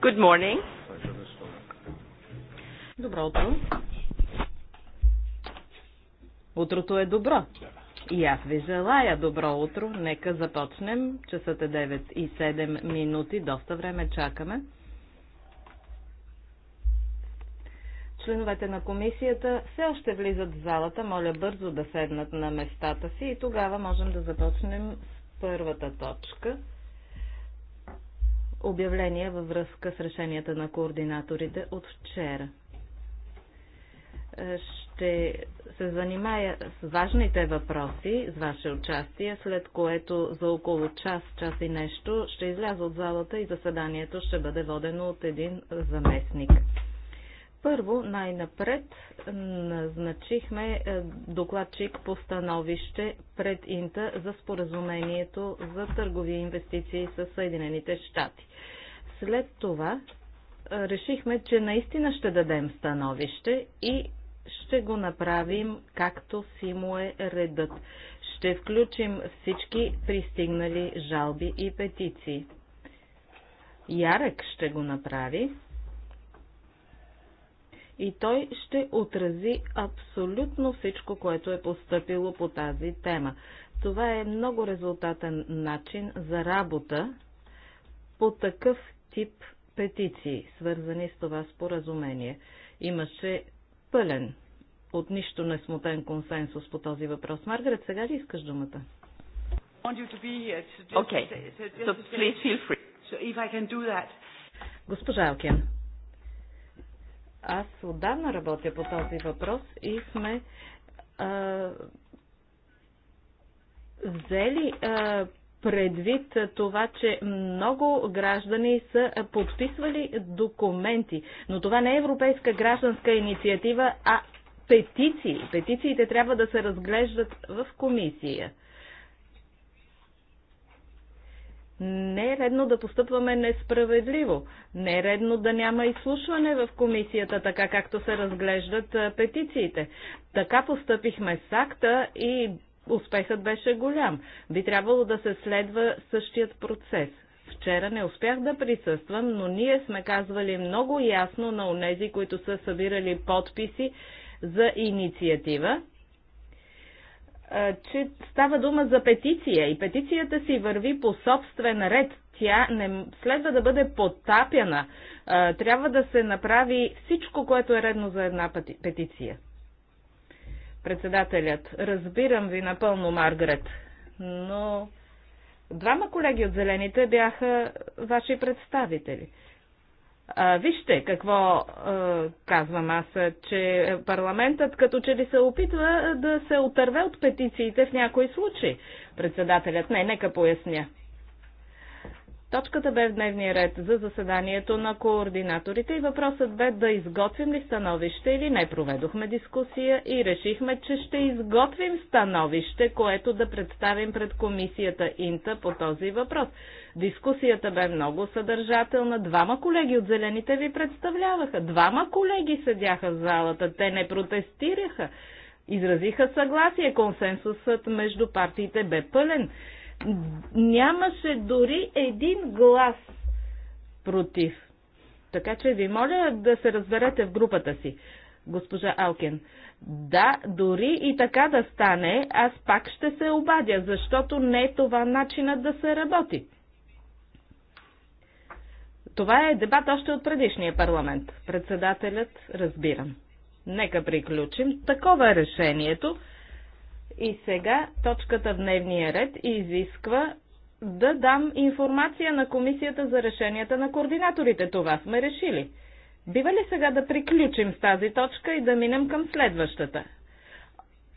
Good morning. Добро утро. Утрото е добро. И аз ви желая добро утро. Нека започнем. Часът е 9 и 7 минути. Доста време чакаме. Членовете на комисията все още влизат в залата. Моля бързо да седнат на местата си и тогава можем да започнем с първата точка – обявления във връзка с решенията на координаторите от вчера. Е, ще се занимая с важните въпроси с ваше участие, след което за около час, час и нещо ще изляза от залата и заседанието ще бъде водено от един заместник. Първо, най-напред назначихме е, докладчик по становище пред Инта за споразумението за търгови инвестиции с Съединените щати. След това е, решихме, че наистина ще дадем становище и ще го направим както си му е редът. Ще включим всички пристигнали жалби и петиции. Ярък ще го направи, и той ще отрази абсолютно всичко, което е поступило по тази тема. Това е много резултатен начин за работа по такъв тип петиции, свързани с това споразумение. Имаше пълен, от нищо смутен консенсус по този въпрос. Маргарет, сега ли искаш думата? So Госпожа Алкен. Аз отдавна работя по този въпрос и сме а, взели а, предвид това, че много граждани са подписвали документи. Но това не е европейска гражданска инициатива, а петиции. Петициите трябва да се разглеждат в комисия. Не е редно да постъпваме несправедливо. Не е редно да няма изслушване в комисията, така както се разглеждат петициите. Така постъпихме с акта и успехът беше голям. Би трябвало да се следва същият процес. Вчера не успях да присъствам, но ние сме казвали много ясно на онези, които са събирали подписи за инициатива, че става дума за петиция и петицията си върви по собствен ред. Тя не следва да бъде потапяна. Трябва да се направи всичко, което е редно за една петиция. Председателят, разбирам ви напълно, Маргарет, но двама колеги от Зелените бяха ваши представители. А, вижте какво а, казвам аз, че парламентът като че ли се опитва да се отърве от петициите в някои случаи. Председателят не, нека поясня. Точката бе в дневния ред за заседанието на координаторите и въпросът бе да изготвим ли становище или не. Проведохме дискусия и решихме, че ще изготвим становище, което да представим пред комисията Инта по този въпрос. Дискусията бе много съдържателна. Двама колеги от зелените ви представляваха. Двама колеги седяха в залата. Те не протестираха. Изразиха съгласие. Консенсусът между партиите бе пълен. Нямаше дори един глас против. Така че ви моля да се разберете в групата си, госпожа Алкен. Да, дори и така да стане, аз пак ще се обадя, защото не е това начинът да се работи. Това е дебат още от предишния парламент. Председателят разбирам. Нека приключим. Такова е решението. И сега точката в дневния ред изисква да дам информация на комисията за решенията на координаторите. Това сме решили. Бива ли сега да приключим с тази точка и да минем към следващата?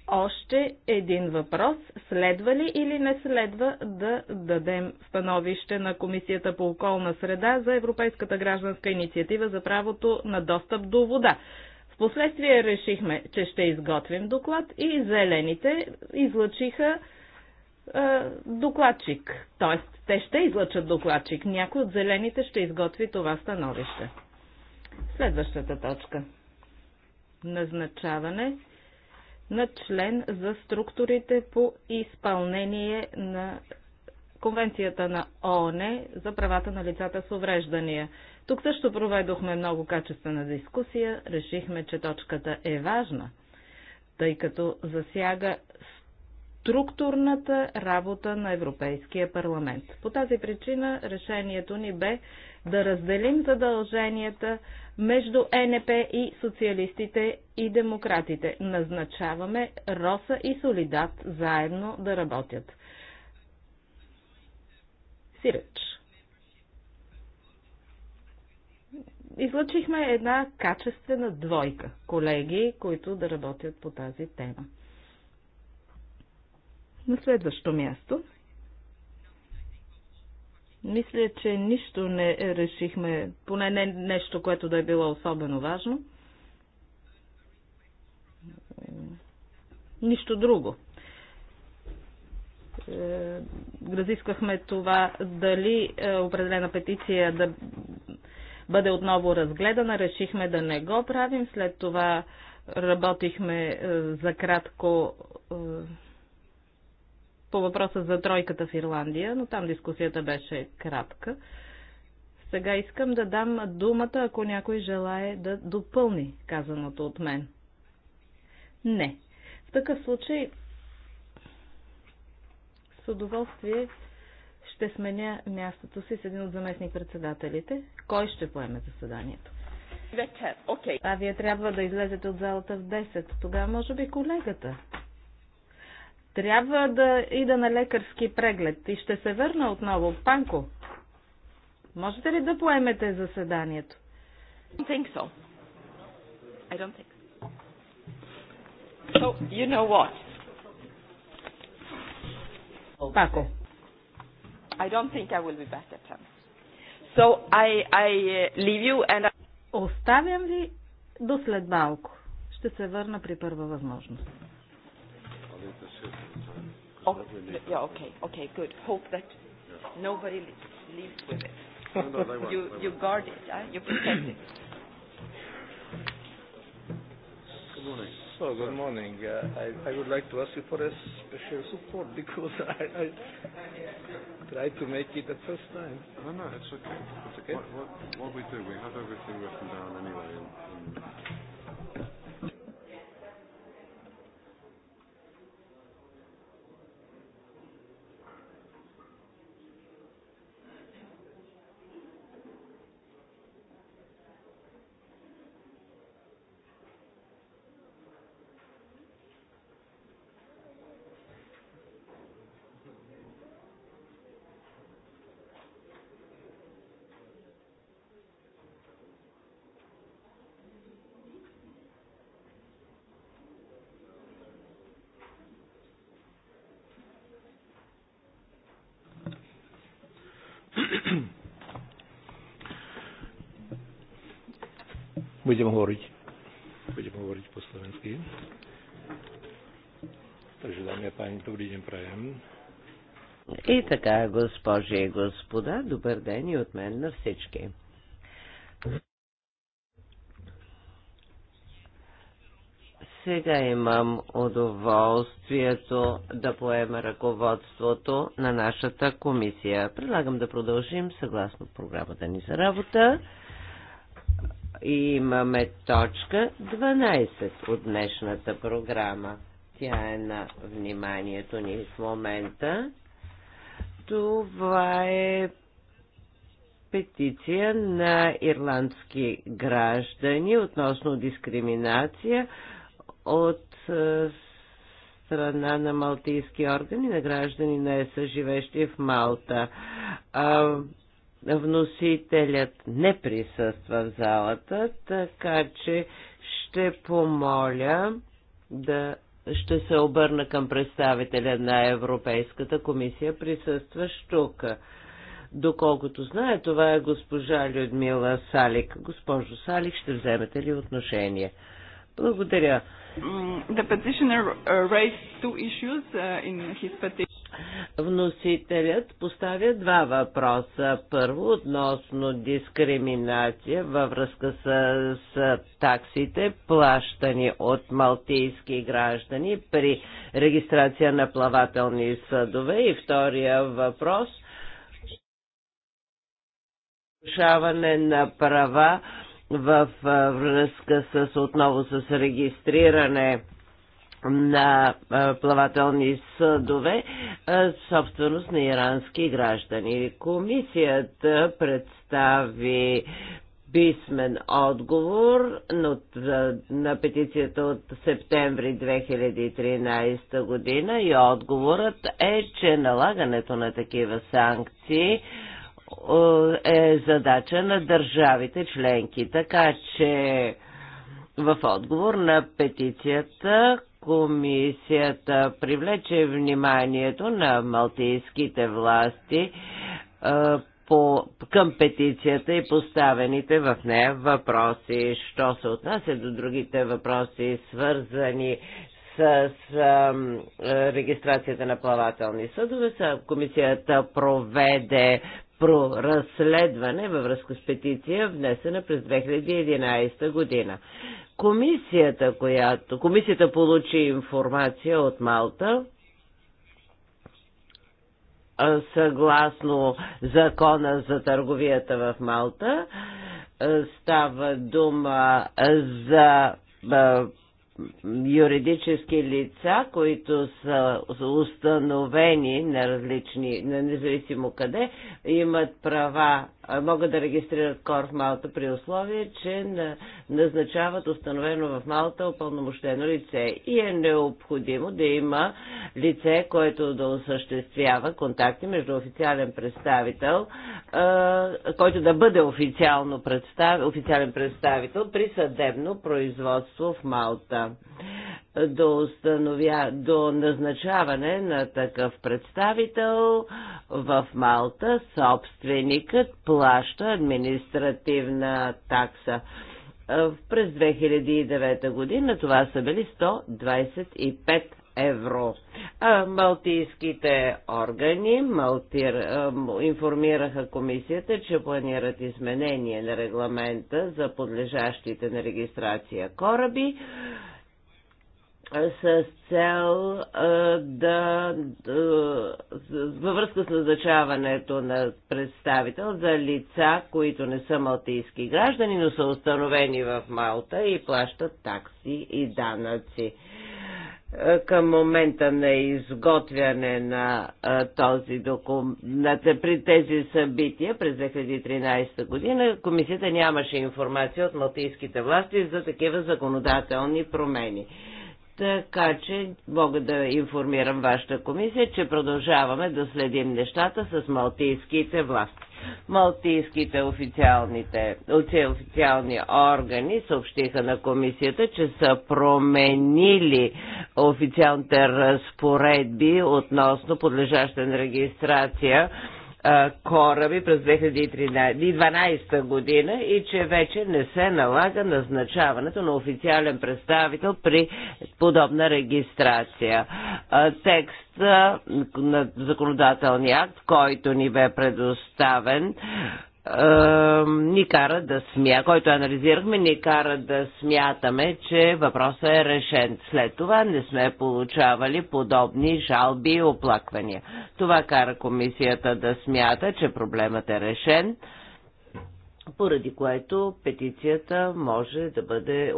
още един въпрос. Следва ли или не следва да дадем становище на Комисията по околна среда за Европейската гражданска инициатива за правото на достъп до вода? Впоследствие решихме, че ще изготвим доклад и зелените излъчиха е, докладчик. Тоест, те ще излъчат докладчик. Някой от зелените ще изготви това становище. Следващата точка. Назначаване на член за структурите по изпълнение на Конвенцията на ООН за правата на лицата с увреждания. Тук също проведохме много качествена дискусия. Решихме, че точката е важна, тъй като засяга структурната работа на Европейския парламент. По тази причина решението ни бе да разделим задълженията между е НП и социалистите и демократите. Назначаваме Роса и Солидат заедно да работят. Сиреч. Излъчихме една качествена двойка колеги, които да работят по тази тема. На следващо място – мисля, че нищо не решихме, поне не нещо, което да е било особено важно. Нищо друго. Е, разисквахме това дали е, определена петиция да бъде отново разгледана. Решихме да не го правим. След това работихме е, за кратко по въпроса за тройката в Ирландия, но там дискусията беше кратка. Сега искам да дам думата, ако някой желае да допълни казаното от мен. Не. В такъв случай с удоволствие ще сменя мястото си с един от заместник-председателите. Кой ще поеме заседанието? Okay. А вие трябва да излезете от залата в 10. Тогава може би колегата. Трябва да ида на лекарски преглед и ще се върна отново. Панко, можете ли да поемете заседанието? I think so. I don't think so. So, you know what? Пако. I don't think I will be back at time. So, I, I uh, leave you and I... Оставям ви до след малко. Ще се върна при първа възможност. Oh, yeah, okay, okay, good. Hope that yeah. nobody leaves with it. No, no, you you guard it, uh you protect it. Good morning. So, good morning. Uh, I, I would like to ask you for a special support because I, I tried to make it the first time. No, no, it's okay. It's okay. What, what, what we do, we have everything written down anyway. And, and Будем говорить Budem hovoriť по slovensky. Takže dámy a páni, dobrý ден праем. И така, госпожи и господа, добър ден и от мен на всички. Сега имам удоволствието да поема ръководството на нашата комисия. Предлагам да продължим съгласно програмата ни за работа. И имаме точка 12 от днешната програма. Тя е на вниманието ни в момента. Това е петиция на ирландски граждани относно дискриминация от е, страна на малтийски органи на граждани на ЕСА, живещи в Малта. Вносителят не присъства в залата, така че ще помоля да ще се обърна към представителя на Европейската комисия, присъстващ тук. Доколкото знае, това е госпожа Людмила Салик. Госпожо Салик, ще вземете ли отношение? Благодаря. The petitioner raised two issues uh, in his petition. Вносителят поставя два въпроса. Първо, относно дискриминация във връзка с, с таксите, плащани от малтийски граждани при регистрация на плавателни съдове. И втория въпрос – нарушаване на права в връзка с отново с регистриране на плавателни съдове, собственост на ирански граждани. Комисията представи писмен отговор на, на петицията от септември 2013 година и отговорът е, че налагането на такива санкции е задача на държавите членки. Така че в отговор на петицията комисията привлече вниманието на малтийските власти е, по, към петицията и поставените в нея въпроси. Що се отнася до другите въпроси, свързани с, а, регистрацията на плавателни съдове. Комисията проведе про разследване във връзка с петиция, внесена през 2011 година. Комисията, която, комисията получи информация от Малта, съгласно закона за търговията в Малта. Става дума за юридически лица, които са установени на различни, на независимо къде, имат права могат да регистрират кор в Малта при условие, че назначават установено в Малта опълномощено лице и е необходимо да има лице, което да осъществява контакти между официален представител, който да бъде официално представ... официален представител при съдебно производство в Малта до, установя, до назначаване на такъв представител в Малта, собственикът плаща административна такса. През 2009 година това са били 125 евро. А малтийските органи малтир, информираха комисията, че планират изменение на регламента за подлежащите на регистрация кораби с цел да, във връзка с назначаването на представител за лица, които не са малтийски граждани, но са установени в Малта и плащат такси и данъци. Към момента на изготвяне на този документ, при тези събития през 2013 година, комисията нямаше информация от малтийските власти за такива законодателни промени така че мога да информирам вашата комисия, че продължаваме да следим нещата с малтийските власти. Малтийските официалните, официални органи съобщиха на комисията, че са променили официалните разпоредби относно подлежаща на регистрация кораби през 2012 година и че вече не се налага назначаването на официален представител при подобна регистрация. Текст на законодателния акт, който ни бе предоставен, ни кара да смя, който анализирахме, ни кара да смятаме, че въпросът е решен. След това не сме получавали подобни жалби и оплаквания. Това кара комисията да смята, че проблемът е решен, поради което петицията може да бъде,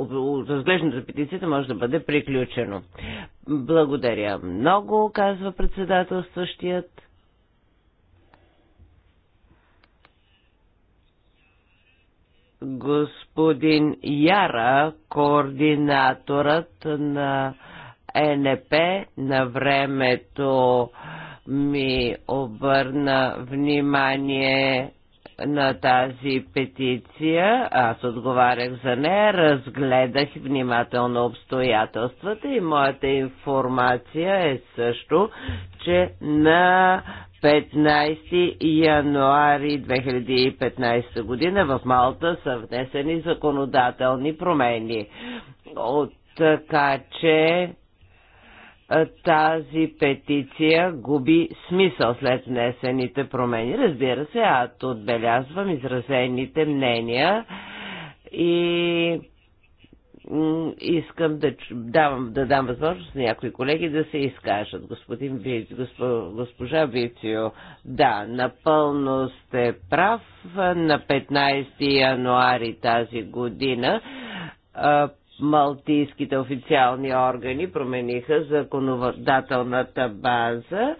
разглеждането за петицията може да бъде приключено. Благодаря много, казва председателстващият. господин Яра, координаторът на е НП на времето ми обърна внимание на тази петиция. Аз отговарях за нея, разгледах внимателно обстоятелствата и моята информация е също, че на 15 януари 2015 година в Малта са внесени законодателни промени. От, така че тази петиция губи смисъл след внесените промени. Разбира се, аз отбелязвам изразените мнения и искам да давам, да дам възможност на някои колеги да се изкажат. Господин Ви госпо, госпожа Вицио, да, напълно сте прав. На 15 януари тази година малтийските официални органи промениха законодателната база.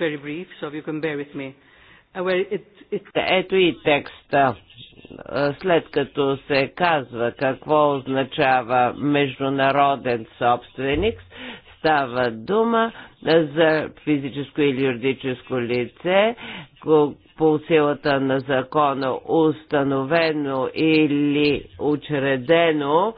Brief, so uh, it, it... Ето и текста след като се казва какво означава международен собственик, става дума за физическо или юридическо лице, по силата на закона установено или учредено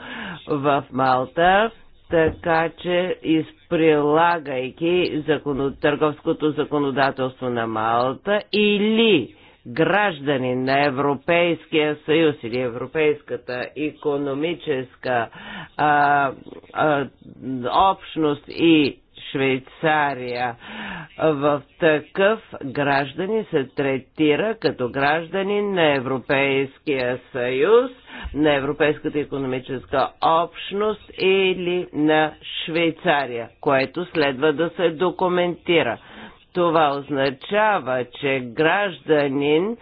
в Малта, така че изприлагайки закон... търговското законодателство на Малта или граждани на Европейския съюз или Европейската економическа а, а, общност и Швейцария. В такъв граждани се третира като граждани на Европейския съюз, на Европейската економическа общност или на Швейцария, което следва да се документира. Това означава, че гражданин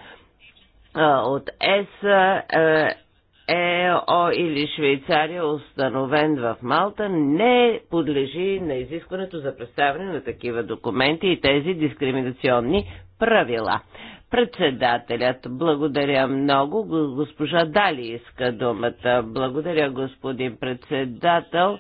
а, от ЕСА а, ЕО или Швейцария, установен в Малта, не подлежи на изискването за представяне на такива документи и тези дискриминационни правила. Председателят, благодаря много. Госпожа Дали иска думата. Благодаря, господин председател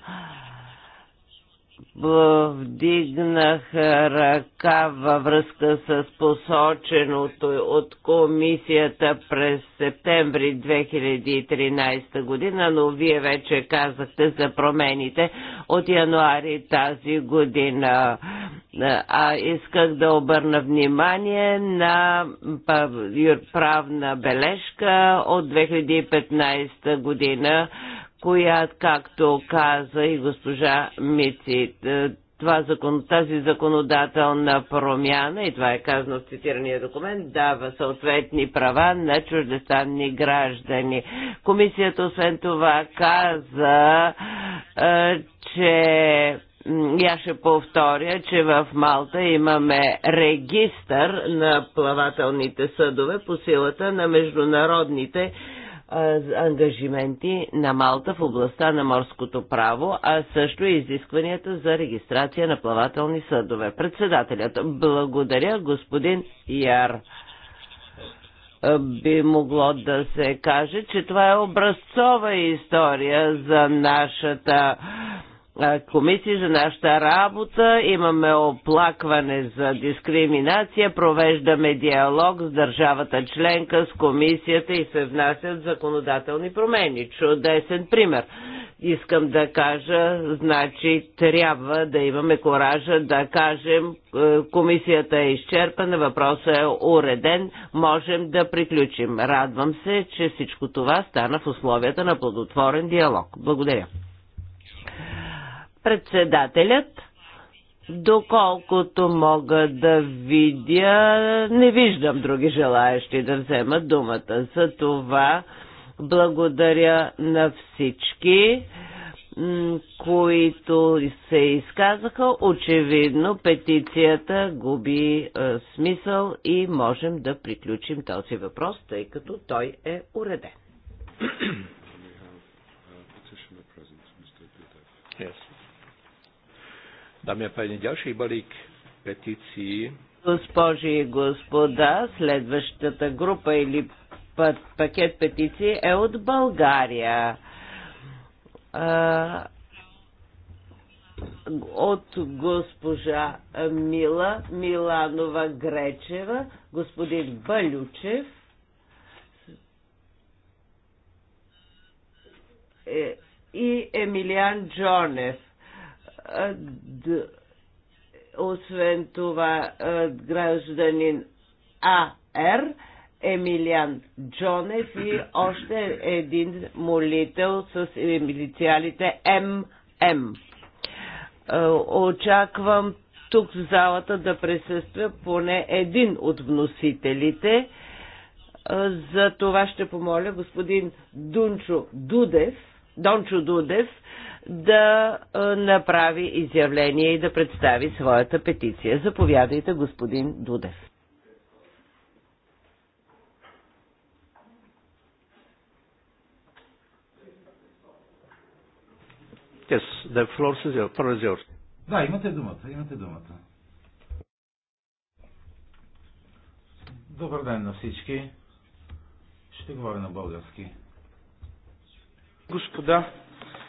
вдигнах ръка във връзка с посоченото от комисията през септември 2013 година, но вие вече казахте за промените от януари тази година. А исках да обърна внимание на правна бележка от 2015 година, коя, както каза и госпожа Мици, е, това закон, тази законодателна промяна, и това е казано в цитирания документ, дава съответни права на чуждестранни граждани. Комисията освен това каза, е, че аз ще повторя, че в Малта имаме регистър на плавателните съдове по силата на международните ангажименти на Малта в областта на морското право, а също и изискванията за регистрация на плавателни съдове. Председателят, благодаря господин Яр. Би могло да се каже, че това е образцова история за нашата комисии за нашата работа, имаме оплакване за дискриминация, провеждаме диалог с държавата членка, с комисията и се внасят законодателни промени. Чудесен пример. Искам да кажа, значи трябва да имаме коража да кажем, е, комисията е изчерпана, въпросът е уреден, можем да приключим. Радвам се, че всичко това стана в условията на плодотворен диалог. Благодаря. Председателят, доколкото мога да видя, не виждам други желаящи да вземат думата. За това благодаря на всички които се изказаха, очевидно петицията губи е, смисъл и можем да приключим този въпрос, тъй като той е уреден. Dámy a páni, ďalší balík petícií. Госпожи и господа, следващата група или пакет петиции е от България. От госпожа Мила Миланова Гречева, господин Балючев, е, и Емилиан Джонев. Освен това, гражданин АР Емилиан Джонев и още един молител с инициалите ММ. Очаквам тук в залата да присъства поне един от вносителите. За това ще помоля господин Дунчо Дудев Дончо Дудев да направи изявление и да представи своята петиция. Заповядайте, господин Дудев. Yes, the floor is yours. Floor is Да, имате думата, имате думата. Добър ден на всички. Ще говоря на български господа,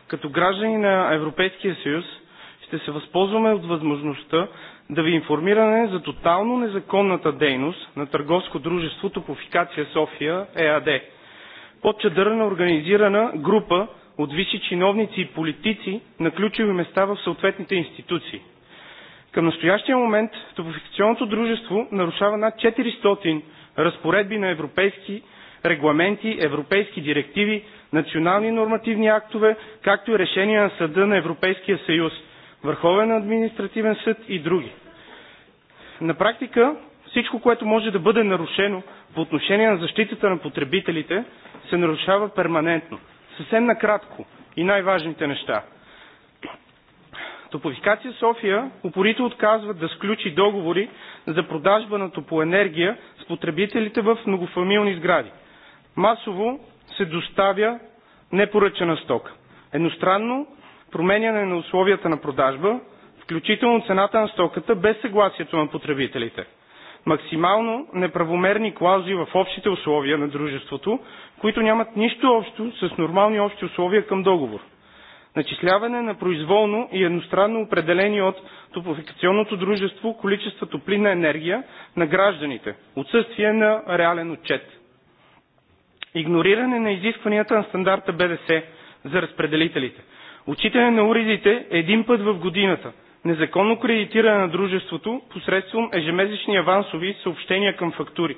като граждани на Европейския съюз ще се възползваме от възможността да ви информираме за тотално незаконната дейност на търговско дружество Топофикация София ЕАД. чадърна организирана група от висши чиновници и политици на ключови места в съответните институции. Към настоящия момент топофикационното дружество нарушава над 400 разпоредби на европейски регламенти, европейски директиви, национални нормативни актове, както и решения на Съда на Европейския съюз, Върховен административен съд и други. На практика всичко, което може да бъде нарушено по отношение на защитата на потребителите, се нарушава перманентно. Съвсем накратко и най-важните неща. Топовикация София упорито отказва да сключи договори за продажба на топоенергия с потребителите в многофамилни сгради масово се доставя непоръчена стока. Едностранно променяне на условията на продажба, включително цената на стоката, без съгласието на потребителите. Максимално неправомерни клаузи в общите условия на дружеството, които нямат нищо общо с нормални общи условия към договор. Начисляване на произволно и едностранно определени от топофикационното дружество количества топлинна енергия на гражданите. Отсъствие на реален отчет игнориране на изискванията на стандарта БДС за разпределителите, отчитане на уредите един път в годината, незаконно кредитиране на дружеството посредством ежемесечни авансови съобщения към фактури,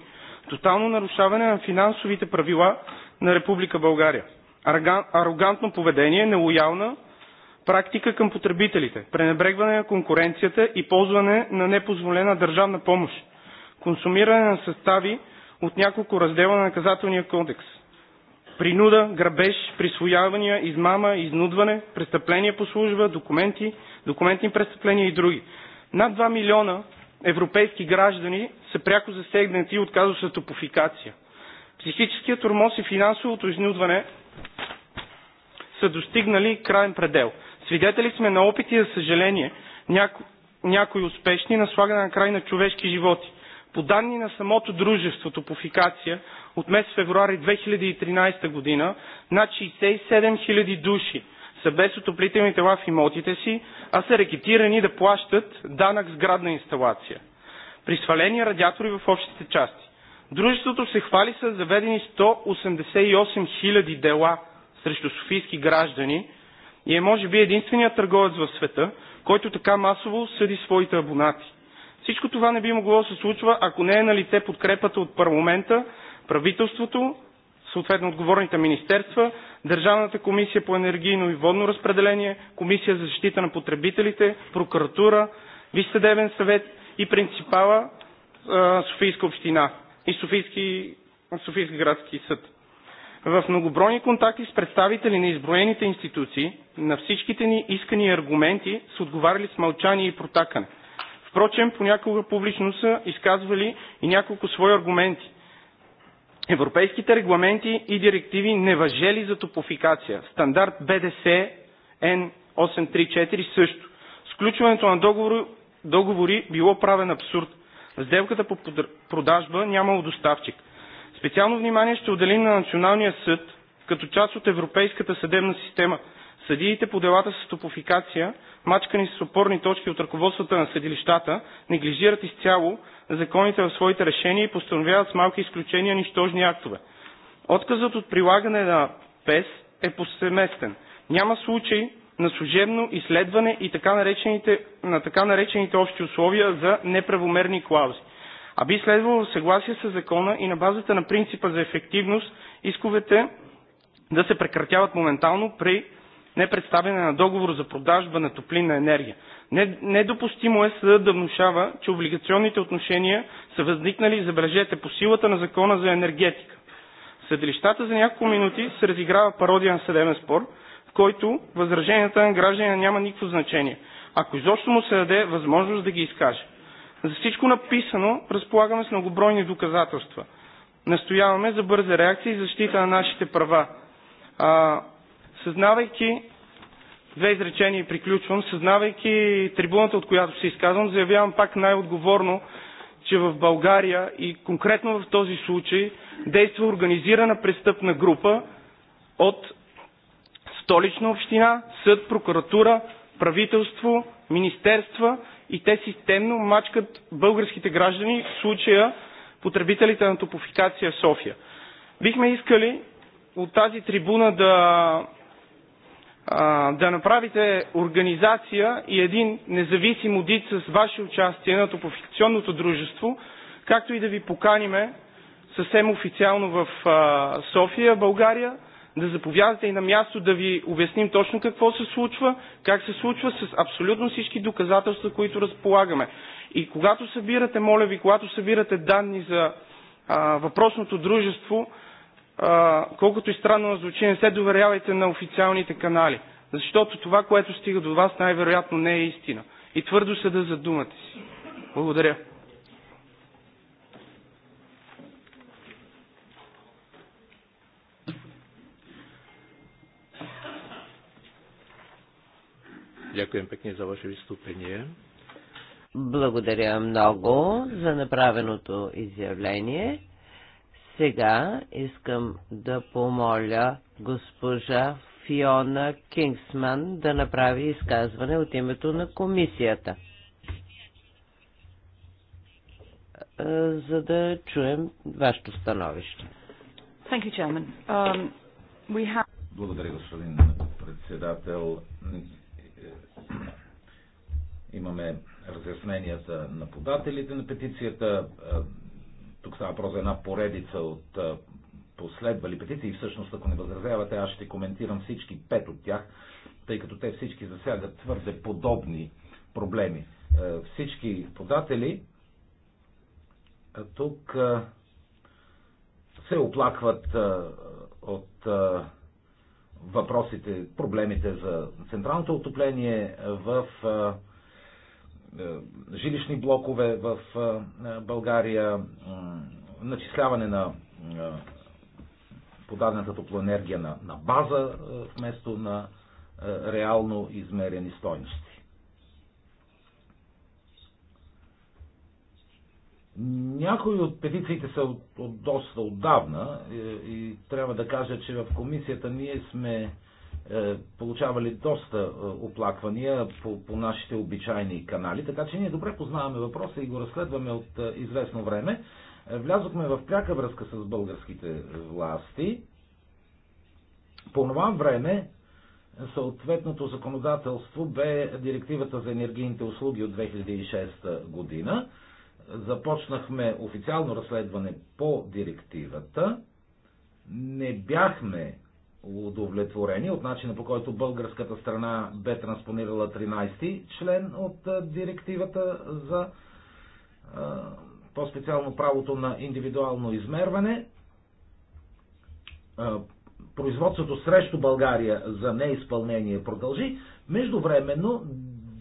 тотално нарушаване на финансовите правила на Република България, арогантно поведение, нелоялна практика към потребителите, пренебрегване на конкуренцията и ползване на непозволена държавна помощ, консумиране на състави от няколко раздела на наказателния кодекс. Принуда, грабеж, присвоявания, измама, изнудване, престъпления по служба, документи, документни престъпления и други. Над 2 милиона европейски граждани са пряко засегнати от казуса топофикация. Психическият тормоз и финансовото изнудване са достигнали крайен предел. Свидетели сме на опити, за съжаление, няко... някои успешни на слагане на край на човешки животи. По данни на самото дружество Топофикация от месец февруари 2013 година над 67 000 души са без отоплителни тела в имотите си, а са рекетирани да плащат данък сградна инсталация. При свалени радиатори в общите части. Дружеството се хвали с заведени 188 000 дела срещу софийски граждани и е може би единственият търговец в света, който така масово съди своите абонати. Всичко това не би могло да се случва, ако не е на лице подкрепата от парламента, правителството, съответно отговорните министерства, Държавната комисия по енергийно и водно разпределение, Комисия за защита на потребителите, прокуратура, Висш съвет и принципала Софийска община и Софийски, Софийски градски съд. В многобройни контакти с представители на изброените институции на всичките ни искани аргументи са отговаряли с мълчание и протакане – Впрочем, понякога публично са изказвали и няколко свои аргументи. Европейските регламенти и директиви не въжели за топофикация. Стандарт БДС Н834 също. Сключването на договори, договори било правен абсурд. Сделката по продажба нямало доставчик. Специално внимание ще отделим на Националния съд, като част от Европейската съдебна система. Съдиите по делата с топофикация мачкани с опорни точки от ръководствата на съдилищата, неглижират изцяло законите в своите решения и постановяват с малки изключения нищожни актове. Отказът от прилагане на ПЕС е повсеместен. Няма случай на служебно изследване и така наречените, на така наречените общи условия за неправомерни клаузи. А би следвало в съгласие с закона и на базата на принципа за ефективност исковете да се прекратяват моментално при не представяне на договор за продажба на топлинна енергия. Недопустимо е съдът да внушава, че облигационните отношения са възникнали, забележете, по силата на Закона за енергетика. Съдрищата съдилищата за няколко минути се разиграва пародия на съдебен спор, в който възраженията на гражданина няма никакво значение, ако изобщо му се даде възможност да ги изкаже. За всичко написано разполагаме с многобройни доказателства. Настояваме за бърза реакция и защита на нашите права. А, съзнавайки две изречения и приключвам, съзнавайки трибуната, от която се изказвам, заявявам пак най-отговорно, че в България и конкретно в този случай действа организирана престъпна група от столична община, съд, прокуратура, правителство, министерства и те системно мачкат българските граждани, в случая потребителите на топофикация в София. Бихме искали от тази трибуна да да направите организация и един независим одит с ваше участие на топлофикационното дружество, както и да ви поканиме съвсем официално в София, България, да заповядате и на място да ви обясним точно какво се случва, как се случва с абсолютно всички доказателства, които разполагаме. И когато събирате, моля ви, когато събирате данни за а, въпросното дружество, колкото и странно да звучи, не се доверявайте на официалните канали, защото това, което стига до вас, най-вероятно не е истина. И твърдо се да задумате си. Благодаря. Дякуем пекни за ваше vystúpenie. Благодаря много за направеното изявление. Сега искам да помоля госпожа Фиона Кингсман да направи изказване от името на комисията, е, за да чуем вашето становище. Thank you, Um, we have... Благодаря, господин председател. Имаме разясненията на подателите на петицията, тук става въпрос за една поредица от последвали петиции. Всъщност, ако не възразявате, аз ще коментирам всички пет от тях, тъй като те всички засягат твърде подобни проблеми. Всички податели тук се оплакват от въпросите, проблемите за централното отопление в е, жилищни блокове в е, е, България, начисляване на подадената топлоенергия на, на база вместо на реално измерени стойности. Някои от петициите са от, от доста отдавна и, и трябва да кажа, че в комисията ние сме е, получавали доста е, оплаквания по, по нашите обичайни канали, така че ние добре познаваме въпроса и го разследваме от е, известно време. Влязохме в пряка връзка с българските власти. По това време съответното законодателство бе директивата за енергийните услуги от 2006 година. Започнахме официално разследване по директивата. Не бяхме удовлетворени от начина по който българската страна бе транспонирала 13-ти член от директивата за по-специално правото на индивидуално измерване. Производството срещу България за неизпълнение продължи. Междувременно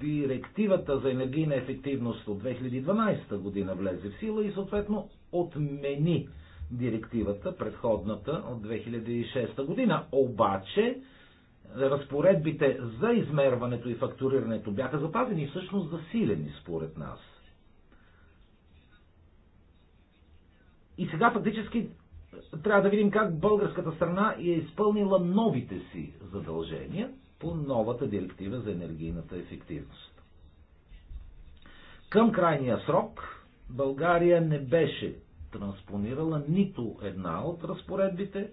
директивата за енергийна ефективност от 2012 година влезе в сила и съответно отмени директивата, предходната от 2006 година. Обаче, разпоредбите за измерването и фактурирането бяха запазени и всъщност засилени според нас. И сега фактически е, трябва да видим как българската страна е изпълнила новите си задължения по новата директива за енергийната ефективност. Към крайния срок България не беше транспонирала нито една от разпоредбите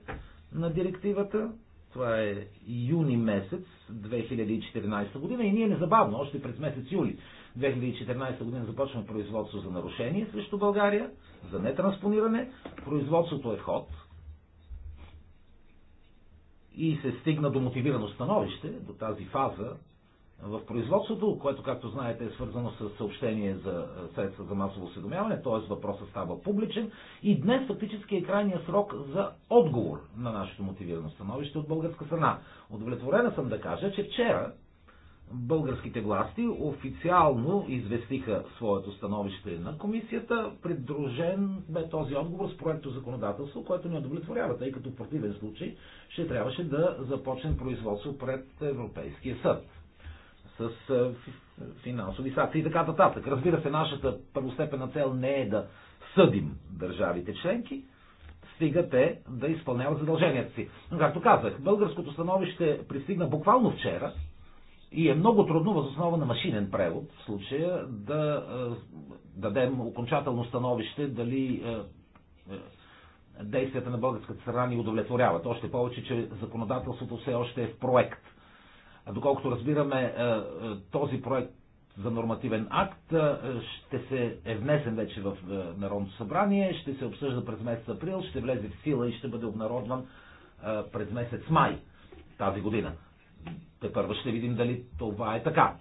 на директивата. Това е юни месец 2014 година и ние незабавно, още през месец юли 2014 година започваме производство за нарушение срещу България, за нетранспониране. Производството е в ход и се стигна до мотивирано становище, до тази фаза в производството, което, както знаете, е свързано с съобщение за е, средства за масово осведомяване, т.е. въпросът става публичен. И днес фактически е крайния срок за отговор на нашето мотивирано становище от българска страна. Удовлетворена съм да кажа, че вчера българските власти официално известиха своето становище на комисията, придружен бе този отговор с проекто законодателство, което ни удовлетворява, тъй като в противен случай ще трябваше да започнем производство пред Европейския съд с финансови санкции и така нататък. Разбира се, нашата първостепенна цел не е да съдим държавите членки, стига те да изпълняват задълженията си. Но, както казах, българското становище пристигна буквално вчера и е много трудно въз основа на машинен превод в случая да дадем окончателно становище дали действията на българската страна ни удовлетворяват. Още повече, че законодателството все още е в проект – а доколкото разбираме, е, е, този проект за нормативен акт е, ще се е внесен вече в Народното събрание, ще се обсъжда през месец април, ще влезе в сила и ще бъде обнародван през месец май тази година. Те първо ще видим дали това е така.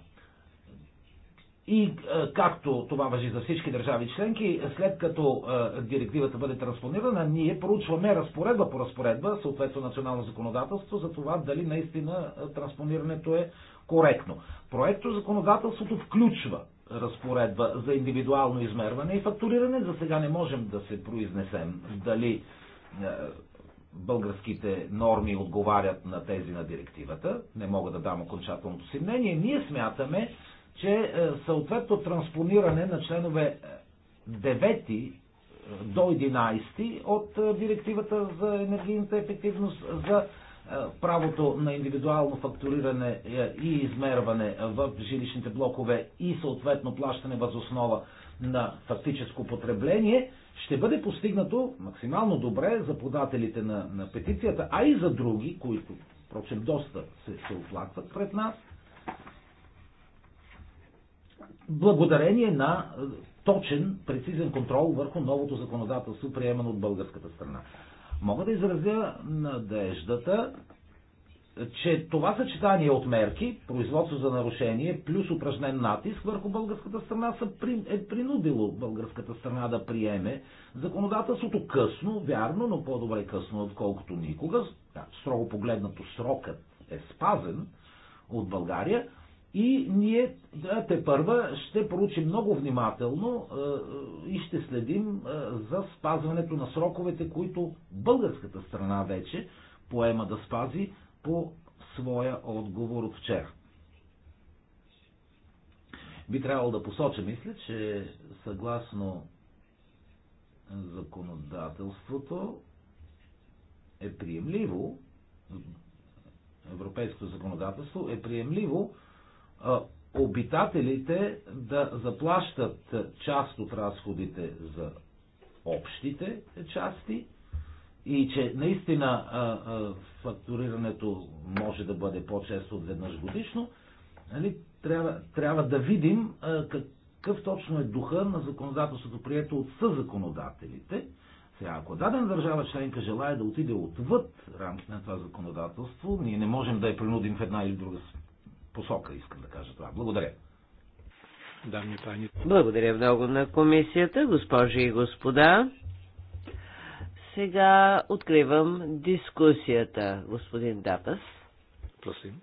И е, както това въжи за всички държави членки, след като е, директивата бъде транспонирана, ние проучваме разпоредба по разпоредба, съответно национално законодателство, за това дали наистина е, транспонирането е коректно. Проекто законодателството включва разпоредба за индивидуално измерване и фактуриране. За сега не можем да се произнесем дали българските норми отговарят на тези на директивата. Не мога да дам окончателното си мнение. Ние смятаме, че е, съответно транспониране на членове 9 е, е, до 11 от директивата за енергийната ефективност за правото на индивидуално фактуриране и измерване в жилищните блокове и съответно плащане възоснова на фактическо потребление, ще бъде постигнато максимално добре за подателите на, на петицията, а и за други, които, впрочем, доста се, се оплакват пред нас – благодарение на е, точен, прецизен контрол върху новото законодателство, приемано от българската страна. Мога да изразя надеждата, че това съчетание от мерки, производство за нарушение, плюс упражнен натиск върху българската страна са при, е принудило българската страна да приеме законодателството късно, вярно, но по-добре късно, отколкото никога. Да, строго погледнато срокът е спазен от България, и ние да, те първа ще проучим много внимателно е, и ще следим е, за спазването на сроковете, които българската страна вече поема да спази по своя отговор от вчера. Би трябвало да посоча, мисля, че съгласно законодателството е приемливо, европейското законодателство е приемливо обитателите да заплащат част от разходите за общите части и че наистина фактурирането може да бъде по-често от веднъж годишно, нали, трябва, трябва да видим какъв точно е духа на законодателството, прието от съзаконодателите. Сега, ако дадена държава членка желая да отиде отвъд рамките на това законодателство, ние не можем да я принудим в една или друга посока, искам да кажа това. Благодаря. Дами пани. Благодаря много на комисията, госпожи и господа. Сега откривам дискусията, господин Дапас. Просим.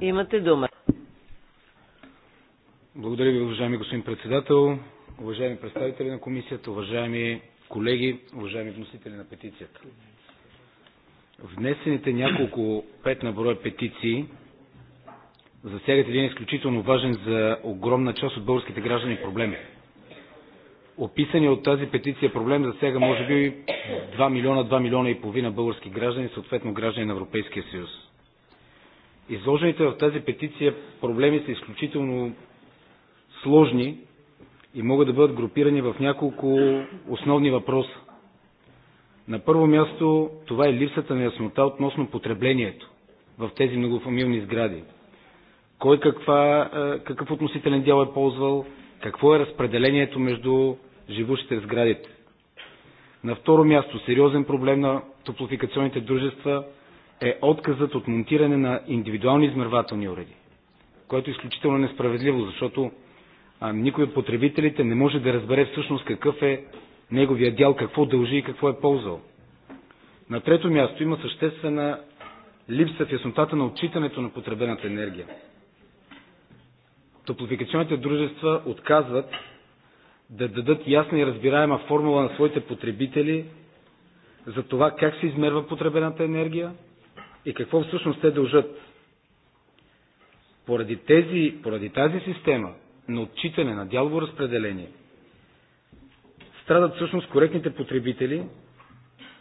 Имате дума. Благодаря ви, уважаеми господин председател, уважаеми представители на комисията, уважаеми колеги, уважаеми вносители на петицията внесените няколко пет на броя петиции засягат един изключително важен за огромна част от българските граждани проблем. Описани от тази петиция проблем засяга може би 2 милиона, 2 милиона и половина български граждани, съответно граждани на Европейския съюз. Изложените в тази петиция проблеми са изключително сложни и могат да бъдат групирани в няколко основни въпроса. На първо място това е липсата на яснота относно потреблението в тези многофамилни сгради. Кой каква, е, какъв относителен дял е ползвал, какво е разпределението между живущите в сградите. На второ място, сериозен проблем на топлофикационните дружества е отказът от монтиране на индивидуални измервателни уреди, което е изключително несправедливо, защото а, никой от потребителите не може да разбере всъщност какъв е неговия дял какво дължи и какво е ползвал. На трето място има съществена липса в яснотата на отчитането на потребената енергия. Топлофикационните дружества отказват да дадат ясна и разбираема формула на своите потребители за това как се измерва потребената енергия и какво всъщност те дължат. Поради, тези, поради тази система на отчитане на дялово разпределение – страдат всъщност коректните потребители,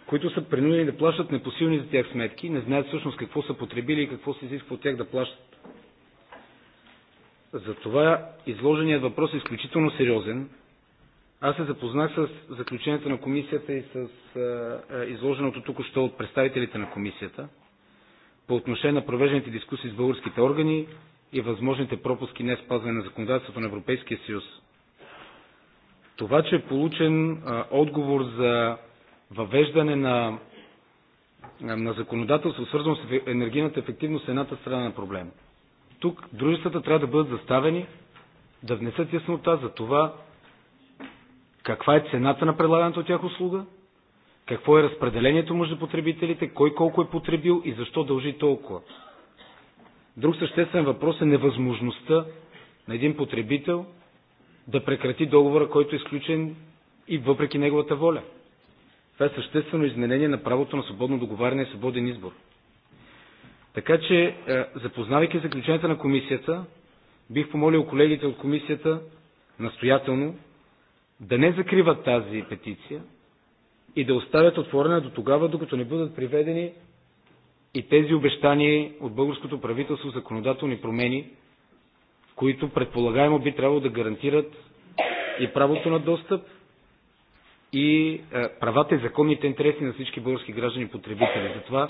които са принудени да плащат непосилни за тях сметки, не знаят всъщност какво са потребили и какво се изисква от тях да плащат. Затова изложеният въпрос е изключително сериозен. Аз се запознах с заключението на комисията и с изложеното тук още от представителите на комисията по отношение на провежданите дискусии с българските органи и възможните пропуски не спазване на законодателството на Европейския съюз. Това, че е получен а, отговор за въвеждане на, на законодателство, свързано с енергийната ефективност, е едната страна на проблема. Тук дружествата трябва да бъдат заставени, да внесат яснота за това каква е цената на предлаганата от тях услуга, какво е разпределението между потребителите, кой колко е потребил и защо дължи толкова. Друг съществен въпрос е невъзможността на един потребител да прекрати договора, който е изключен и въпреки неговата воля. Това е съществено изменение на правото на свободно договаряне и свободен избор. Така че, е, запознавайки заключенията на комисията, бих помолил колегите от комисията настоятелно да не закриват тази петиция и да оставят отворена до тогава, докато не бъдат приведени и тези обещания от българското правителство законодателни промени, които предполагаемо би трябвало да гарантират и правото на достъп, и е, правата и законните интереси на всички български граждани и потребители. Затова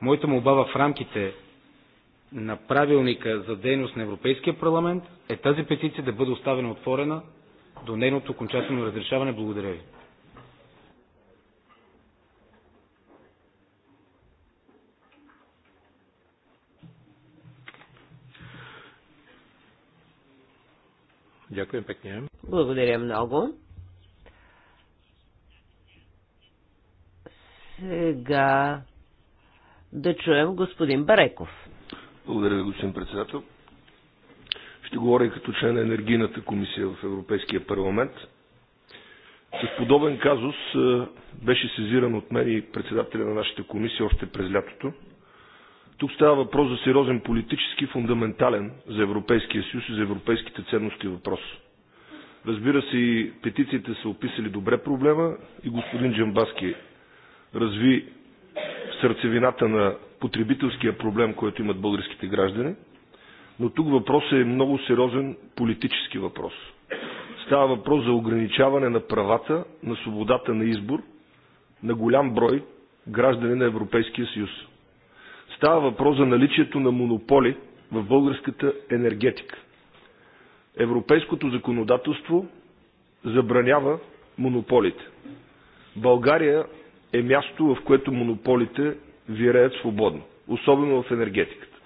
моята молба в рамките на правилника за дейност на Европейския парламент е тази петиция да бъде оставена отворена до нейното окончателно разрешаване. Благодаря ви. Ďakujem pekne. Благодаря много. Сега да чуем господин Бареков. Благодаря ви, господин председател. Ще говоря и като член на Енергийната комисия в Европейския парламент. С подобен казус е, беше сезиран от мен и председателя на нашата комисия още през лятото – тук става въпрос за сериозен политически, фундаментален за Европейския съюз и за европейските ценности въпрос. Разбира се, и петициите са описали добре проблема и господин Джамбаски разви сърцевината на потребителския проблем, който имат българските граждани. Но тук въпросът е много сериозен политически въпрос. Става въпрос за ограничаване на правата, на свободата на избор на голям брой граждани на Европейския съюз. Става въпрос за наличието на монополи в българската енергетика. Европейското законодателство забранява монополите. България е място, в което монополите виреят свободно, особено в енергетиката.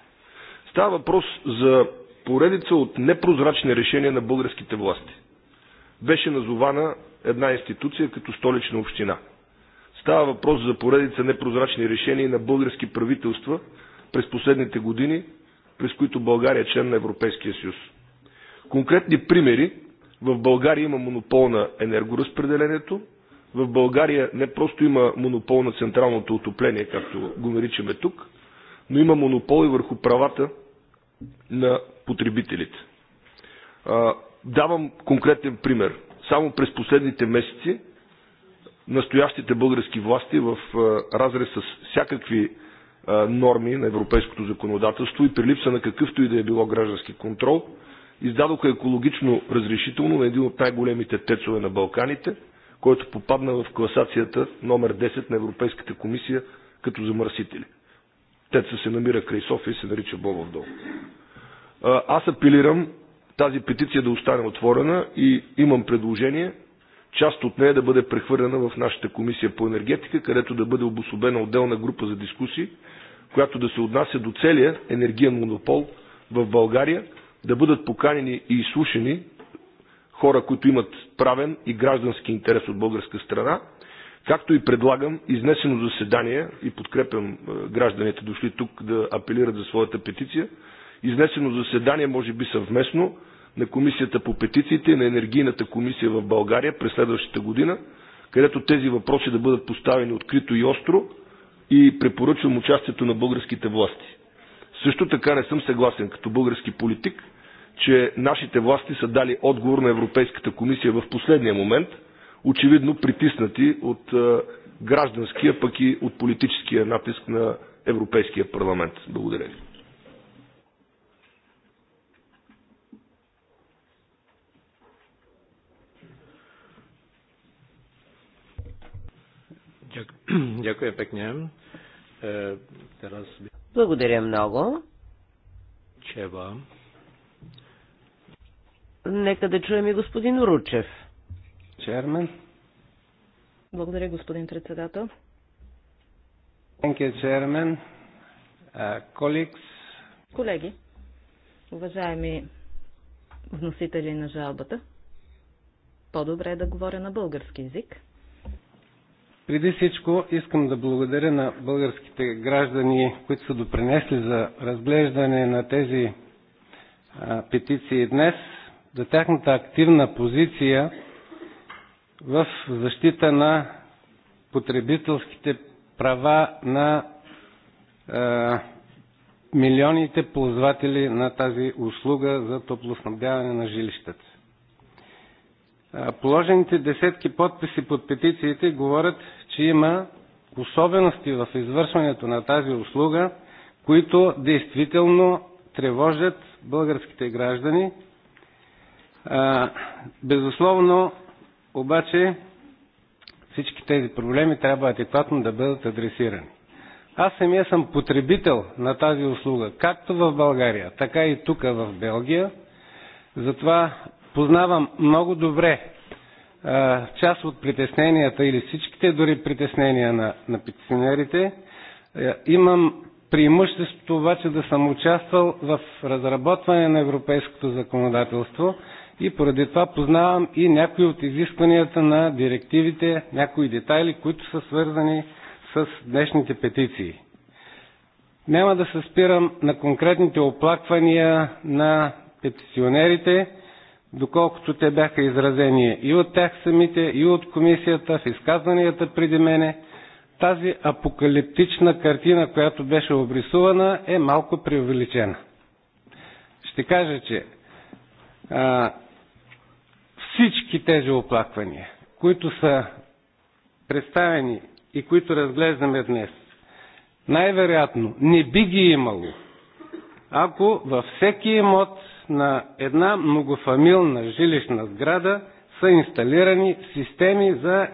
Става въпрос за поредица от непрозрачни решения на българските власти. Беше назована една институция като столична община – Става въпрос за поредица непрозрачни решения на български правителства през последните години, през които България е член на Европейския съюз. Конкретни примери. В България има монопол на енергоразпределението. В България не просто има монопол на централното отопление, както го наричаме тук, но има монопол и върху правата на потребителите. Давам конкретен пример. Само през последните месеци настоящите български власти в разрез с всякакви норми на европейското законодателство и при липса на какъвто и да е било граждански контрол, издадоха екологично разрешително на един от най-големите тецове на Балканите, който попадна в класацията номер 10 на Европейската комисия като замърсители. Теца се намира край София и се нарича Бобов дол. Аз апелирам тази петиция да остане отворена и имам предложение – част от нея да бъде прехвърлена в нашата комисия по енергетика, където да бъде обособена отделна група за дискусии, която да се отнася до целия енергиен монопол в България, да бъдат поканени и изслушани хора, които имат правен и граждански интерес от българска страна, както и предлагам изнесено заседание и подкрепям е, гражданите дошли тук да апелират за своята петиция, изнесено заседание, може би съвместно, на Комисията по петициите и на Енергийната комисия в България през следващата година, където тези въпроси да бъдат поставени открито и остро и препоръчвам участието на българските власти. Също така не съм съгласен като български политик, че нашите власти са дали отговор на Европейската комисия в последния момент, очевидно притиснати от е, гражданския, пък и от политическия натиск на Европейския парламент. Благодаря ви. Е, Благодаря много. Нека да чуем и господин Ручев. Чермен. Благодаря, господин председател. Чермен. you, uh, Колеги, уважаеми вносители на жалбата, по-добре е да говоря на български язик. Преди всичко искам да благодаря на българските граждани, които са допринесли за разглеждане на тези а, петиции днес, за тяхната активна позиция в защита на потребителските права на а, милионите ползватели на тази услуга за топлоснабдяване на жилищата. Положените десетки подписи под петициите говорят, че има особености в извършването на тази услуга, които действително тревожат българските граждани. Безусловно, обаче всички тези проблеми трябва адекватно да бъдат адресирани. Аз самия съм потребител на тази услуга, както в България, така и тук в Белгия. Затова познавам много добре част от притесненията или всичките дори притеснения на, на пенсионерите. Е, имам преимуществото обаче да съм участвал в разработване на европейското законодателство и поради това познавам и някои от изискванията на директивите, някои детайли, които са свързани с днешните петиции. Няма да се спирам на конкретните оплаквания на петиционерите, доколкото те бяха изразени и от тях самите, и от комисията, в изказванията преди мене, тази апокалиптична картина, която беше обрисувана, е малко преувеличена. Ще кажа, че а, всички тези оплаквания, които са представени и които разглеждаме днес, най-вероятно не би ги имало, ако във всеки имот на една многофамилна жилищна сграда са инсталирани системи за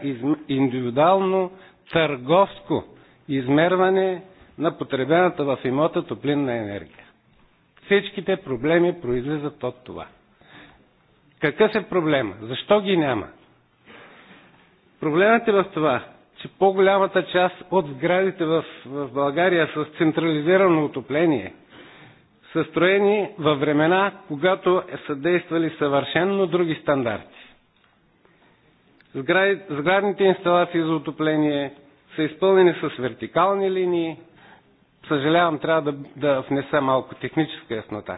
индивидуално търговско измерване на потребената в имота топлинна енергия. Всичките проблеми произлизат от това. Какъв е проблема? Защо ги няма? Проблемът е в това, че по-голямата част от сградите в, в България с централизирано отопление – са строени във времена, когато е са действали съвършенно други стандарти. Сградните инсталации за отопление са изпълнени с вертикални линии. Съжалявам, трябва да, да внеса малко техническа яснота.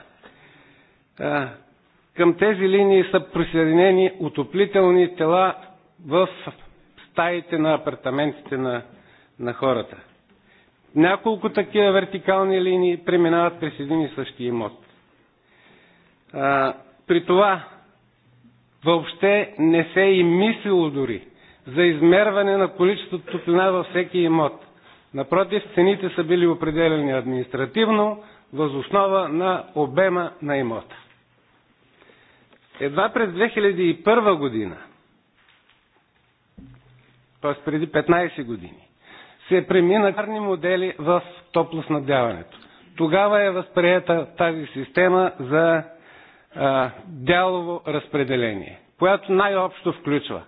Към тези линии са присъединени отоплителни тела в стаите на апартаментите на, на хората – няколко такива вертикални линии преминават през един и същи имот. А, при това въобще не се е и мислило дори за измерване на количеството топлина във всеки имот. Напротив, цените са били определени административно, възоснова на обема на имота. Едва през 2001 година, т.е. преди 15 години, се премина карни модели в топлоснабдяването. Тогава е възприета тази система за а, дялово разпределение, която най-общо включва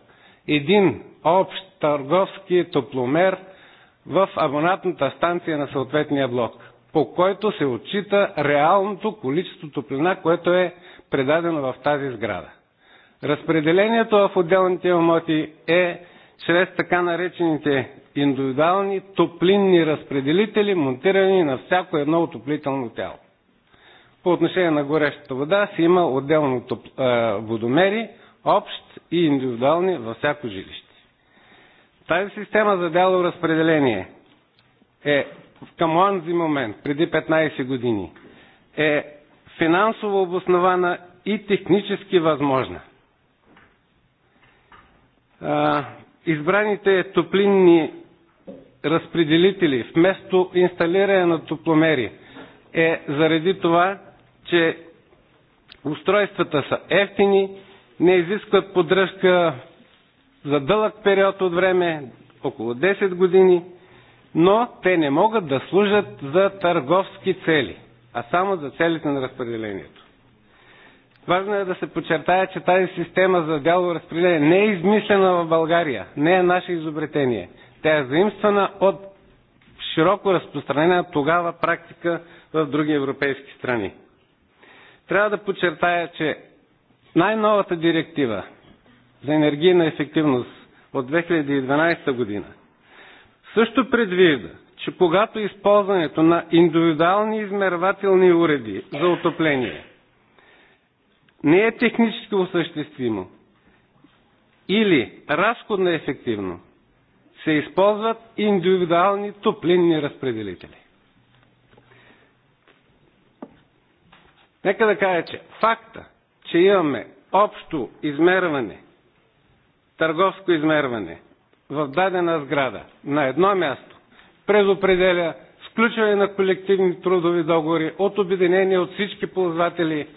един общ търговски топломер в абонатната станция на съответния блок, по който се отчита реалното количество топлина, което е предадено в тази сграда. Разпределението в отделните имоти е чрез така наречените индивидуални топлинни разпределители, монтирани на всяко едно отоплително тяло. По отношение на горещата вода си има отделно топ, е, водомери, общ и индивидуални във всяко жилище. Тази система за дяло разпределение е към онзи момент, преди 15 години, е финансово обоснована и технически възможна. Избраните топлинни разпределители вместо инсталиране на топломери е заради това, че устройствата са ефтини, не изискват поддръжка за дълъг период от време, около 10 години, но те не могат да служат за търговски цели, а само за целите на разпределението. Важно е да се подчертая, че тази система за дялово разпределение не е измислена в България, не е наше изобретение – тя е заимствана от широко разпространена тогава практика в други европейски страни. Трябва да подчертая, че най-новата директива за енергийна ефективност от 2012 година също предвижда, че когато използването на индивидуални измервателни уреди за отопление не е технически осъществимо или разходно ефективно, се използват индивидуални топлинни разпределители. Нека да кажа, че факта, че имаме общо измерване, търговско измерване в дадена сграда на едно място, предопределя включване на колективни трудови договори от обединение от всички ползватели,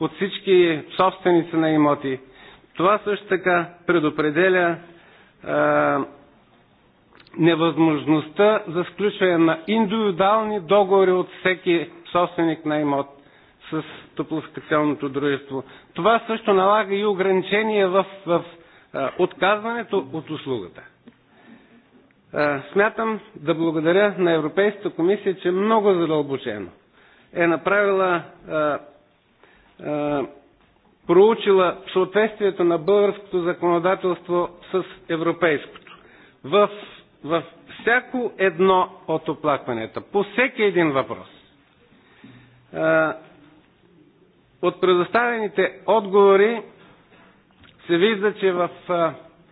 от всички собственици на имоти. Това също така предопределя невъзможността за сключване на индивидуални договори от всеки собственик на имот с топлоскационното дружество. Това също налага и ограничения в, в отказването от услугата. Смятам да благодаря на Европейската комисия, че е много задълбочено е направила, а, а, проучила съответствието на българското законодателство с европейското в във всяко едно от оплакванията, по всеки един въпрос. От предоставените отговори се вижда, че в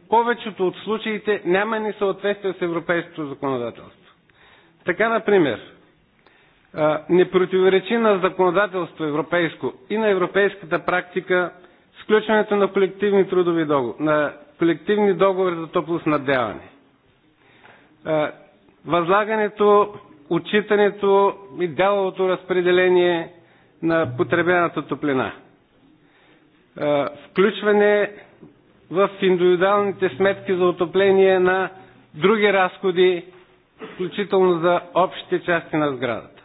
повечето от случаите няма несъответствие с европейското законодателство. Така, например, не противоречи на законодателство европейско и на европейската практика сключването на колективни трудови договори, на колективни договори за топлоснабдяване. Е, възлагането, отчитането и дяловото разпределение на потребената топлина. Е, включване в индивидуалните сметки за отопление на други разходи, включително за общите части на сградата.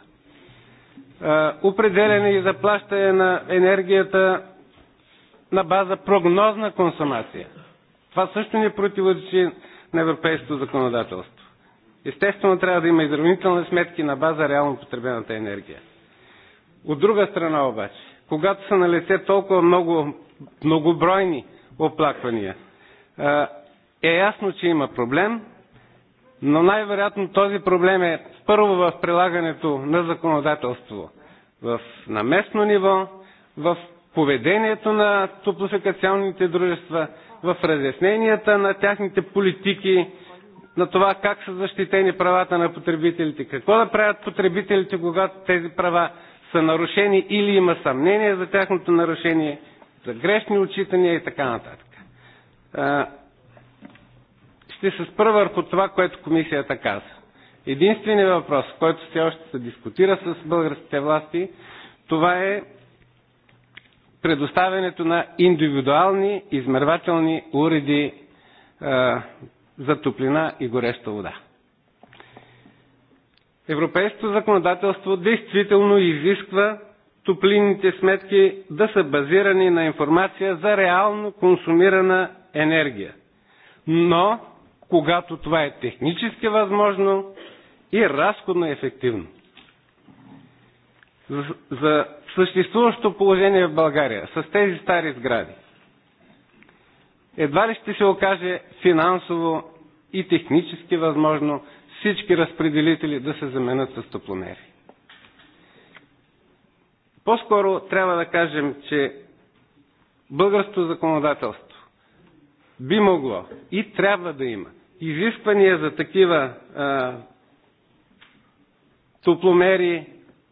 Е, определяне и заплащане на енергията на база прогнозна консумация. Това също не противоречи на европейското законодателство. Естествено трябва да има изравнителни сметки на база реално потребената енергия. От друга страна обаче, когато са на лице толкова много, многобройни оплаквания, е ясно, че има проблем, но най-вероятно този проблем е първо в прилагането на законодателство в, на местно ниво, в поведението на топлофикационните дружества, в разясненията на тяхните политики, на това как са защитени правата на потребителите, какво да правят потребителите, когато тези права са нарушени или има съмнение за тяхното нарушение, за грешни отчитания и така нататък. Ще се спра върху това, което комисията каза. Единственият въпрос, който все още се дискутира с българските власти, това е предоставянето на индивидуални измервателни уреди за топлина и гореща вода. Европейското законодателство действително изисква топлинните сметки да са базирани на информация за реално консумирана енергия. Но, когато това е технически възможно и разходно ефективно. За, за съществуващото положение в България с тези стари сгради, едва ли ще се окаже финансово и технически възможно всички разпределители да се заменят с топломери. По-скоро трябва да кажем, че българското законодателство би могло и трябва да има изисквания за такива а, топломери,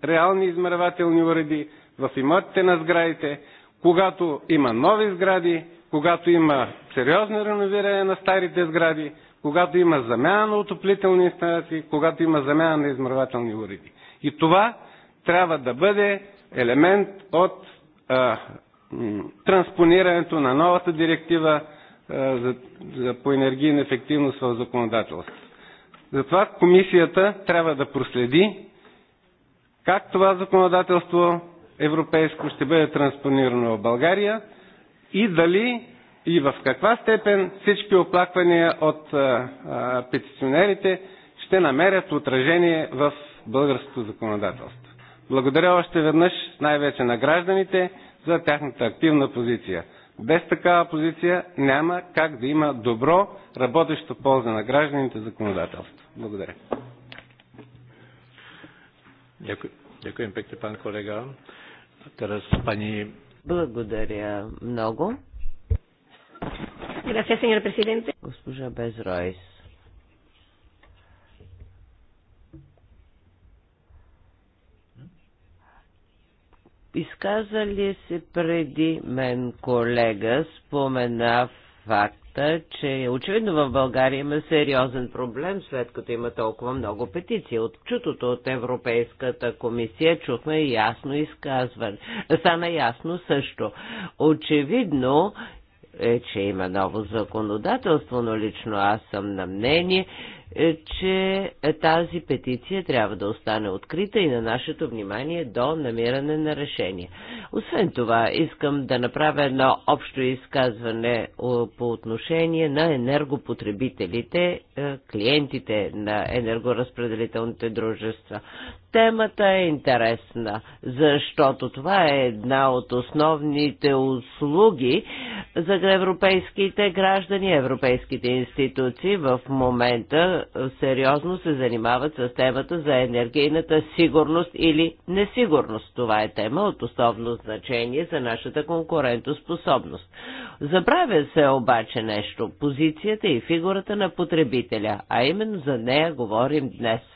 реални измервателни уреди в имотите на сградите, когато има нови сгради когато има сериозно реновиране на старите сгради, когато има замяна на отоплителни инсталации, когато има замяна на измервателни уреди. И това трябва да бъде елемент от а, транспонирането на новата директива а, за, за, по енергийна ефективност в законодателство. Затова комисията трябва да проследи как това законодателство европейско ще бъде транспонирано в България и дали и в каква степен всички оплаквания от а, а, петиционерите ще намерят отражение в българското законодателство. Благодаря още веднъж най-вече на гражданите за тяхната активна позиция. Без такава позиция няма как да има добро, работещо полза на гражданите законодателство. Благодаря. дякую пекте, пан колега. Тераз, пани благодаря много. Gracias, señor presidente. Госпожа Безройс. Изказали се преди мен колега, споменав факта, че очевидно в България има сериозен проблем, след като има толкова много петиции. От чутото от Европейската комисия чухме ясно изказване. Стана ясно също. Очевидно е, че има ново законодателство, но лично аз съм на мнение, е, че е, тази петиция трябва да остане открита и на нашето внимание до намиране на решение. Освен това, искам да направя едно общо изказване по отношение на енергопотребителите, е, клиентите на енергоразпределителните дружества. Темата е интересна, защото това е една от основните услуги за европейските граждани, европейските институции в момента сериозно се занимават с темата за енергийната сигурност или несигурност. Това е тема от основно значение за нашата конкурентоспособност. Забравя се обаче нещо – позицията и фигурата на потребителя, а именно за нея говорим днес –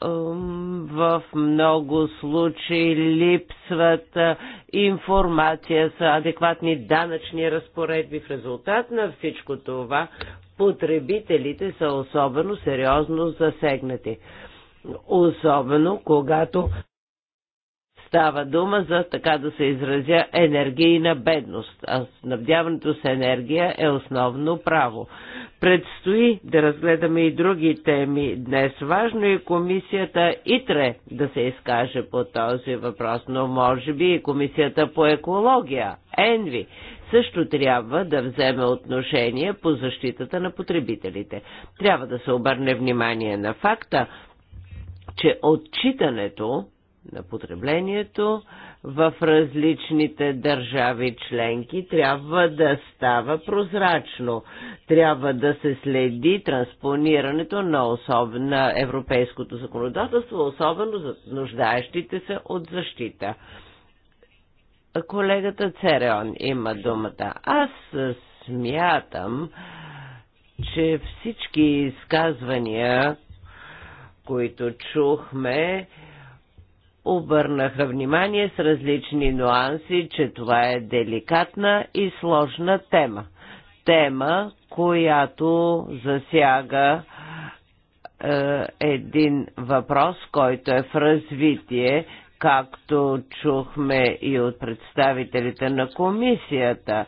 в много случаи липсват информация са адекватни данъчни разпоредби. В резултат на всичко това потребителите са особено сериозно засегнати. Особено когато Става дума за, така да се изразя, енергийна бедност, а снабдяването с енергия е основно право. Предстои да разгледаме и други теми днес. Важно и е комисията ИТРЕ да се изкаже по този въпрос, но може би и комисията по екология, ЕНВИ, също трябва да вземе отношение по защитата на потребителите. Трябва да се обърне внимание на факта, че отчитането на потреблението в различните държави членки трябва да става прозрачно. Трябва да се следи транспонирането на, особ... на европейското законодателство, особено за нуждаещите се от защита. Колегата Цереон има думата. Аз смятам, че всички изказвания, които чухме, Обърнаха внимание с различни нюанси, че това е деликатна и сложна тема. Тема, която засяга е, един въпрос, който е в развитие, както чухме и от представителите на комисията.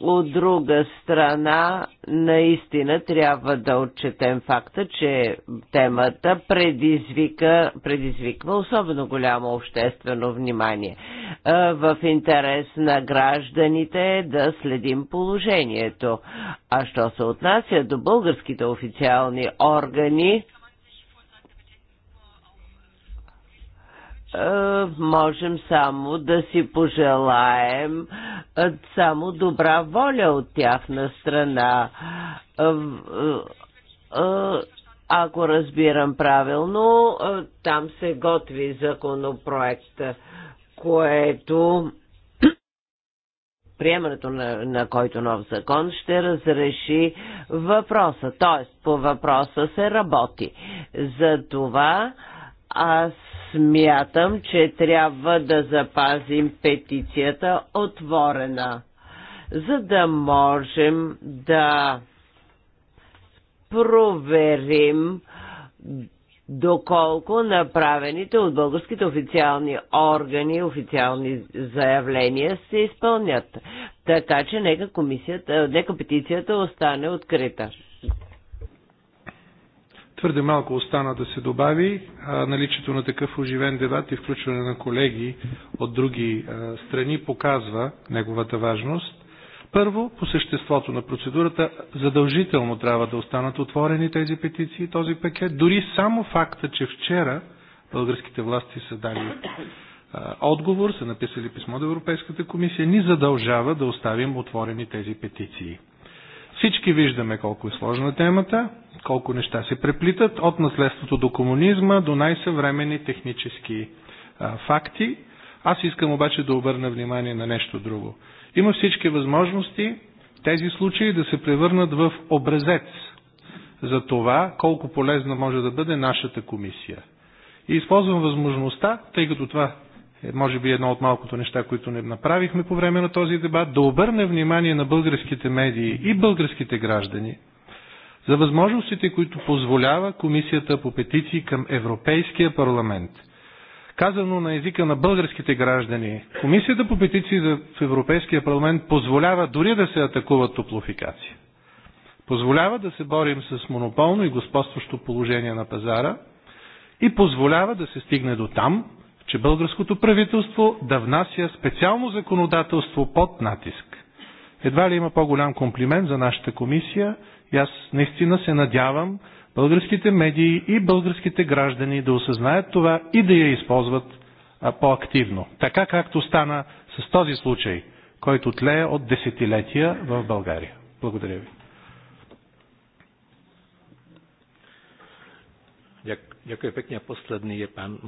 От друга страна, наистина трябва да отчетем факта, че темата предизвика, предизвиква особено голямо обществено внимание. В интерес на гражданите да следим положението. А що се отнася до българските официални органи, Е, можем само да си пожелаем е, само добра воля от тяхна страна. Е, ако разбирам правилно, там се готви законопроект, което приемането на, на който нов закон ще разреши въпроса. Тоест, по въпроса се работи. За това аз смятам, че трябва да запазим петицията отворена, за да можем да проверим доколко направените от българските официални органи, официални заявления се изпълнят. Така че нека комисията, нека петицията остане открита твърде малко остана да се добави. А, наличието на такъв оживен дебат и включване на колеги от други а, страни показва неговата важност. Първо, по съществото на процедурата, задължително трябва да останат отворени тези петиции, този пакет. Дори само факта, че вчера българските власти са дали отговор, са написали писмо до Европейската комисия, ни задължава да оставим отворени тези петиции. Всички виждаме колко е сложна темата, колко неща се преплитат, от наследството до комунизма, до най-съвремени технически а, факти. Аз искам обаче да обърна внимание на нещо друго. Има всички възможности тези случаи да се превърнат в образец за това колко полезна може да бъде нашата комисия. И използвам възможността, тъй като това е, може би едно от малкото неща, които не направихме по време на този дебат, да обърне внимание на българските медии и българските граждани за възможностите, които позволява Комисията по петиции към Европейския парламент. Казано на езика на българските граждани, Комисията по петиции в Европейския парламент позволява дори да се атакува топлофикация. Позволява да се борим с монополно и господстващо положение на пазара и позволява да се стигне до там, че българското правителство да внася специално законодателство под натиск. Едва ли има по-голям комплимент за нашата комисия и аз наистина се надявам българските медии и българските граждани да осъзнаят това и да я използват по-активно. Така както стана с този случай, който тлее от десетилетия в България. Благодаря ви. Дякую Последни е пан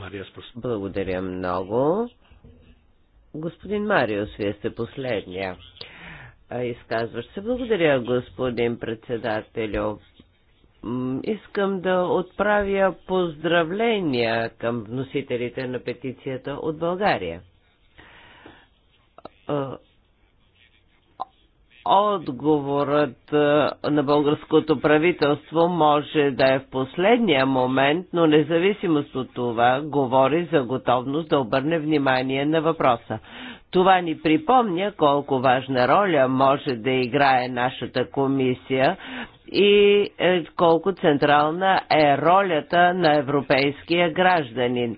Благодаря много. Господин Мариус, вие сте последния. Изказваш се. Благодаря, господин председателю. Искам да отправя поздравления към вносителите на петицията от България Отговорът на българското правителство може да е в последния момент, но независимост от това говори за готовност да обърне внимание на въпроса. Това ни припомня колко важна роля може да играе нашата комисия и е, колко централна е ролята на европейския гражданин.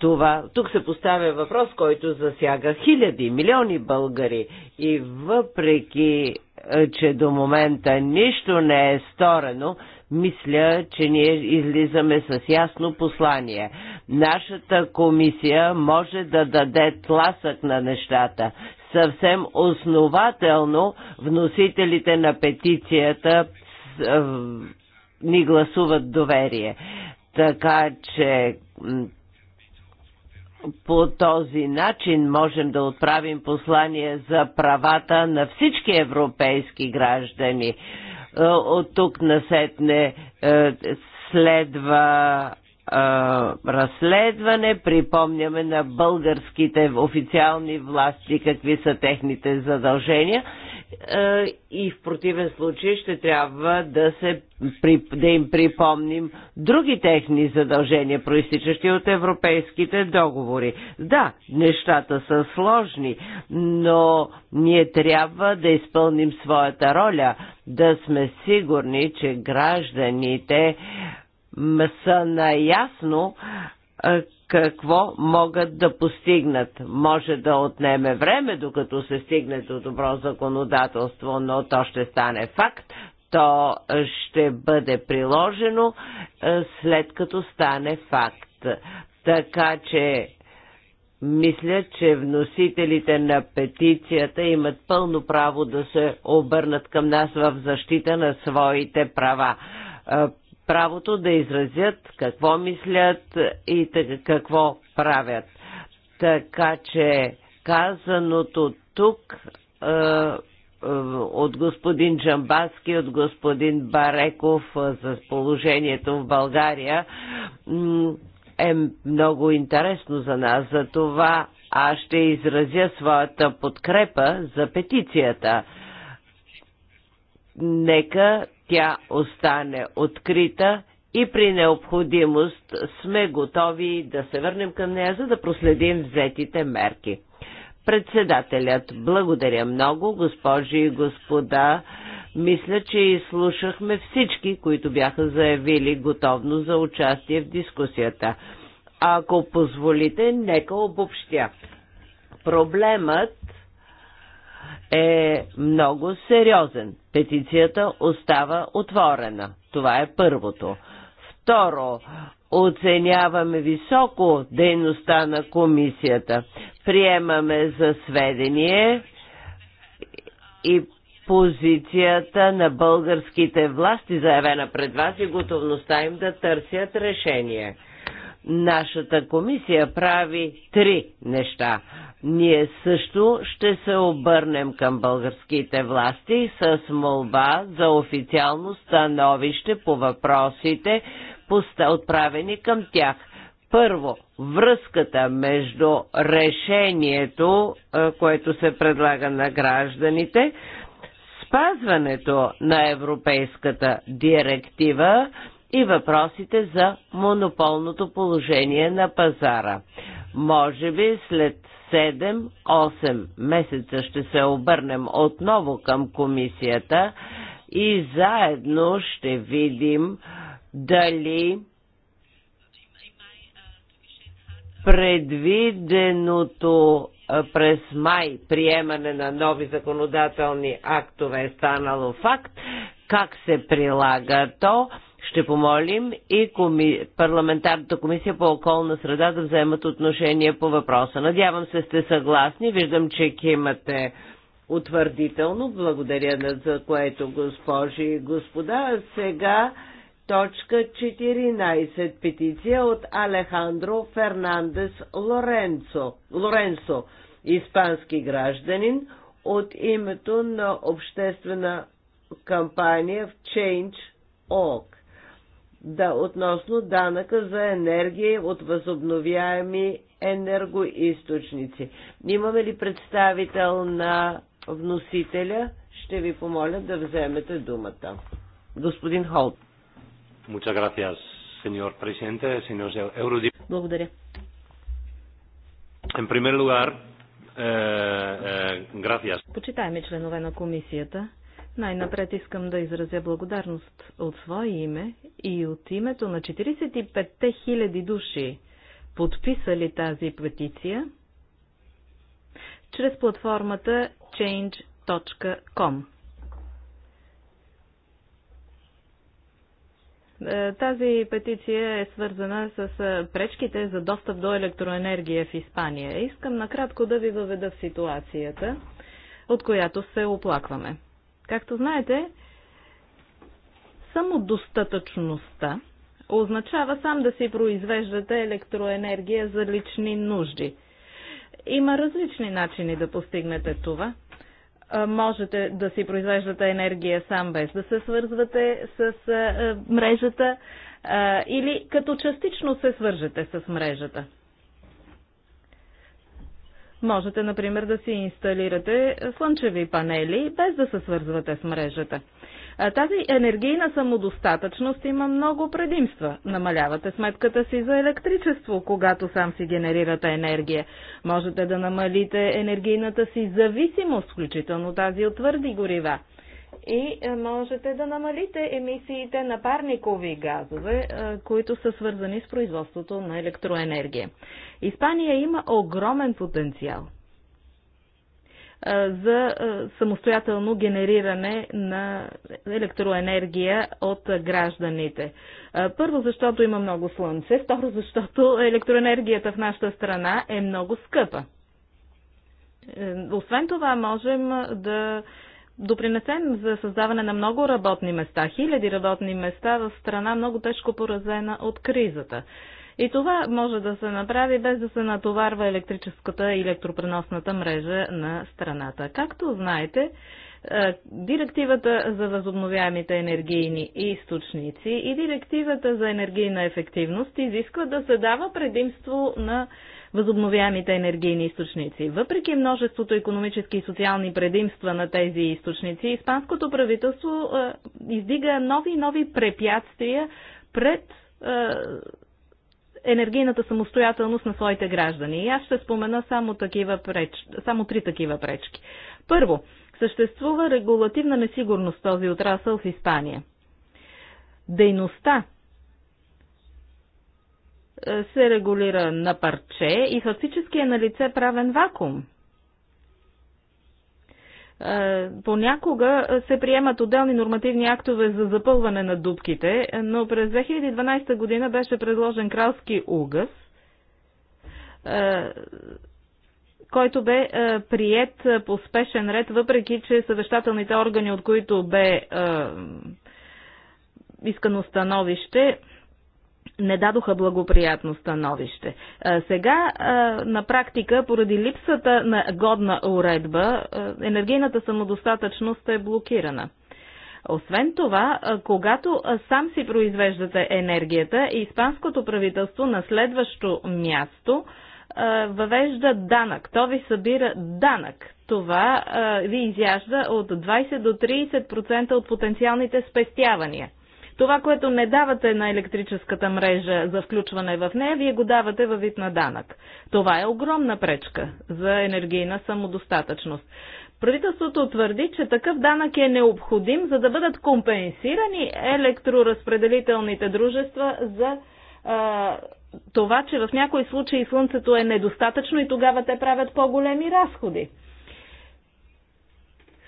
Това, тук се поставя въпрос, който засяга хиляди, милиони българи и въпреки, е, че до момента нищо не е сторено, мисля, че ние излизаме с ясно послание. Нашата комисия може да даде тласък на нещата. Съвсем основателно вносителите на петицията ни гласуват доверие. Така че по този начин можем да отправим послание за правата на всички европейски граждани е, от тук насетне е, следва е, разследване. Припомняме на българските официални власти какви са техните задължения и в противен случай ще трябва да, се, да им припомним други техни задължения, проистичащи от европейските договори. Да, нещата са сложни, но ние трябва да изпълним своята роля да сме сигурни, че гражданите са наясно какво могат да постигнат. Може да отнеме време, докато се стигне до добро законодателство, но то ще стане факт. То ще бъде приложено след като стане факт. Така че мисля, че вносителите на петицията имат пълно право да се обърнат към нас в защита на своите права. Правото да изразят какво мислят и какво правят. Така че казаното тук от господин Джамбаски, от господин Бареков за положението в България е много интересно за нас. За това аз ще изразя своята подкрепа за петицията. Нека тя остане открита и при необходимост сме готови да се върнем към нея, за да проследим взетите мерки. Председателят, благодаря много, госпожи и господа. Мисля, че изслушахме всички, които бяха заявили готовност за участие в дискусията. Ако позволите, нека обобщя. Проблемът е много сериозен. Петицията остава отворена. Това е първото. Второ, оценяваме високо дейността на комисията. Приемаме за сведение и позицията на българските власти, заявена пред вас и готовността им да търсят решение. Нашата комисия прави три неща. Ние също ще се обърнем към българските власти с молба за официално становище по въпросите, отправени към тях. Първо, връзката между решението, е, което се предлага на гражданите, спазването на Европейската директива и въпросите за монополното положение на пазара. Може би след 7-8 месеца ще се обърнем отново към комисията и заедно ще видим дали предвиденото през май приемане на нови законодателни актове е станало факт, как се прилага то, ще помолим и коми... парламентарната комисия по околна среда да вземат отношение по въпроса. Надявам се сте съгласни. Виждам, че кимате утвърдително. Благодаря за което, госпожи и господа. Сега Точка 14. Петиция от Алехандро Фернандес Лоренцо, Лоренцо испански гражданин, от името на обществена кампания в Change.org да, относно данъка за енергия от възобновяеми енергоисточници. Имаме ли представител на вносителя? Ще ви помоля да вземете думата. Господин Холт. Muchas gracias, señor presidente, señor eurodiputado. Благодаря. En primer lugar, eh, eh, gracias. Почитаеми членове на комисията, най-напред искам да изразя благодарност от свое име и от името на 45 000 души, подписали тази петиция чрез платформата change.com. Е, тази петиция е свързана с е, пречките за достъп до електроенергия в Испания. Искам накратко да ви въведа в ситуацията, от която се оплакваме. Както знаете, самодостатъчността означава сам да си произвеждате електроенергия за лични нужди. Има различни начини да постигнете това – можете да си произвеждате енергия сам без да се свързвате с мрежата или като частично се свържете с мрежата. Можете, например, да си инсталирате слънчеви панели без да се свързвате с мрежата. Тази енергийна самодостатъчност има много предимства. Намалявате сметката си за електричество, когато сам си генерирате енергия. Можете да намалите енергийната си зависимост, включително тази от твърди горива и можете да намалите емисиите на парникови газове, които са свързани с производството на електроенергия. Испания има огромен потенциал за самостоятелно генериране на електроенергия от гражданите. Първо, защото има много слънце. Второ, защото електроенергията в нашата страна е много скъпа. Е, освен това, можем да допринесем за създаване на много работни места, хиляди работни места в страна много тежко поразена от кризата. И това може да се направи без да се натоварва електрическата и електропреносната мрежа на страната. Както знаете, е, Директивата за възобновяемите енергийни източници и директивата за енергийна ефективност изисква да се дава предимство на възобновяемите енергийни източници. Въпреки множеството економически и социални предимства на тези източници, испанското правителство е, издига нови и нови препятствия пред е, енергийната самостоятелност на своите граждани. И аз ще спомена само, такива преч... само три такива пречки. Първо, съществува регулативна несигурност този отрасъл в Испания. Дейността е, се регулира на парче и фактически е на лице правен вакуум – е, понякога се приемат отделни нормативни актове за запълване на дубките, но през 2012 година беше предложен кралски угъс, е, който бе е, прият по спешен ред, въпреки че съвещателните органи, от които бе искано становище, не дадоха благоприятно становище. Сега на практика, поради липсата на годна уредба, енергийната самодостатъчност е блокирана. Освен това, когато сам си произвеждате енергията, испанското правителство на следващо място въвежда данък. То ви събира данък. Това ви изяжда от 20 до 30% от потенциалните спестявания – това, което не давате на електрическата мрежа за включване в нея, вие го давате във вид на данък. Това е огромна пречка за енергийна самодостатъчност. Правителството твърди, че такъв данък е необходим, за да бъдат компенсирани електроразпределителните дружества за а, това, че в някои случаи слънцето е недостатъчно и тогава те правят по-големи разходи.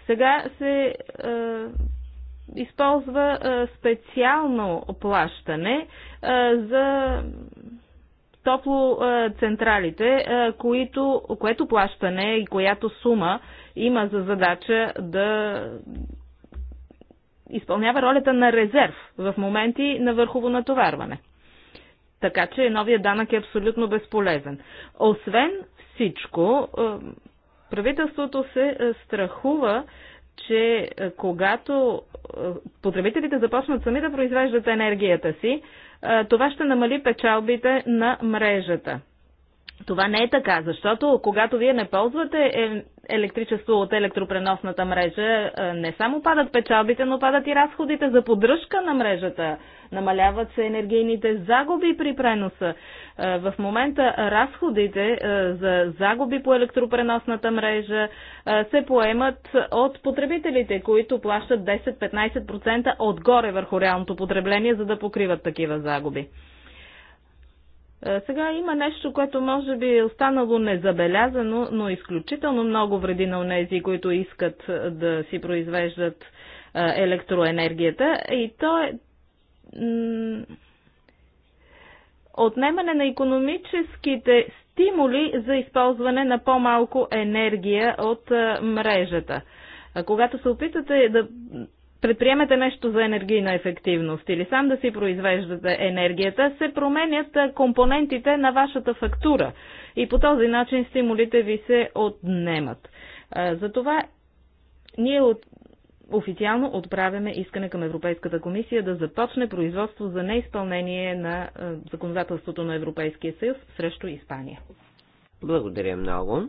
Сега се използва специално плащане за топлоцентралите, което плащане и която сума има за задача да изпълнява ролята на резерв в моменти на върхово натоварване. Така че новия данък е абсолютно безполезен. Освен всичко, правителството се страхува че е, когато е, потребителите започнат сами да произвеждат енергията си, е, това ще намали печалбите на мрежата. Това не е така, защото когато вие не ползвате е, електричество от електропреносната мрежа, е, не само падат печалбите, но падат и разходите за поддръжка на мрежата. Намаляват се енергийните загуби при преноса. Е, в момента разходите за загуби по електропреносната мрежа се поемат от потребителите, които плащат 10-15% отгоре върху реалното потребление, за да покриват такива загуби. Е, сега има нещо, което може би е останало незабелязано, но изключително много вреди на унези, които искат е, да си произвеждат е, електроенергията. И то е отнемане на економическите стимули за използване на по-малко енергия от мрежата. когато се опитате да предприемете нещо за енергийна ефективност или сам да си произвеждате енергията, се променят компонентите на вашата фактура и по този начин стимулите ви се отнемат. Затова ние от официално отправяме искане към Европейската комисия да започне производство за неизпълнение на законодателството на Европейския съюз срещу Испания. Благодаря много.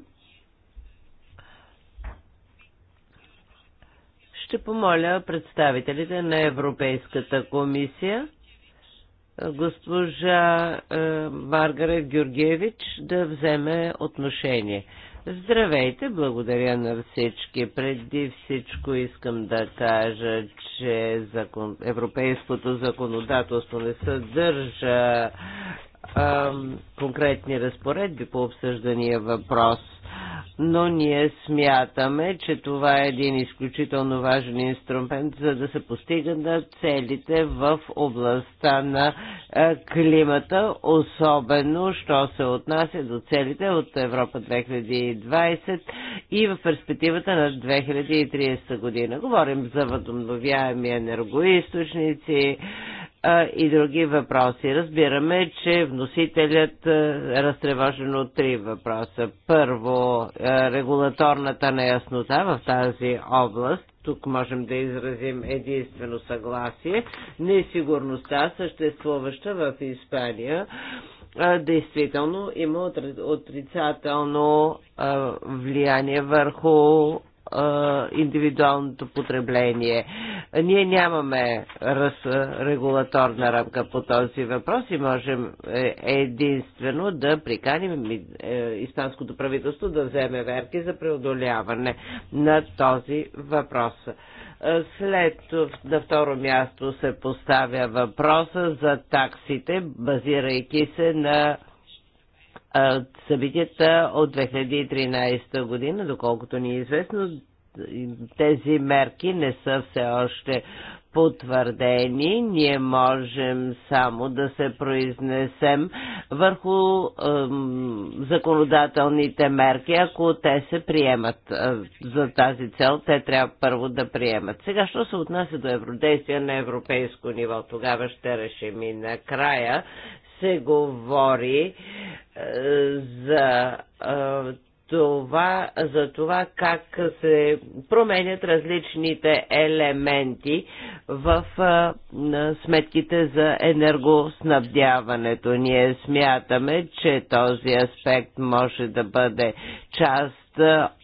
Ще помоля представителите на Европейската комисия, госпожа е, Маргарет Георгиевич, да вземе отношение. Здравейте, благодаря на всички. Преди всичко искам да кажа, че закон... европейското законодателство не съдържа конкретни разпоредби по обсъждания въпрос, но ние смятаме, че това е един изключително важен инструмент, за да се постигнат целите в областта на климата, особено, що се отнася до целите от Европа 2020 и в перспективата на 2030 година. Говорим за възобновяеми енергоисточници, а, и други въпроси. Разбираме, че вносителят е разтревожен от три въпроса. Първо, регулаторната неяснота в тази област. Тук можем да изразим единствено съгласие. Несигурността, съществуваща в Испания, действително има отрицателно влияние върху индивидуалното потребление. Ние нямаме раз, регулаторна рамка по този въпрос и можем е, единствено да приканим е, испанското правителство да вземе верки за преодоляване на този въпрос. Е, след на второ място се поставя въпроса за таксите, базирайки се на събитията от 2013 година, доколкото ни е известно, тези мерки не са все още потвърдени. Ние можем само да се произнесем върху е, законодателните мерки, ако те се приемат. Е, за тази цел те трябва първо да приемат. Сега, що се отнася до евродействие на европейско ниво, тогава ще решим и накрая се говори е, за е, това, за това как се променят различните елементи в е, а, сметките за енергоснабдяването. Ние смятаме, че този аспект може да бъде част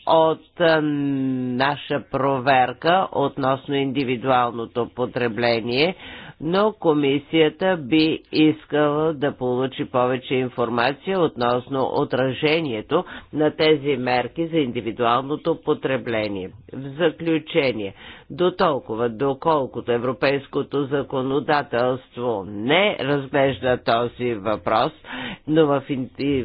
от наша проверка относно индивидуалното потребление, но комисията би искала да получи повече информация относно отражението на тези мерки за индивидуалното потребление. В заключение, до толкова, доколкото европейското законодателство не разглежда този въпрос, но в,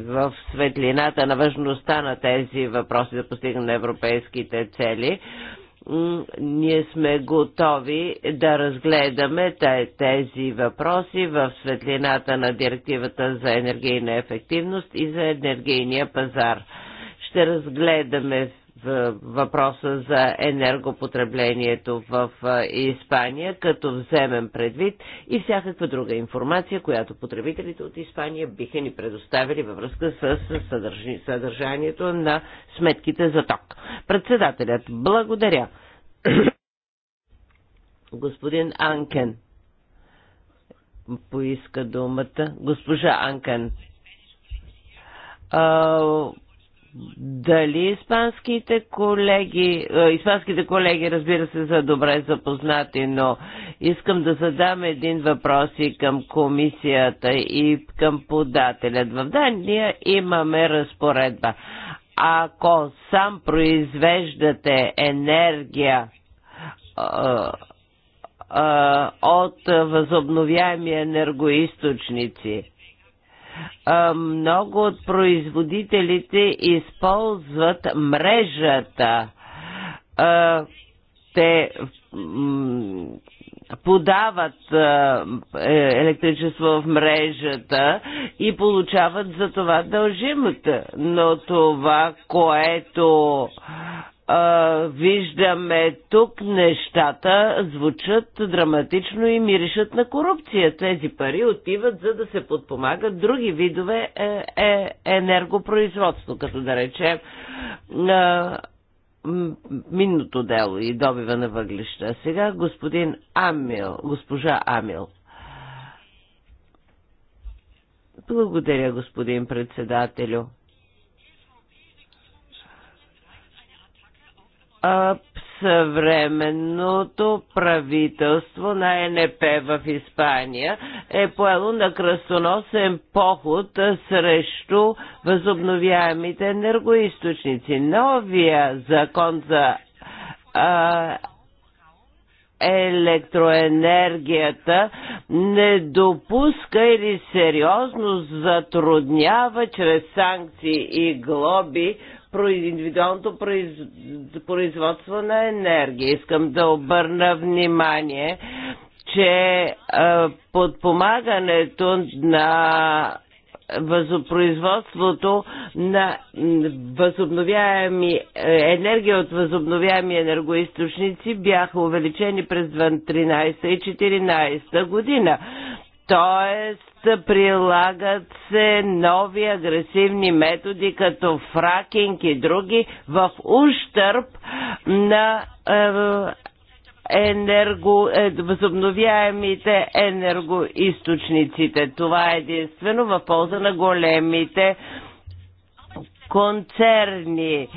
в светлината на важността на тези въпроси за да постигане на европейските цели, ние сме готови да разгледаме тези въпроси в светлината на директивата за енергийна ефективност и за енергийния пазар. Ще разгледаме въпроса за енергопотреблението в Испания, като вземем предвид и всякаква друга информация, която потребителите от Испания биха ни предоставили във връзка с съдържанието на сметките за ток. Председателят, благодаря. Господин Анкен поиска думата. Госпожа Анкен. Дали испанските колеги, е, испанските колеги разбира се са добре запознати, но искам да задам един въпрос и към комисията и към подателят. В Дания имаме разпоредба. Ако сам произвеждате енергия э, э, от възобновяеми енергоисточници, много от производителите използват мрежата. Те подават е, електричество в мрежата и получават за това дължимата. Но това, което виждаме тук нещата звучат драматично и миришат на корупция. Тези пари отиват за да се подпомагат други видове е, е, енергопроизводство, като да речем минното дело и добива на въглища. Сега господин Амил, госпожа Амил. Благодаря, господин председателю. а, съвременното правителство на НП в Испания е поело на кръстоносен поход срещу възобновяемите енергоисточници. Новия закон за а, електроенергията не допуска или сериозно затруднява чрез санкции и глоби индивидуалното производство на енергия. Искам да обърна внимание, че подпомагането на възопроизводството на възобновяеми енергия от възобновяеми енергоисточници бяха увеличени през 2013 и 2014 година. Тоест, прилагат се нови агресивни методи, като фракинг и други, в ущърп на е, енерго, е, възобновяемите енергоисточниците. Това е единствено в полза на големите концерни.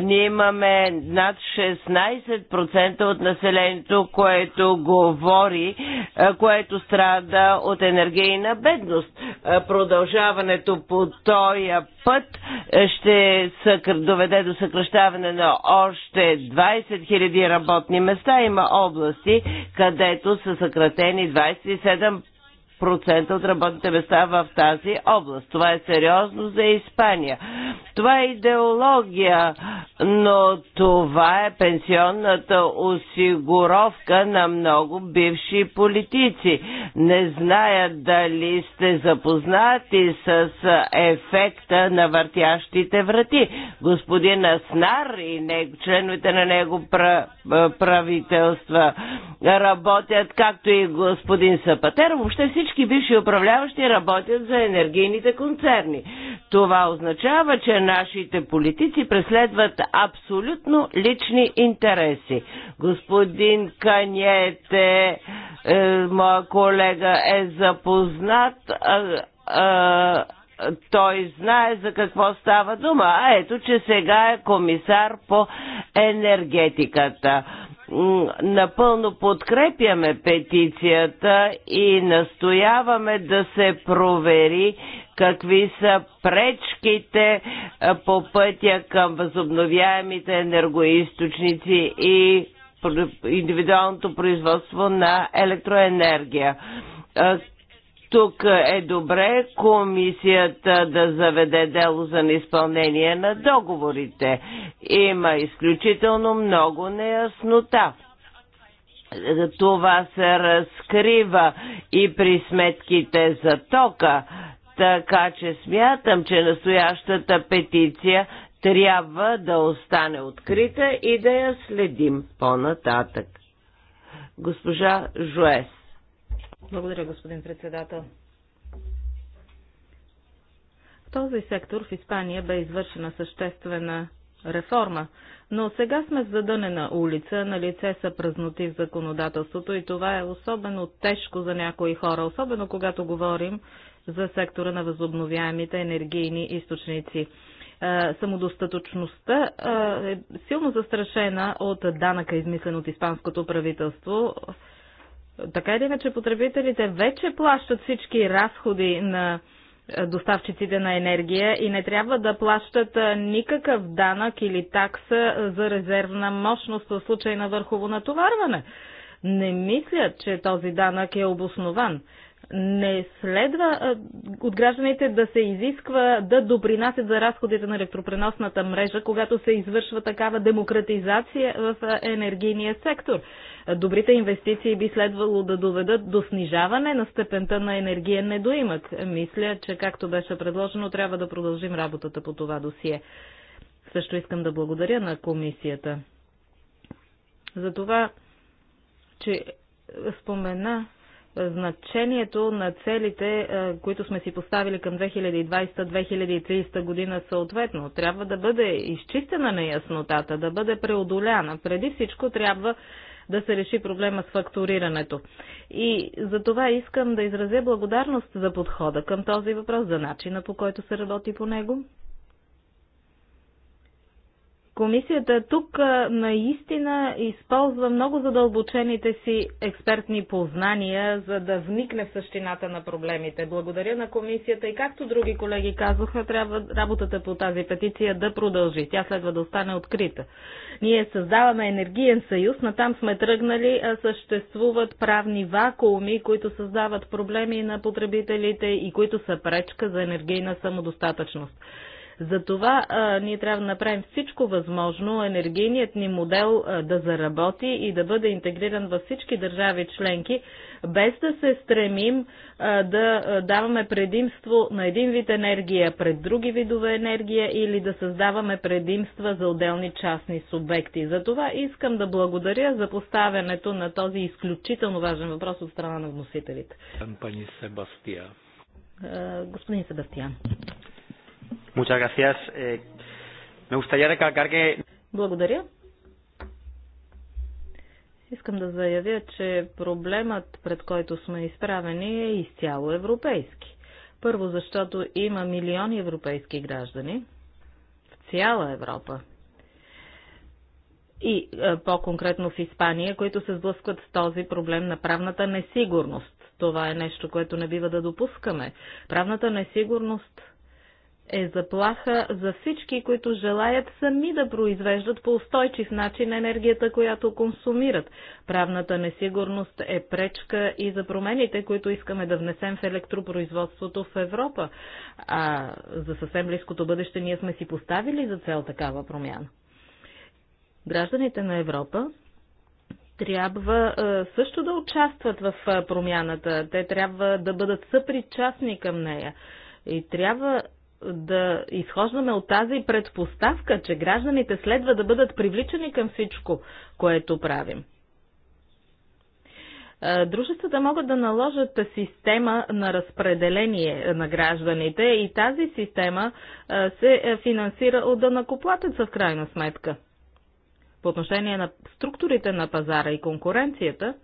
Ние имаме над 16% от населението, което говори, което страда от енергийна бедност. Продължаването по този път ще доведе до съкръщаване на още 20 000 работни места. Има области, където са съкратени 27 10% от работните места в тази област. Това е сериозно за Испания. Това е идеология, но това е пенсионната осигуровка на много бивши политици. Не зная дали сте запознати с ефекта на въртящите врати. Господин Аснар и не, членовете на него правителства работят, както и господин Сапатер, въобще всички всички бивши управляващи работят за енергийните концерни. Това означава, че нашите политици преследват абсолютно лични интереси. Господин Каньете, е, моя колега, е запознат. Е, е, той знае за какво става дума. А ето, че сега е комисар по енергетиката напълно подкрепяме петицията и настояваме да се провери какви са пречките по пътя към възобновяемите енергоисточници и индивидуалното производство на електроенергия тук е добре комисията да заведе дело за неизпълнение на договорите. Има изключително много неяснота. Това се разкрива и при сметките за тока, така че смятам, че настоящата петиция трябва да остане открита и да я следим по-нататък. Госпожа Жуес. Благодаря, господин председател. В този сектор в Испания бе извършена съществена реформа, но сега сме в задънена улица, на лице са празноти в законодателството и това е особено тежко за някои хора, особено когато говорим за сектора на възобновяемите енергийни източници. Е, самодостатъчността е, е силно застрашена от данъка, измислен от испанското правителство. Така или иначе потребителите вече плащат всички разходи на е, доставчиците на енергия и не трябва да плащат е, никакъв данък или такса е, за резервна мощност в случай на върхово натоварване. Не мисля, че този данък е обоснован не следва от гражданите да се изисква да допринасят за разходите на електропреносната мрежа, когато се извършва такава демократизация в енергийния сектор. Добрите инвестиции би следвало да доведат до снижаване на степента на енергиен недоимък. Мисля, че както беше предложено, трябва да продължим работата по това досие. Също искам да благодаря на комисията за това, че спомена значението на целите, е, които сме си поставили към 2020-2030 година съответно. Трябва да бъде изчистена неяснотата, да бъде преодоляна. Преди всичко трябва да се реши проблема с фактурирането. И за това искам да изразя благодарност за подхода към този въпрос, за начина по който се работи по него. Комисията тук наистина използва много задълбочените си експертни познания, за да вникне в същината на проблемите. Благодаря на комисията и както други колеги казаха, трябва работата по тази петиция да продължи. Тя следва да остане открита. Ние създаваме енергиен съюз, натам сме тръгнали, а съществуват правни вакууми, които създават проблеми на потребителите и които са пречка за енергийна самодостатъчност. Затова ние трябва да направим всичко възможно енергийният ни модел да заработи и да бъде интегриран във всички държави членки, без да се стремим да даваме предимство на един вид енергия пред други видове енергия или да създаваме предимства за отделни частни субекти. Затова искам да благодаря за поставянето на този изключително важен въпрос от страна на вносителите. Господин Себастиан. Muchas gracias. Eh, me gustaría recalcar que... Благодаря. Искам да заявя, че проблемът, пред който сме изправени, е изцяло европейски. Първо, защото има милиони европейски граждани в цяла Европа. И е, по-конкретно в Испания, които се сблъскват с този проблем на правната несигурност. Това е нещо, което не бива да допускаме. Правната несигурност е заплаха за всички, които желаят сами да произвеждат по устойчив начин енергията, която консумират. Правната несигурност е пречка и за промените, които искаме да внесем в електропроизводството в Европа. А за съвсем близкото бъдеще ние сме си поставили за цел такава промяна. Гражданите на Европа трябва също да участват в промяната. Те трябва да бъдат съпричастни към нея. И трябва да изхождаме от тази предпоставка, че гражданите следва да бъдат привличани към всичко, което правим. Дружествата могат да наложат система на разпределение на гражданите и тази система се е, финансира от дънакоплатеца в крайна сметка. По отношение на структурите на пазара и конкуренцията,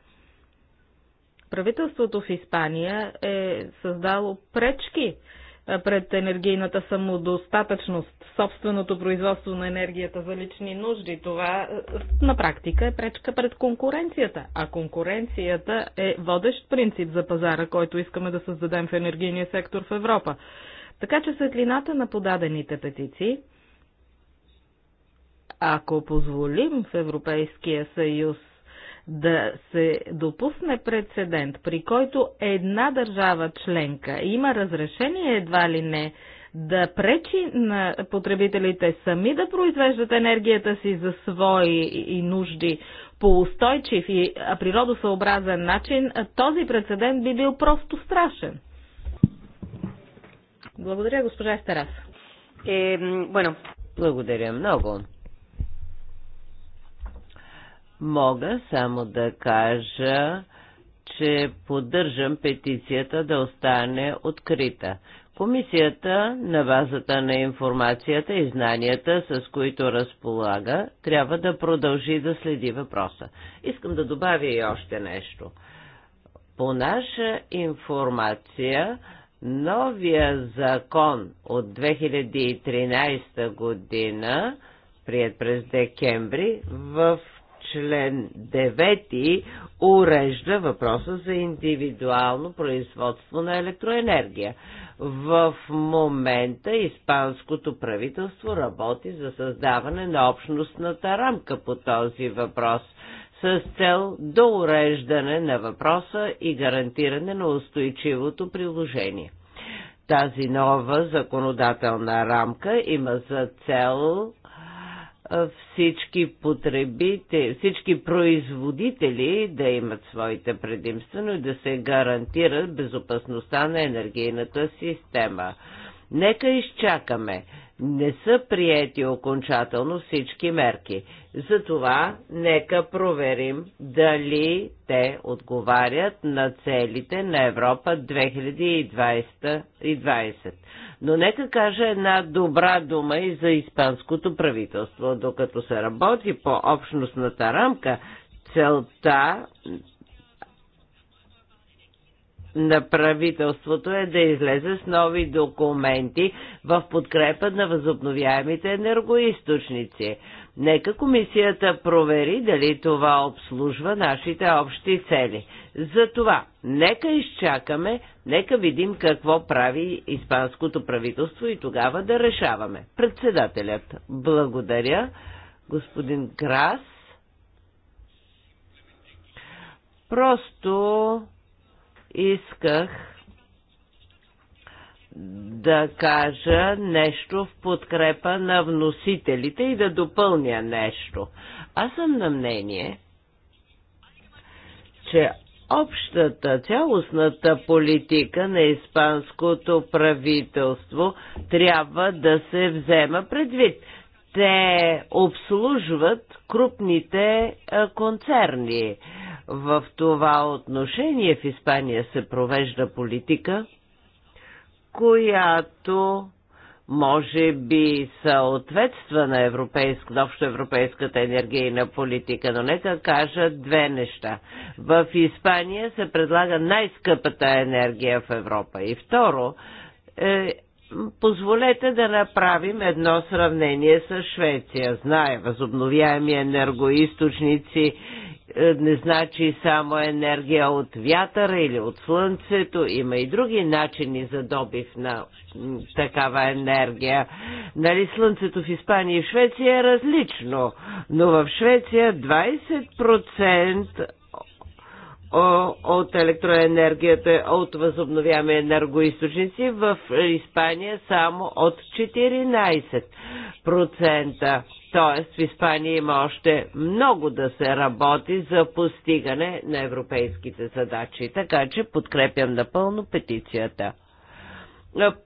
правителството в Испания е създало пречки е, пред енергийната самодостатъчност, собственото производство на енергията за лични нужди. Това е, на практика е пречка пред конкуренцията, а конкуренцията е водещ принцип за пазара, който искаме да създадем в енергийния сектор в Европа. Така че светлината на подадените петиции, ако позволим в Европейския съюз да се допусне прецедент, при който една държава членка има разрешение едва ли не да пречи на потребителите сами да произвеждат енергията си за свои и нужди по устойчив и природосъобразен начин, този прецедент би бил просто страшен. Благодаря, госпожа Естерас. Е, bueno. Благодаря много. Мога само да кажа, че поддържам петицията да остане открита. Комисията, на базата на информацията и знанията, с които разполага, трябва да продължи да следи въпроса. Искам да добавя и още нещо. По наша информация, новия закон от 2013 година, прият през декември, в член 9 урежда въпроса за индивидуално производство на електроенергия. В момента испанското правителство работи за създаване на общностната рамка по този въпрос с цел до уреждане на въпроса и гарантиране на устойчивото приложение. Тази нова законодателна рамка има за цел всички потребители, всички производители да имат своите предимства, но и да се гарантират безопасността на енергийната система. Нека изчакаме. Не са приети окончателно всички мерки. Затова нека проверим дали те отговарят на целите на Европа 2020. Но нека кажа една добра дума и за испанското правителство. Докато се работи по общностната рамка, целта на правителството е да излезе с нови документи в подкрепа на възобновяемите енергоисточници. Нека комисията провери дали това обслужва нашите общи цели. Затова, нека изчакаме, нека видим какво прави испанското правителство и тогава да решаваме. Председателят, благодаря. Господин Крас, просто исках да кажа нещо в подкрепа на вносителите и да допълня нещо. Аз съм на мнение, че общата цялостната политика на испанското правителство трябва да се взема предвид. Те обслужват крупните концерни. В това отношение в Испания се провежда политика, която може би съответства на, европейск, на общоевропейската енергийна политика, но нека кажа две неща. В Испания се предлага най-скъпата енергия в Европа. И второ, е, Позволете да направим едно сравнение с Швеция. Знае, възобновяеми енергоисточници е, не значи само енергия от вятъра или от слънцето. Има и други начини за добив на такава енергия. Нали, слънцето в Испания и Швеция е различно, но в Швеция 20% от електроенергията от възобновяеми енергоисточници в Испания само от 14%. Тоест в Испания има още много да се работи за постигане на европейските задачи. Така че подкрепям напълно петицията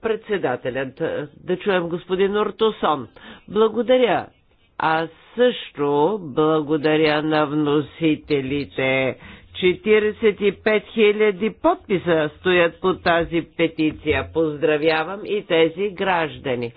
председателят. Да чуем господин Ортосон. Благодаря. Аз също благодаря на вносителите. 45 000 подписа стоят по тази петиция. Поздравявам и тези граждани.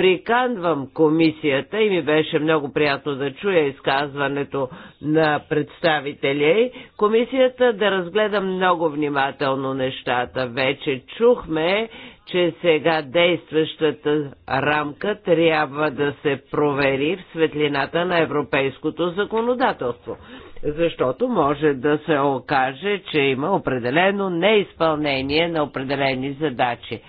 Приканвам комисията и ми беше много приятно да чуя изказването на представителя. Комисията да разгледа много внимателно нещата. Вече чухме, че сега действащата рамка трябва да се провери в светлината на европейското законодателство, защото може да се окаже, че има определено неизпълнение на определени задачи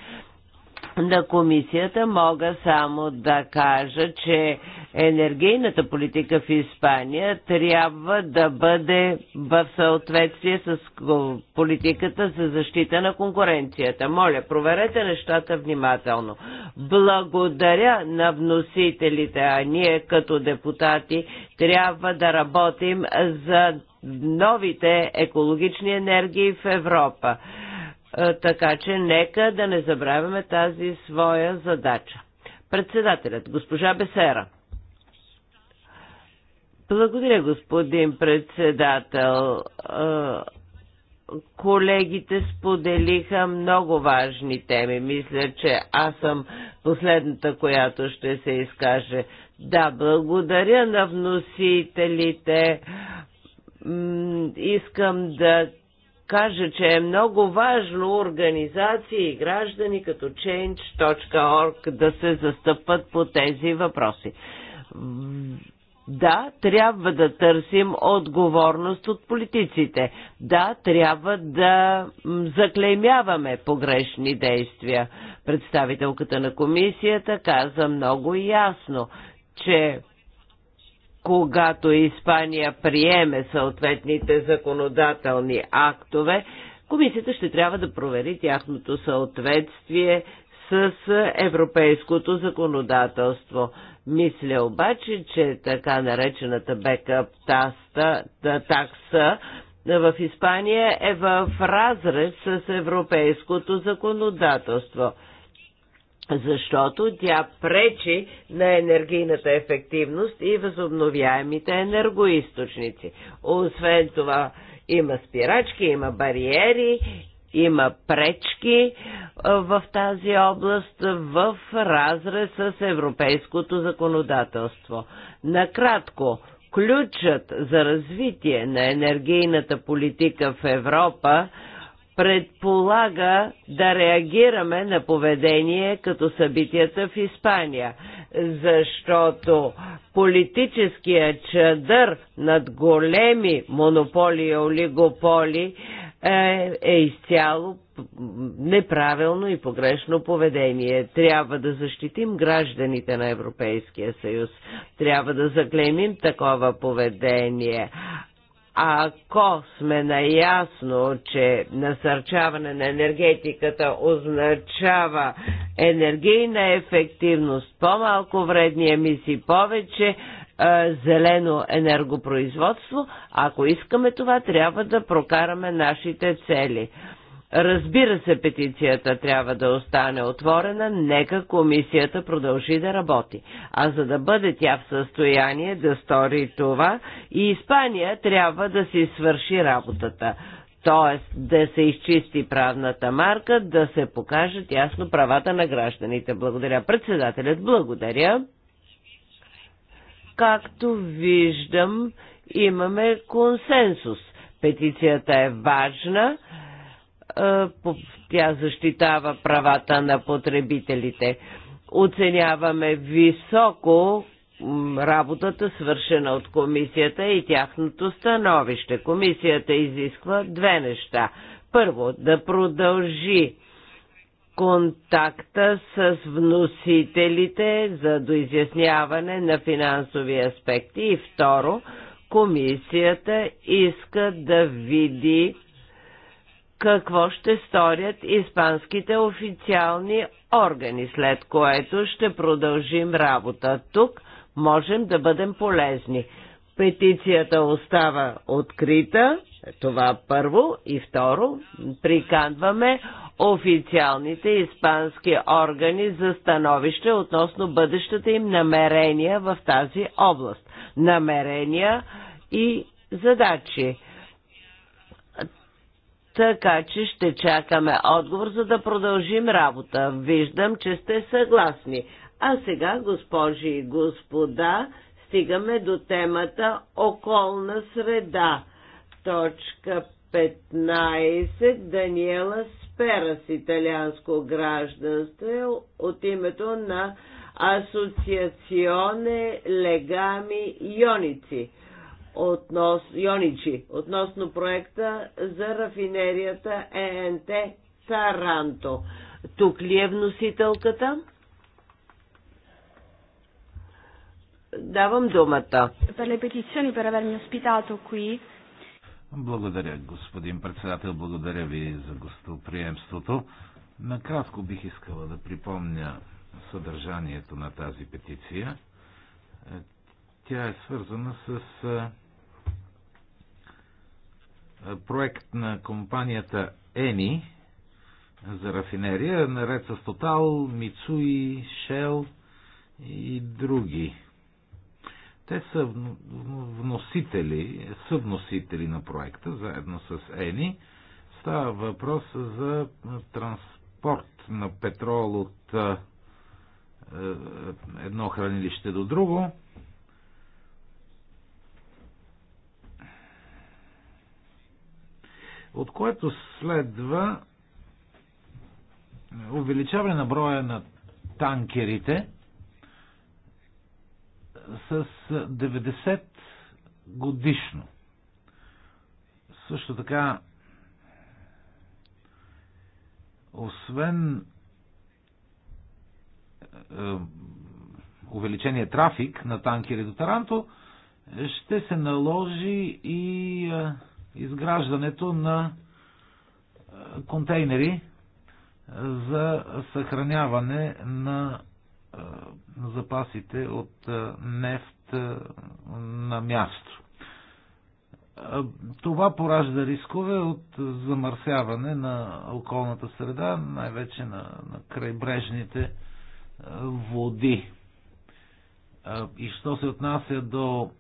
на комисията мога само да кажа, че енергийната политика в Испания трябва да бъде в съответствие с политиката за защита на конкуренцията. Моля, проверете нещата внимателно. Благодаря на вносителите, а ние като депутати трябва да работим за новите екологични енергии в Европа. Е, така че нека да не забравяме тази своя задача. Председателят, госпожа Бесера. Благодаря, господин председател. Е, колегите споделиха много важни теми. Мисля, че аз съм последната, която ще се изкаже. Да, благодаря на вносителите. Искам да каже, че е много важно организации и граждани като change.org да се застъпат по тези въпроси. Да, трябва да търсим отговорност от политиците. Да, трябва да заклеймяваме погрешни действия. Представителката на комисията каза много ясно, че когато Испания приеме съответните законодателни актове, комисията ще трябва да провери тяхното съответствие с европейското законодателство. Мисля обаче, че така наречената бекъп таста, такса в Испания е в разрез с европейското законодателство защото тя пречи на енергийната ефективност и възобновяемите енергоисточници. Освен това, има спирачки, има бариери, има пречки е, в тази област в разрез с европейското законодателство. Накратко, ключът за развитие на енергийната политика в Европа предполага да реагираме на поведение като събитията в Испания, защото политическия чадър над големи монополи и олигополи е, е изцяло неправилно и погрешно поведение. Трябва да защитим гражданите на Европейския съюз. Трябва да заклемим такова поведение. Ако сме наясно, че насърчаване на енергетиката означава енергийна ефективност, по-малко вредни емисии, повече е, зелено енергопроизводство, ако искаме това, трябва да прокараме нашите цели. Разбира се, петицията трябва да остане отворена, нека комисията продължи да работи. А за да бъде тя в състояние да стори това, и Испания трябва да си свърши работата. Тоест да се изчисти правната марка, да се покажат ясно правата на гражданите. Благодаря. Председателят, благодаря. Както виждам, имаме консенсус. Петицията е важна тя защитава правата на потребителите. Оценяваме високо работата, свършена от комисията и тяхното становище. Комисията изисква две неща. Първо, да продължи контакта с вносителите за доизясняване на финансови аспекти. И второ, комисията иска да види какво ще сторят испанските официални органи, след което ще продължим работа. Тук можем да бъдем полезни. Петицията остава открита, това първо и второ, приканваме официалните испански органи за становище относно бъдещата им намерения в тази област. Намерения и задачи така че ще чакаме отговор, за да продължим работа. Виждам, че сте съгласни. А сега, госпожи и господа, стигаме до темата околна среда. Точка 15. Даниела Спера с италианско гражданство е от името на Асоциационе Легами Йоници относ, Йоничи, относно проекта за рафинерията ЕНТ Таранто. Тук ли е вносителката? Давам думата. Благодаря, господин председател. Благодаря ви за гостоприемството. Накратко бих искала да припомня съдържанието на тази петиция. Е, тя е свързана с е, проект на компанията Ени за рафинерия, наред с Тотал, Мицуи, Шел и други. Те са вносители, съвносители на проекта, заедно с Ени. Става въпрос за транспорт на петрол от е, е, едно хранилище до друго от което следва е, увеличаване на броя на танкерите с 90 годишно. Също така, освен е, увеличение трафик на танкери до Таранто, ще се наложи и е, изграждането на контейнери за съхраняване на запасите от нефт на място. Това поражда рискове от замърсяване на околната среда, най-вече на, на крайбрежните води. И що се отнася до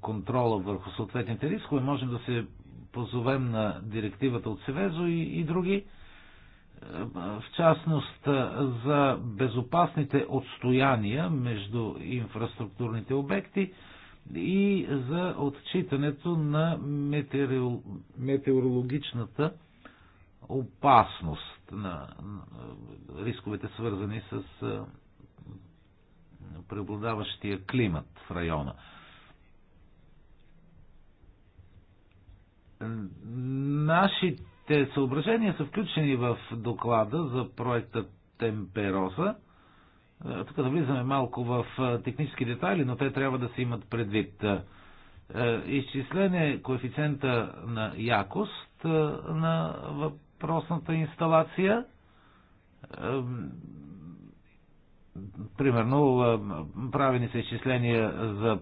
контрола върху съответните рискове. Можем да се позовем на директивата от Севезо и, и други. Е, в частност е, за безопасните отстояния между инфраструктурните обекти и за отчитането на метеорол... метеорологичната опасност на рисковете свързани с е, преобладаващия климат в района. Нашите съображения са включени в доклада за проекта Темпероса. Е, тук влизаме малко в е, технически детайли, но те трябва да се имат предвид. Е, Изчислене коефициента на якост на въпросната инсталация. Примерно, правени са изчисления за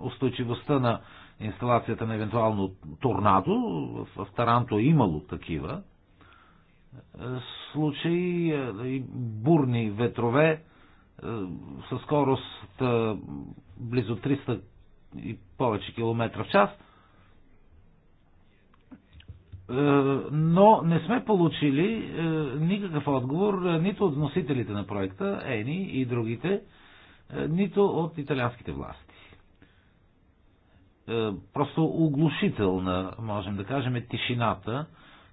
устойчивостта на инсталацията на евентуално торнадо, в Таранто е имало такива е, случаи е, и бурни ветрове е, със скорост близо 300 и повече километра в час. Но не сме получили никакъв отговор нито от вносителите на проекта, ЕНИ и другите, нито от италианските власти. Е, просто оглушителна, можем да кажем, е тишината,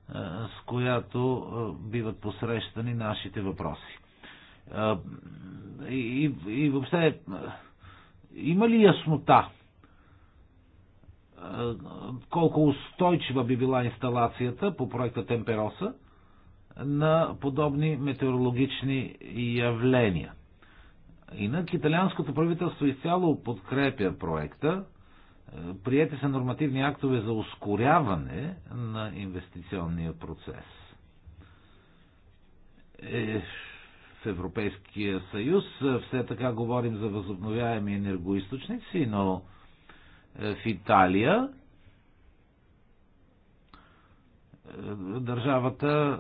е, с която е, биват посрещани нашите въпроси. И, и, и въобще, има ли яснота колко устойчива би била инсталацията по проекта Темпероса на подобни метеорологични явления? Инак италианското правителство изцяло подкрепя проекта, Приети са нормативни актове за ускоряване на инвестиционния процес. Е, в Европейския съюз е, все така говорим за възобновяеми енергоисточници, но е, в Италия е, държавата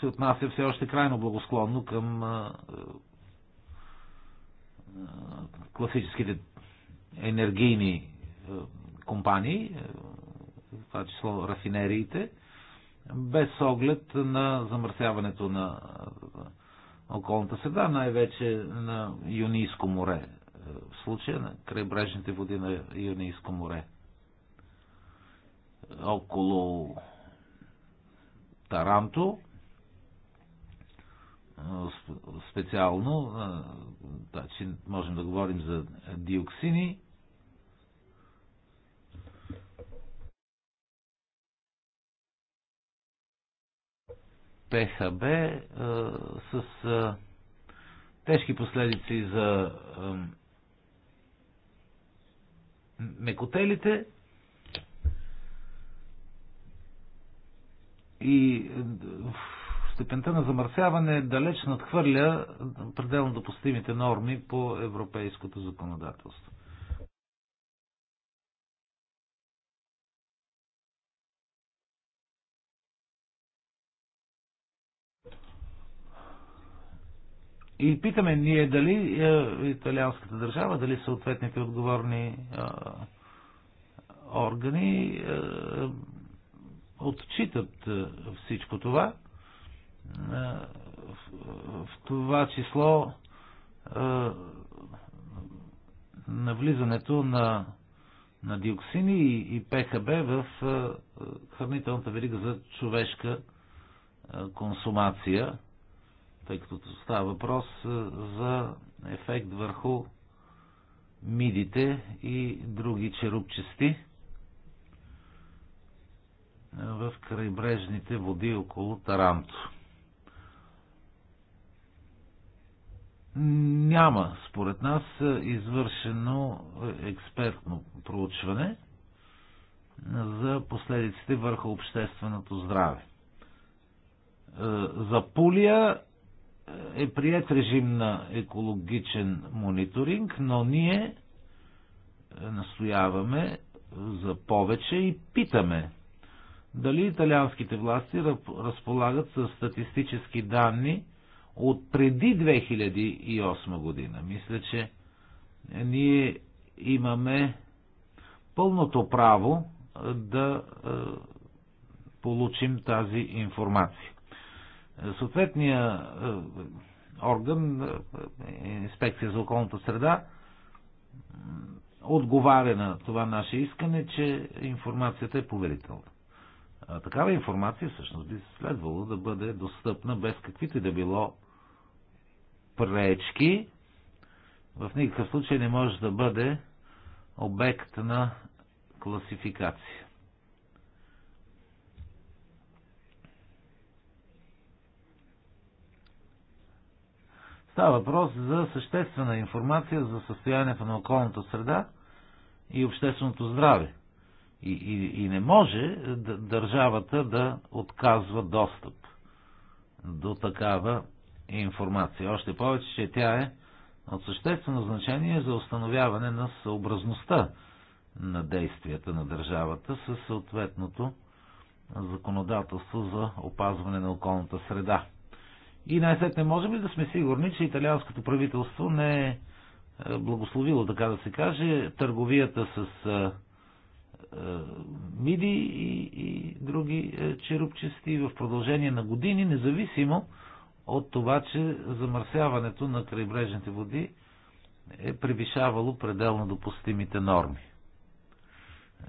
се отнася все още крайно благосклонно към класическите енергийни е, компании, е, в това число рафинериите, без оглед на замърсяването на е, околната среда, най-вече на Юнийско море, в случая на крайбрежните води на Юнийско море. Около Таранто, специално, значи можем да говорим за диоксини, ПХБ е, с е, тежки последици за е, мекотелите и степента на замърсяване далеч надхвърля пределно допустимите норми по европейското законодателство. И питаме ние дали е, италианската държава, дали съответните отговорни е, органи е, отчитат е, всичко това. Е, в, в това число е, навлизането на, на диоксини и, и ПХБ в хранителната верига за човешка консумация тъй като става въпрос е, за ефект върху мидите и други черупчести в крайбрежните води около Таранто. Няма, според нас, извършено експертно проучване за последиците върху общественото здраве. Е, за Пулия е прият режим на екологичен мониторинг, но ние е, настояваме за повече и питаме дали италианските власти разполагат с статистически данни от преди 2008 година. Мисля, че ние имаме пълното право е, да е, получим тази информация съответния е, орган, е, инспекция за околната среда, отговаря на това наше искане, че информацията е поверителна. А такава информация всъщност би следвало да бъде достъпна без каквито и да било пречки. В никакъв случай не може да бъде обект на класификация. Става въпрос за съществена информация за състоянието на околната среда и общественото здраве. И, и, и не може държавата да отказва достъп до такава информация. Още повече, че тя е от съществено значение за установяване на съобразността на действията на държавата със съответното законодателство за опазване на околната среда. И най-сетне можем ли да сме сигурни, че италианското правителство не е, е благословило, така да се каже, търговията с а, е, а, е, миди и, и други а, черупчести в продължение на години, независимо от това, че замърсяването на крайбрежните води е превишавало пределно допустимите норми.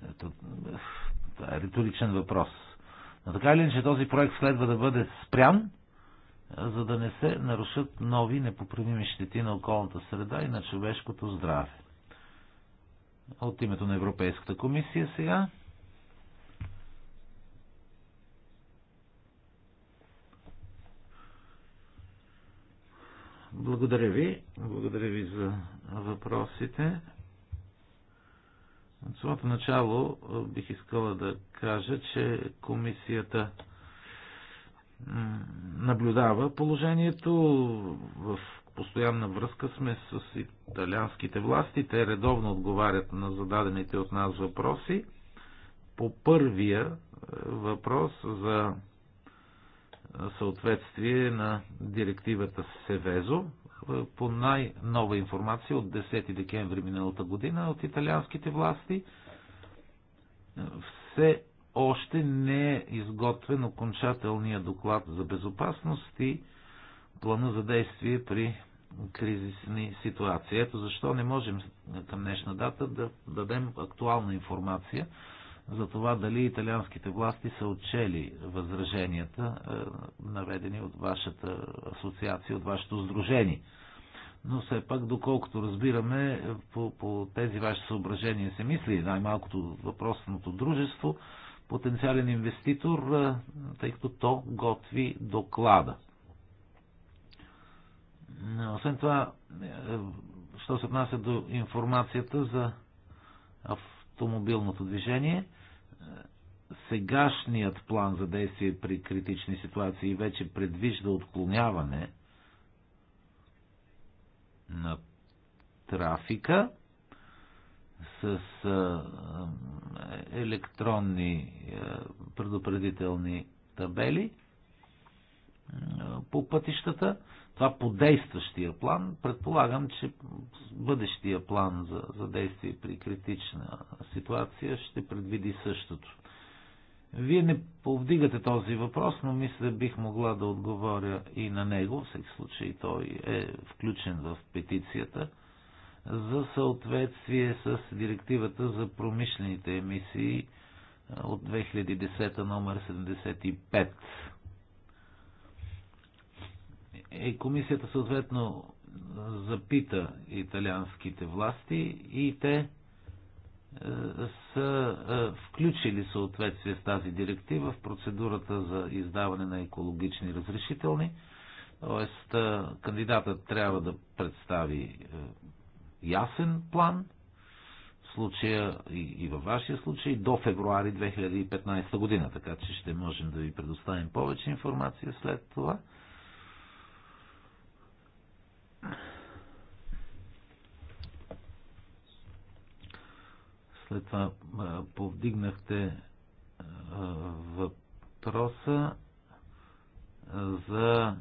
Ето, това е риторичен въпрос. Но така или иначе този проект следва да бъде спрян за да не се нарушат нови непоправими щети на околната среда и на човешкото здраве. От името на Европейската комисия сега. Благодаря ви. Благодаря ви за въпросите. От самото начало бих искала да кажа, че комисията наблюдава положението. В постоянна връзка сме с италианските власти. Те редовно отговарят на зададените от нас въпроси. По първия е, въпрос за съответствие на директивата Севезо, е, по най-нова информация от 10 декември миналата година от италианските власти, е, все още не е изготвен окончателния доклад за безопасност и плана за действие при кризисни ситуации. Ето защо не можем към днешна дата да дадем актуална информация за това дали италианските власти са отчели възраженията, е, наведени от вашата асоциация, от вашето сдружение. Но все пак, доколкото разбираме, по, по тези ваши съображения се мисли най-малкото въпросното дружество, потенциален инвеститор, тъй като то готви доклада. Освен това, е, що се отнася до информацията за автомобилното движение, е, сегашният план за действие при критични ситуации вече предвижда отклоняване на трафика с електронни предупредителни табели по пътищата. Това по действащия план. Предполагам, че бъдещия план за, за действие при критична ситуация ще предвиди същото. Вие не повдигате този въпрос, но мисля бих могла да отговоря и на него. В всеки случай той е включен в петицията за съответствие с директивата за промишлените емисии от 2010 номер 75. Е, комисията съответно запита италианските власти и те е, са е, включили съответствие с тази директива в процедурата за издаване на екологични разрешителни. Тоест, е, кандидатът трябва да представи ясен план, в случая и, и във вашия случай, до февруари 2015 година, така че ще можем да ви предоставим повече информация след това. След това повдигнахте въпроса за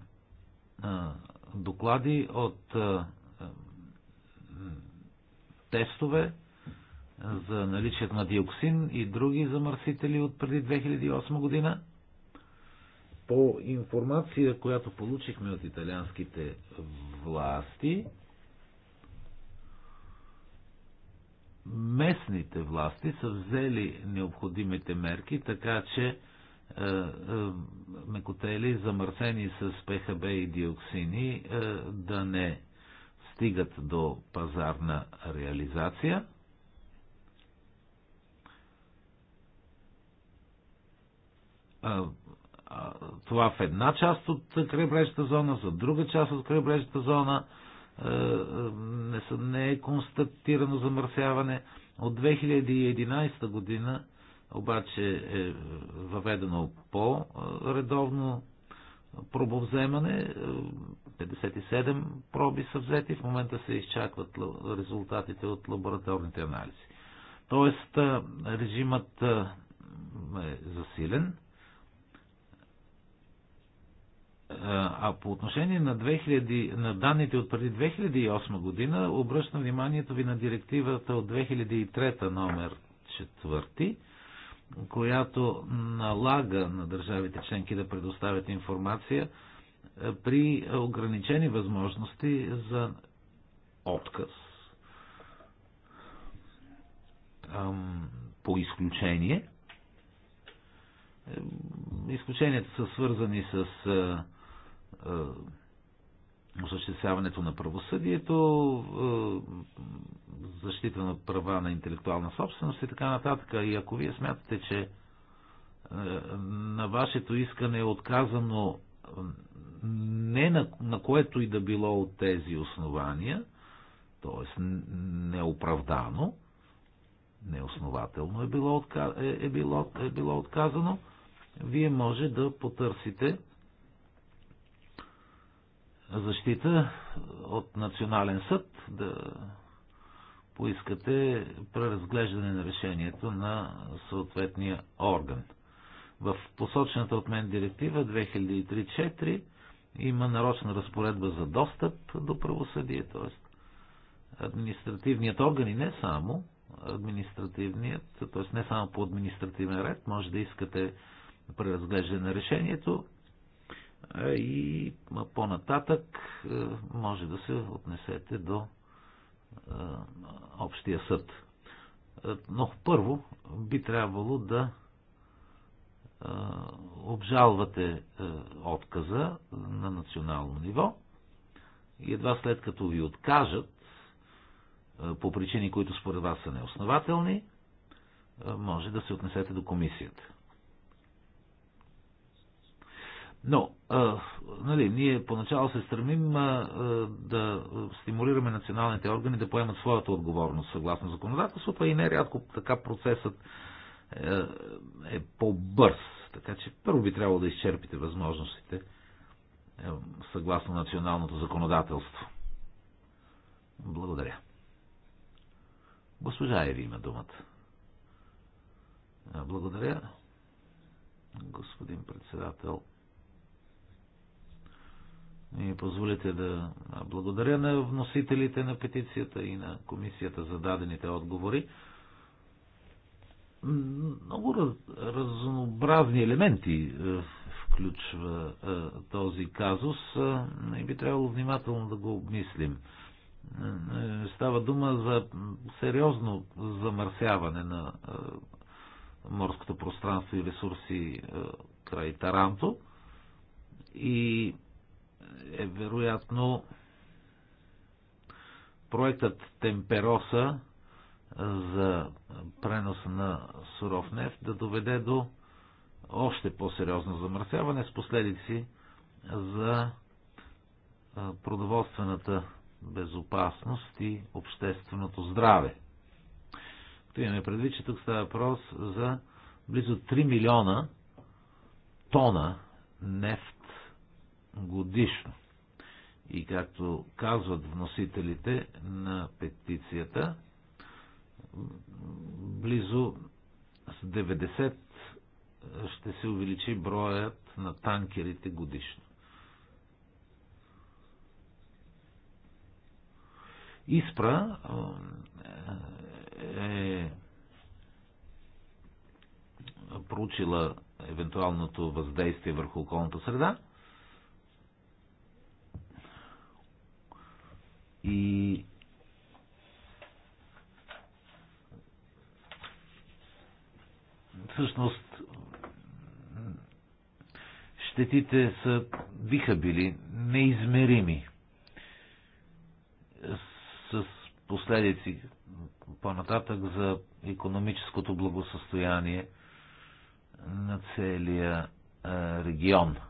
доклади от тестове е, за наличието на диоксин и други замърсители от преди 2008 година. По информация, която получихме от италианските власти, местните власти са взели необходимите мерки, така че е, е, мекотели, замърсени с ПХБ и диоксини, е, да не стигат до пазарна реализация. Това в една част от крайбрежната зона, за друга част от крайбрежната зона е, е, не е констатирано замърсяване. От 2011 година обаче е, е въведено по-редовно пробовземане. 57 е, проби са взети, в момента се изчакват резултатите от лабораторните анализи. Тоест, е, режимът е, е засилен. А по отношение на, 2000, на данните от преди 2008 година, обръщам вниманието ви на директивата от 2003 номер 4 която налага на държавите членки да предоставят информация е, при ограничени възможности за отказ. По изключение. Е, изключенията са свързани с е, осъществяването на правосъдието, е, защита на права на интелектуална собственост и така нататък. И ако вие смятате, че е, на вашето искане е отказано не на, на което и да било от тези основания, т.е. неоправдано, неоснователно е било, е, е, било, е било отказано, вие може да потърсите защита от Национален съд, да поискате преразглеждане на решението на съответния орган. В посочената от мен директива 2003-4 има нарочна разпоредба за достъп до правосъдие, т.е. административният орган и не само административният, т.е. не само по административен ред, може да искате преразглеждане на решението, и по-нататък е, може да се отнесете до е, общия съд. Е, но първо би трябвало да обжалвате отказа на национално ниво и едва след като ви откажат по причини, които според вас са неоснователни, може да се отнесете до комисията. Но, а, нали, ние поначало се стремим а, а, да стимулираме националните органи да поемат своята отговорност съгласно законодателството, и нерядко така процесът а, е, е по-бърз. Така че първо би трябвало да изчерпите възможностите а, е, съгласно националното законодателство. Благодаря. Госпожа Еви има думата. Е, благодаря, господин председател. И позволите да благодаря на вносителите на петицията и на комисията за дадените отговори. Много раз, разнообразни елементи е, включва е, този казус е, и би трябвало внимателно да го обмислим. Става дума за сериозно замърсяване на морското пространство и ресурси край Таранто и е вероятно проектът Темпероса за преноса на суров нефт да доведе до още по-сериозно замърсяване с последици за продоволствената безопасност и общественото здраве. Като имаме предвид, че тук става въпрос за близо 3 милиона тона нефт годишно. И както казват вносителите на петицията, близо с 90 ще се увеличи броят на танкерите годишно. Испра е проучила евентуалното въздействие върху околната среда – и всъщност щетите са, биха били неизмерими с последици по-нататък за економическото благосъстояние на целия регион –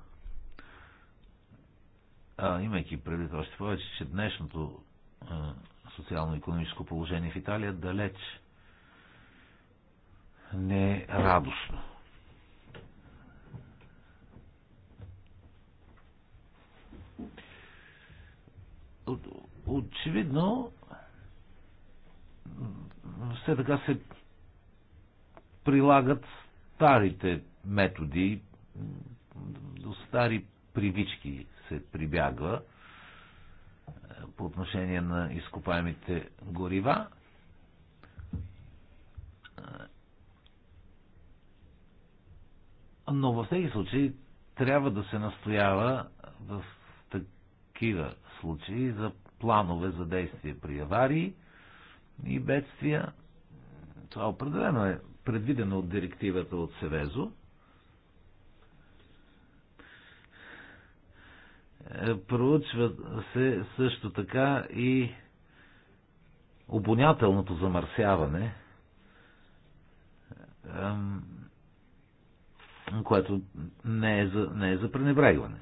а, имайки предвид още повече, че днешното социално-економическо положение в Италия далеч не е радостно. Очевидно, все така се прилагат старите методи, стари привички се прибягва е, по отношение на изкопаемите горива. Е, но във всеки случай трябва да се настоява в такива случаи за планове за действие при аварии и бедствия. Това определено е предвидено от директивата от Севезо – Е, проучва се също така и обонятелното замърсяване, което не е за, не е за пренебрегване.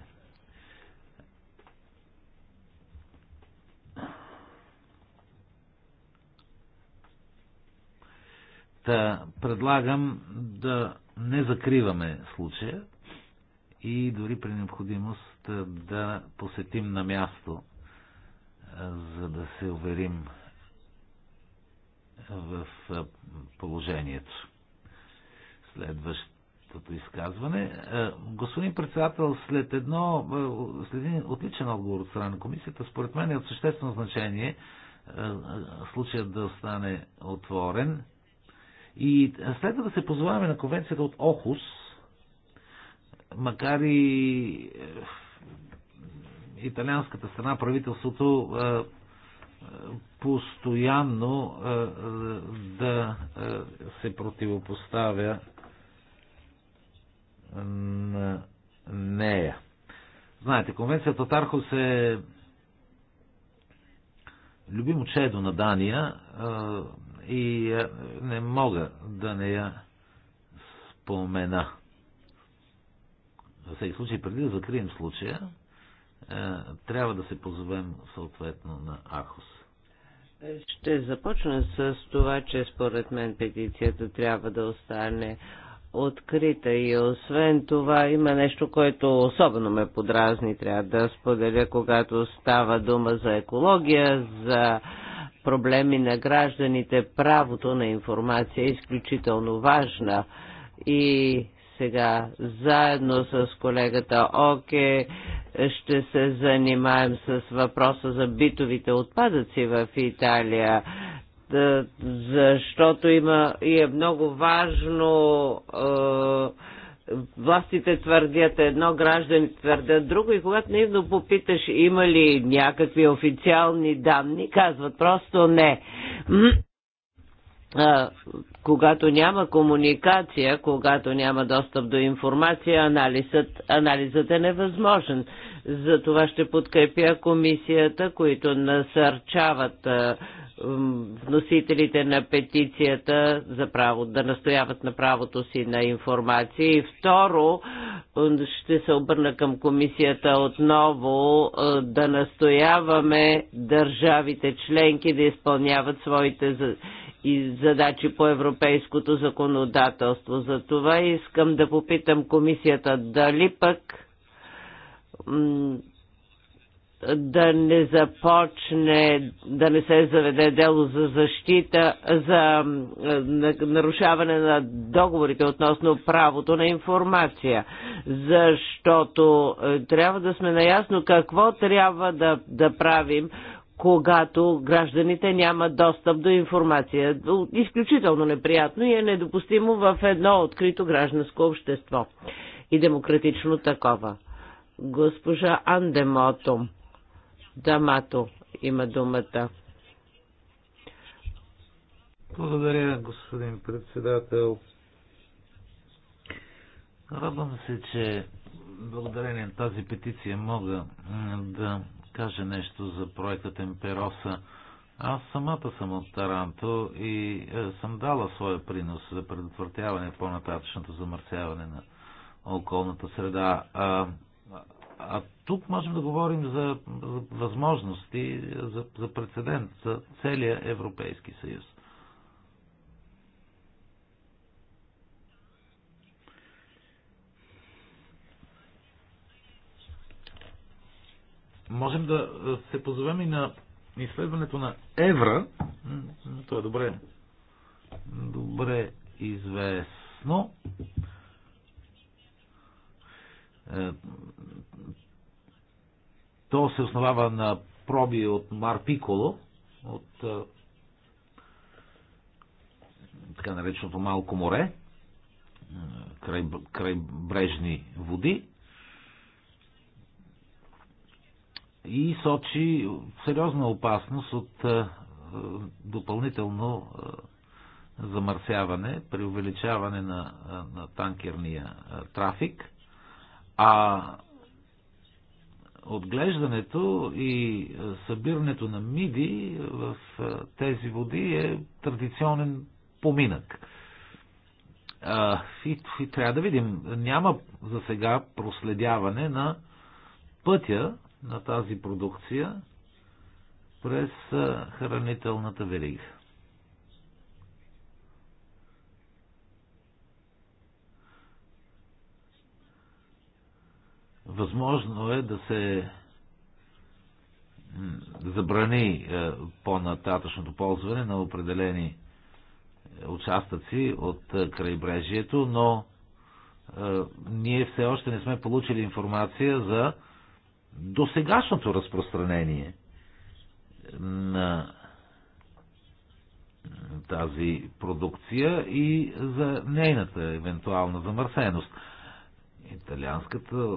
Та, предлагам да не закриваме случая и дори при необходимост да посетим на място, е, за да се уверим в е, положението. Следващото изказване. Е, господин председател, след едно, след един отличен отговор от страна на комисията, според мен е от съществено значение случаят да остане отворен. И следва да се позоваваме на конвенцията от Охус, макар и италианската страна, правителството е, е, постоянно е, да се противопоставя на нея. Знаете, конвенцията от е любимо чедо на Дания и не мога да не я спомена. За всеки случай, преди да закрием случая, е, трябва да се позовем съответно на АХОС. Ще започна с това, че според мен петицията трябва да остане открита и освен това има нещо, което особено ме подразни, трябва да споделя, когато става дума за екология, за проблеми на гражданите, правото на информация е изключително важна и сега заедно с колегата Оке ще се занимаем с въпроса за битовите отпадъци в Италия защото има и е много важно е, властите твърдят едно, гражданите твърдят друго и когато наивно попиташ има ли някакви официални данни, казват просто не. А, когато няма комуникация, когато няма достъп до информация, анализът, анализът е невъзможен. Затова ще подкрепя комисията, които насърчават вносителите на петицията за право, да настояват на правото си на информация. И второ, ще се обърна към комисията отново да настояваме държавите членки да изпълняват своите и задачи по европейското законодателство. За това искам да попитам комисията дали пък да не започне, да не се заведе дело за защита, за нарушаване на договорите относно правото на информация. Защото е, трябва да сме наясно какво трябва да, да правим, когато гражданите нямат достъп до информация. Изключително неприятно и е недопустимо в едно открито гражданско общество и демократично такова. Госпожа Андемото Дамато има думата. Благодаря, господин председател. Радвам се, че благодарение на тази петиция мога да Каже нещо за проектът Емпероса. Аз самата съм от Таранто и е, съм дала своя принос за предотвратяване по-нататъчното замърсяване на околната среда. А, а тук можем да говорим за, за възможности, за, за прецедент за целия Европейски съюз. Можем да се позовем и на изследването на Евра. То е добре, добре известно. Е, то се основава на проби от Мар Пиколо, от така нареченото Малко море, край, край брежни води. и сочи сериозна опасност от е, е, допълнително е, замърсяване, при увеличаване на, на танкерния трафик, а отглеждането и събирането на миди в тези води е традиционен поминък. И, и трябва да видим, няма за сега проследяване на пътя, на тази продукция през хранителната верига. Възможно е да се забрани по-нататъчното ползване на определени участъци от крайбрежието, но ние все още не сме получили информация за до сегашното разпространение на тази продукция и за нейната евентуална замърсеност. Италианската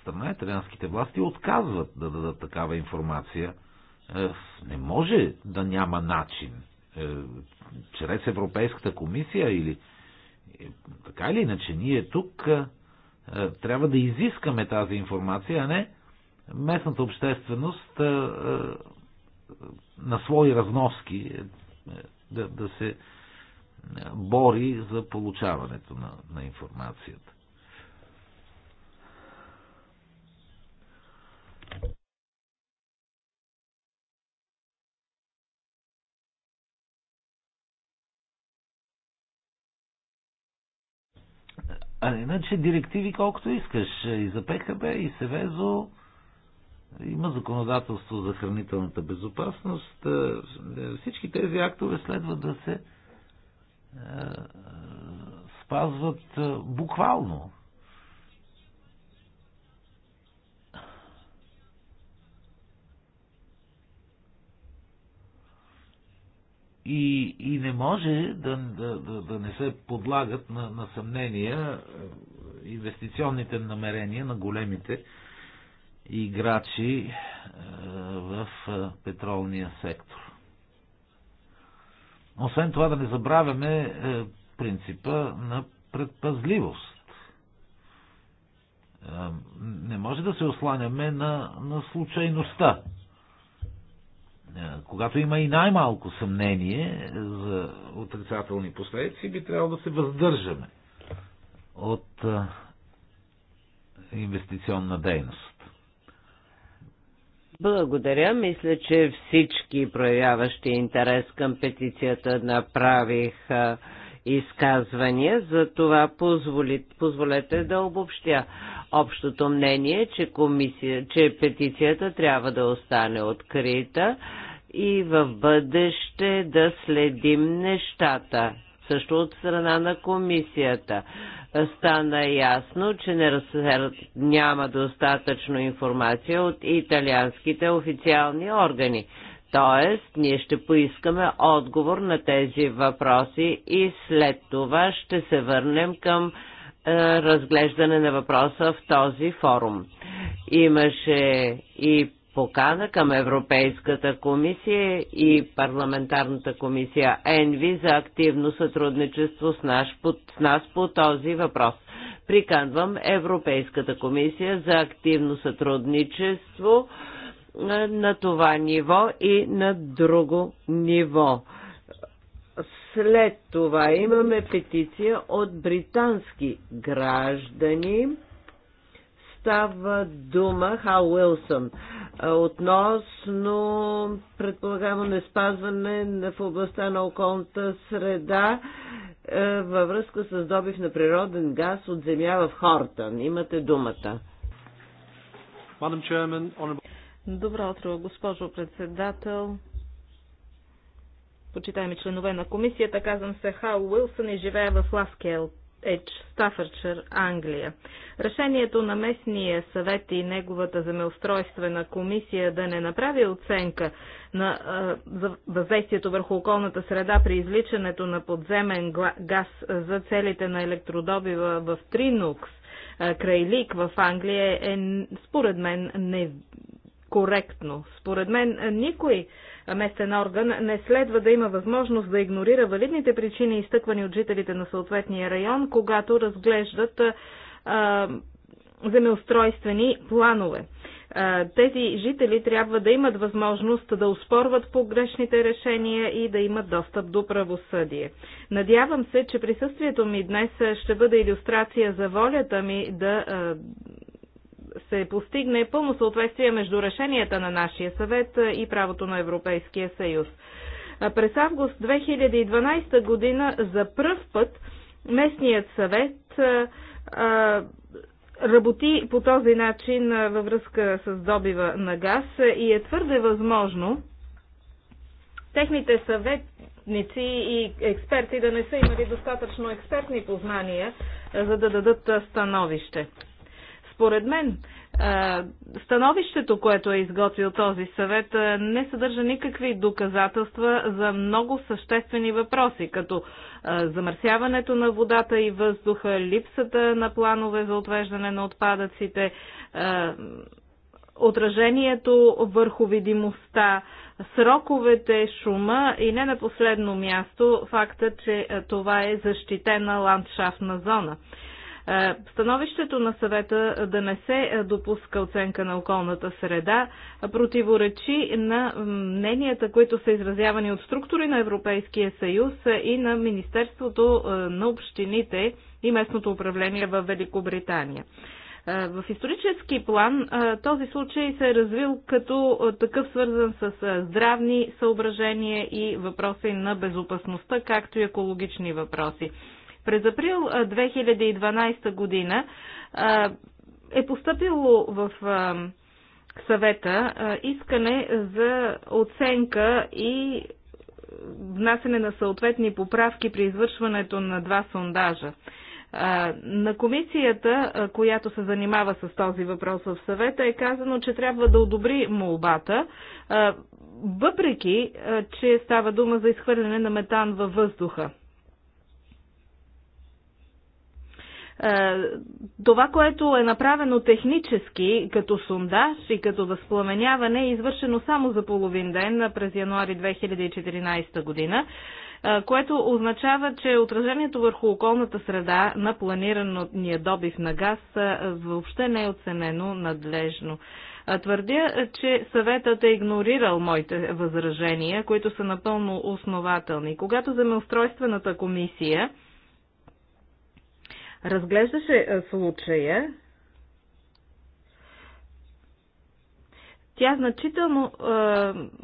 страна, италианските власти отказват да дадат такава информация. Е, не може да няма начин е, чрез Европейската комисия или е, така или иначе ние тук трябва да изискаме тази информация, а не местната общественост на свои разноски е, да, да се е, бори за получаването на, на информацията. А иначе директиви колкото искаш. И за ПХБ, и Севезо, има законодателство за хранителната безопасност. Е, всички тези актове следва да се е, спазват е, буквално. И, и не може да, да, да, да не се подлагат на, на съмнения инвестиционните намерения на големите играчи е, в е, петролния сектор. Освен това да не забравяме е, принципа на предпазливост. Не може да се осланяме на, на случайността. Когато има и най-малко съмнение за отрицателни последици, би трябвало да се въздържаме от инвестиционна дейност. Благодаря. Мисля, че всички проявяващи интерес към петицията направих изказвания, за това позволете да обобщя. Общото мнение, че, комисия, че петицията трябва да остане открита и в бъдеще да следим нещата, също от страна на комисията стана ясно, че не няма достатъчно информация от италианските официални органи. Тоест, ние ще поискаме отговор на тези въпроси и след това ще се върнем към е, разглеждане на въпроса в този форум. Имаше и покана към Европейската комисия и парламентарната комисия ЕНВИ за активно сътрудничество с, наш, с нас по този въпрос. Приканвам Европейската комисия за активно сътрудничество на това ниво и на друго ниво. След това имаме петиция от британски граждани става дума, Хал Уилсън, относно предполагаемо спазване в областта на околната среда е, във връзка с добив на природен газ от земя в Хортън. Имате думата. Добро утро, госпожо председател. Почитаеми членове на комисията, казвам се Хал Уилсън и живея в Ласкел, Едж, Стафърчър, Англия. Решението на местния съвет и неговата земеустройствена комисия да не направи оценка на въздействието върху околната среда при изличането на подземен газ за целите на електродобива в Тринукс, край Лик в Англия е, е според мен некоректно. Според мен никой местен орган не следва да има възможност да игнорира валидните причини, изтъквани от жителите на съответния район, когато разглеждат а, земеустройствени планове. А, тези жители трябва да имат възможност да успорват погрешните решения и да имат достъп до правосъдие. Надявам се, че присъствието ми днес ще бъде иллюстрация за волята ми да а, се постигне пълно съответствие между решенията на нашия съвет и правото на Европейския съюз. През август 2012 година за пръв път местният съвет работи по този начин във връзка с добива на газ и е твърде възможно техните съветници и експерти да не са имали достатъчно експертни познания, за да дадат становище. Според мен, становището, което е изготвил този съвет, не съдържа никакви доказателства за много съществени въпроси, като замърсяването на водата и въздуха, липсата на планове за отвеждане на отпадъците, отражението върху видимостта, сроковете, шума и не на последно място факта, че това е защитена ландшафтна зона. Е, становището на съвета да не се допуска оценка на околната среда противоречи на мненията, които са изразявани от структури на Европейския съюз и на Министерството е, на общините и местното управление в Великобритания. Е, в исторически план този случай се е развил като такъв свързан с здравни съображения и въпроси на безопасността, както и екологични въпроси. През април 2012 година е поступило в съвета искане за оценка и внасене на съответни поправки при извършването на два сондажа. На комисията, която се занимава с този въпрос в съвета, е казано, че трябва да одобри молбата, въпреки, че става дума за изхвърляне на метан във въздуха. Е, това, което е направено технически, като сундаж и като възпламеняване, е извършено само за половин ден през януари 2014 година, е, което означава, че отражението върху околната среда на планирания добив на газ е, въобще не е оценено надлежно. Твърдя, че съветът е игнорирал моите възражения, които са напълно основателни. Когато земеустройствената комисия разглеждаше е, случая, тя значително е,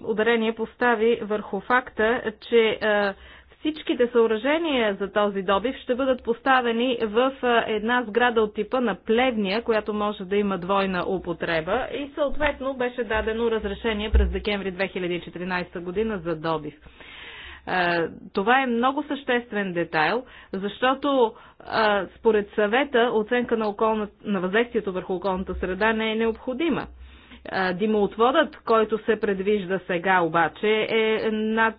ударение постави върху факта, че е, всичките съоръжения за този добив ще бъдат поставени в е, една сграда от типа на плевния, която може да има двойна употреба и съответно беше дадено разрешение през декември 2014 година за добив. Е, това е много съществен детайл, защото е, според съвета оценка на, околна, на въздействието върху околната среда не е необходима. Е, димоотводът, който се предвижда сега обаче е над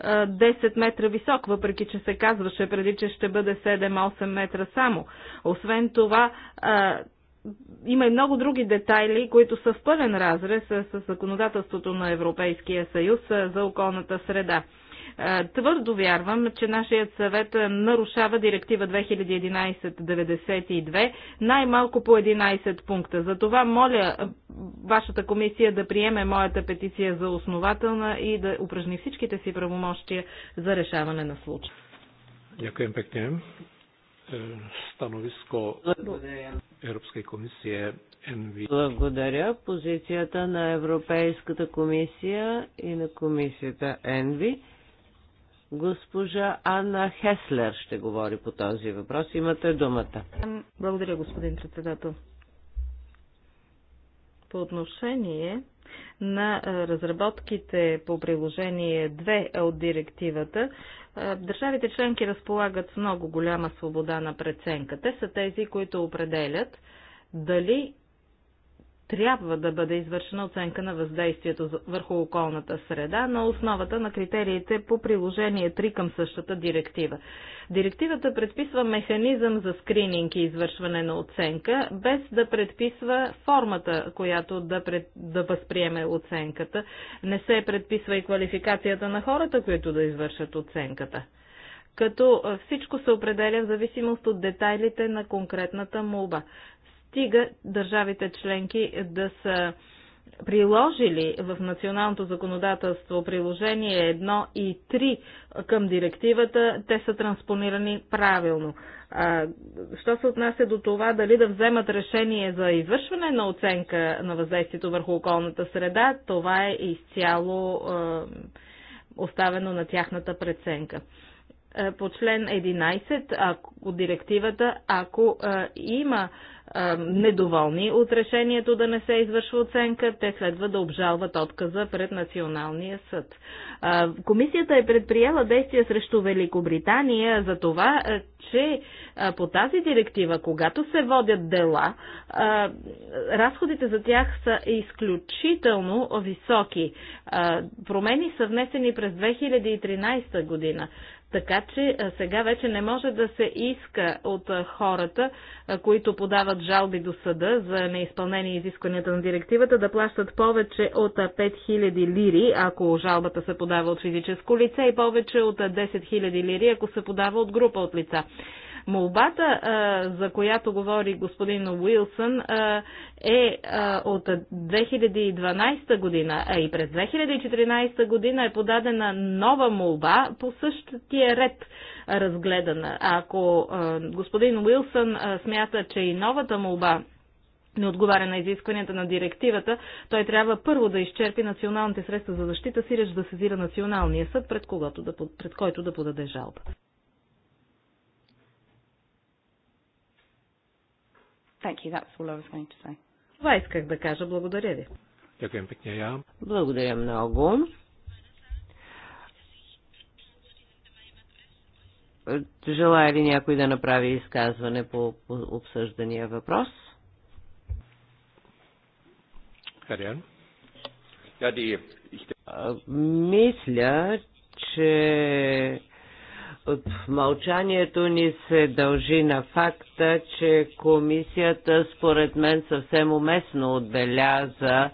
10 метра висок, въпреки че се казваше преди, че ще бъде 7-8 метра само. Освен това, има и много други детайли, които са в пълен разрез с законодателството на Европейския съюз за околната среда. Е, твърдо вярвам, че нашият съвет е, нарушава директива 2011-92 най-малко по 11 пункта. Затова моля е, вашата комисия да приеме моята петиция за основателна и да упражни всичките си правомощия за решаване на случая. Ďakujem пекне. Становиско Európskej комисия НВ. Благодаря. Позицията на Европейската комисия и на комисията ЕНВИ Госпожа Анна Хеслер ще говори по този въпрос. Имате думата. Благодаря, господин председател. По отношение на разработките по приложение 2 от директивата, държавите членки разполагат с много голяма свобода на преценка. Те са тези, които определят дали трябва да бъде извършена оценка на въздействието върху околната среда на основата на критериите по приложение 3 към същата директива. Директивата предписва механизъм за скрининг и извършване на оценка, без да предписва формата, която да, пред, да възприеме оценката. Не се предписва и квалификацията на хората, които да извършат оценката като всичко се определя в зависимост от детайлите на конкретната молба стига държавите членки да са приложили в националното законодателство приложение 1 и 3 към директивата, те са транспонирани правилно. А, що се отнася до това дали да вземат решение за извършване на оценка на въздействието върху околната среда, това е изцяло а, оставено на тяхната преценка. Е, по член 11 от директивата, ако е, има е, недоволни от решението да не се извършва оценка, те следва да обжалват отказа пред Националния съд. Комисията е предприела действия срещу Великобритания за това, че по тази директива, когато се водят дела, разходите за тях са изключително високи. Промени са внесени през 2013 година. Така че сега вече не може да се иска от хората, които подават жалби до съда за неизпълнение изискванията на директивата, да плащат повече от 5000 лири, ако жалбата се подава от физическо лице и повече от 10 000 лири, ако се подава от група от лица. Молбата, за която говори господин Уилсън, е от 2012 година, а и през 2014 година е подадена нова молба по същия ред разгледана. Ако господин Уилсън смята, че и новата молба не отговаря на изискванията на директивата, той трябва първо да изчерпи националните средства за защита, сиреч да сезира националния съд, пред, да, пред който да подаде жалба. Thank you. That's all I was going to say. Това исках да кажа. Благодаря ви. я. Благодаря много. Желая ли някой да направи изказване по обсъждания въпрос? Хариан. Мисля, че от Мълчанието ни се дължи на факта, че комисията според мен съвсем уместно отбеляза,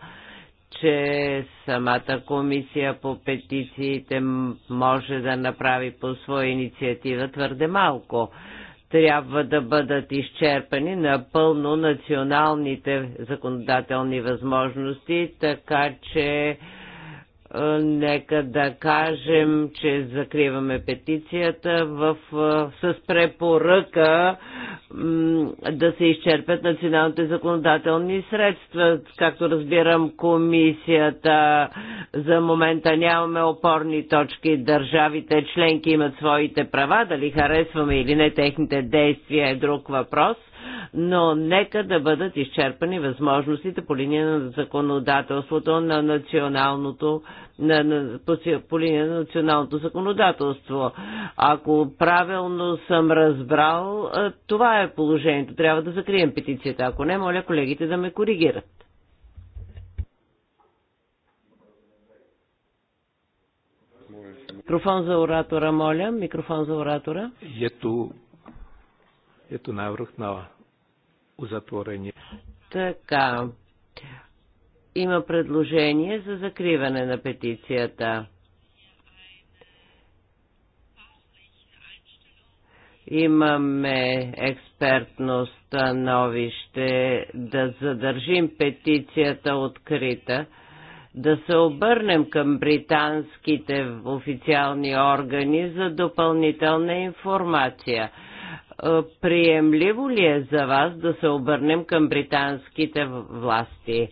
че самата комисия по петициите може да направи по своя инициатива твърде малко. Трябва да бъдат изчерпани напълно националните законодателни възможности, така че е, нека да кажем, че закриваме петицията в, е, с препоръка да се изчерпят националните законодателни средства. Както разбирам, комисията за момента нямаме опорни точки. Държавите членки имат своите права, дали харесваме или не техните действия е друг въпрос но нека да бъдат изчерпани възможностите по линия на законодателството на националното на, на, по, по линия на националното законодателство. Ако правилно съм разбрал, това е положението. Трябва да закрием петицията. Ако не, моля колегите да ме коригират. Микрофон за оратора, моля. Микрофон за оратора. Ето, ето най връхнава uzatvorenie. Така. Има предложение за закриване на петицията. Имаме експертно становище да задържим петицията открита да се обърнем към британските официални органи за допълнителна информация. Е, приемливо ли е за вас да се обърнем към британските власти?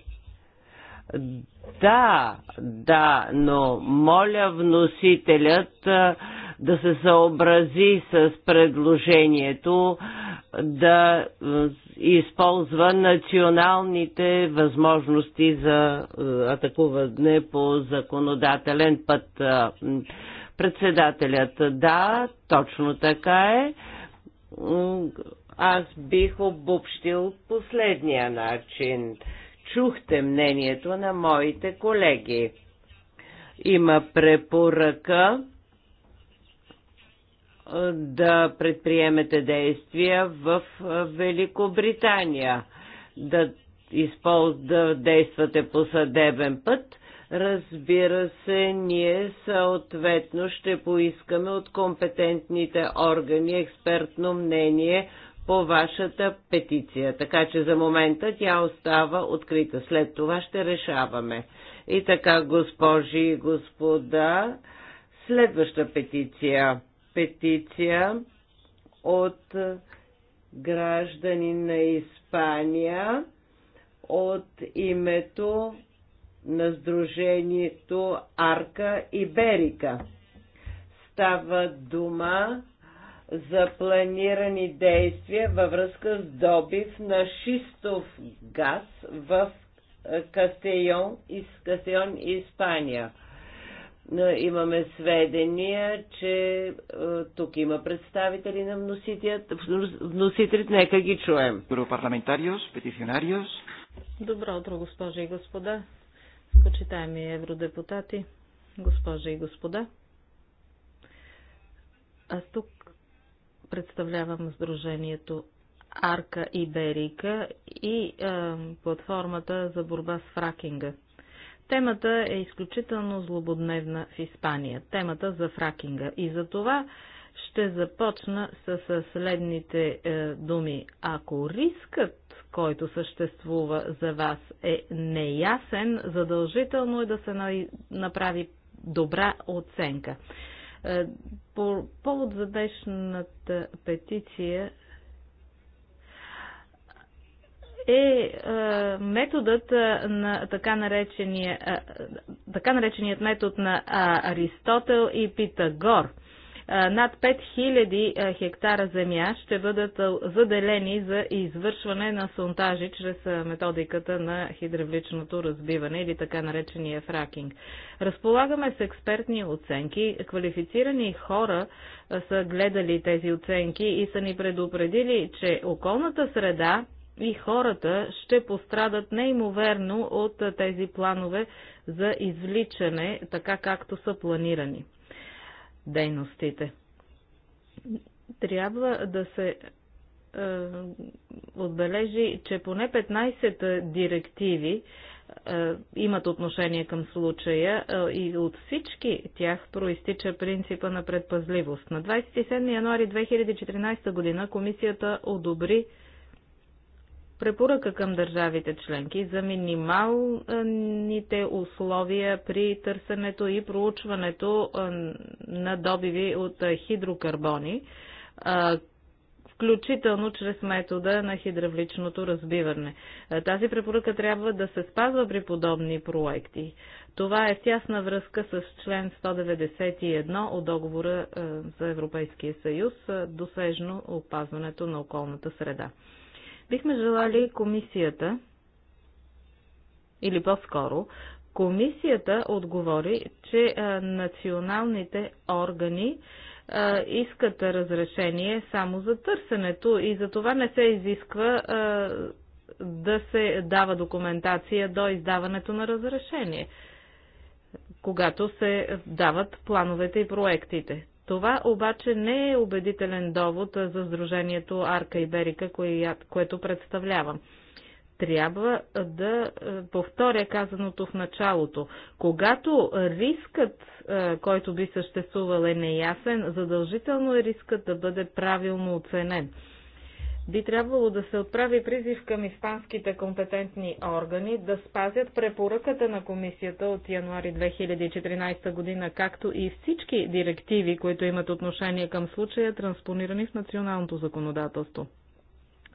Да, да, но моля вносителят е, да се съобрази с предложението да е, използва националните възможности за атакуване по законодателен път. Председателят, да, точно така е аз бих обобщил последния начин. Чухте мнението на моите колеги. Има препоръка да предприемете действия в Великобритания, да, използ... да действате по съдебен път Разбира се, ние съответно ще поискаме от компетентните органи експертно мнение по вашата петиция. Така че за момента тя остава открита. След това ще решаваме. И така, госпожи и господа, следваща петиция. Петиция от гражданин на Испания от името на Сдружението Арка и берика. Става дума за планирани действия във връзка с добив на шистов газ в е, Кастейон, из Кастейон, Испания. Е, имаме сведения, че е, тук има представители на вносителите. Нека ги чуем. Европарламентариус, петиционариус. Добро утро, госпожи и господа. Почитаеми евродепутати, госпожи и господа, аз тук представлявам Сдружението Арка Иберика и е, платформата за борба с фракинга. Темата е изключително злободневна в Испания. Темата за фракинга. И за това ще започна с следните е, думи. Ако рискът който съществува за вас, е неясен, задължително е да се направи добра оценка. Е, по повод за днешната петиция е, е методът е, на така наречения, така нареченият метод на Аристотел и Питагор – над 5000 хектара земя ще бъдат заделени за извършване на сонтажи чрез методиката на хидравличното разбиване или така наречения фракинг. Разполагаме с експертни оценки. Квалифицирани хора са гледали тези оценки и са ни предупредили, че околната среда и хората ще пострадат неимоверно от тези планове за извличане, така както са планирани дейностите. Трябва да се е, отбележи, че поне 15 директиви е, имат отношение към случая е, и от всички тях проистича принципа на предпазливост. На 27 януари 2014 година комисията одобри препоръка към държавите членки за минималните условия при търсенето и проучването на добиви от хидрокарбони, включително чрез метода на хидравличното разбиване. Тази препоръка трябва да се спазва при подобни проекти. Това е в тясна връзка с член 191 от договора за Европейския съюз, досежно опазването на околната среда. Бихме желали комисията, или по-скоро, комисията отговори, че националните органи искат разрешение само за търсенето и за това не се изисква да се дава документация до издаването на разрешение, когато се дават плановете и проектите. Това обаче не е убедителен довод за Сдружението Арка и берика, което представлявам. Трябва да е, повторя казаното в началото. Когато рискът, е, който би съществувал е неясен, задължително е рискът да бъде правилно оценен би трябвало да се отправи призив към испанските компетентни органи да спазят препоръката на комисията от януари 2014 година, както и всички директиви, които имат отношение към случая, транспонирани в националното законодателство.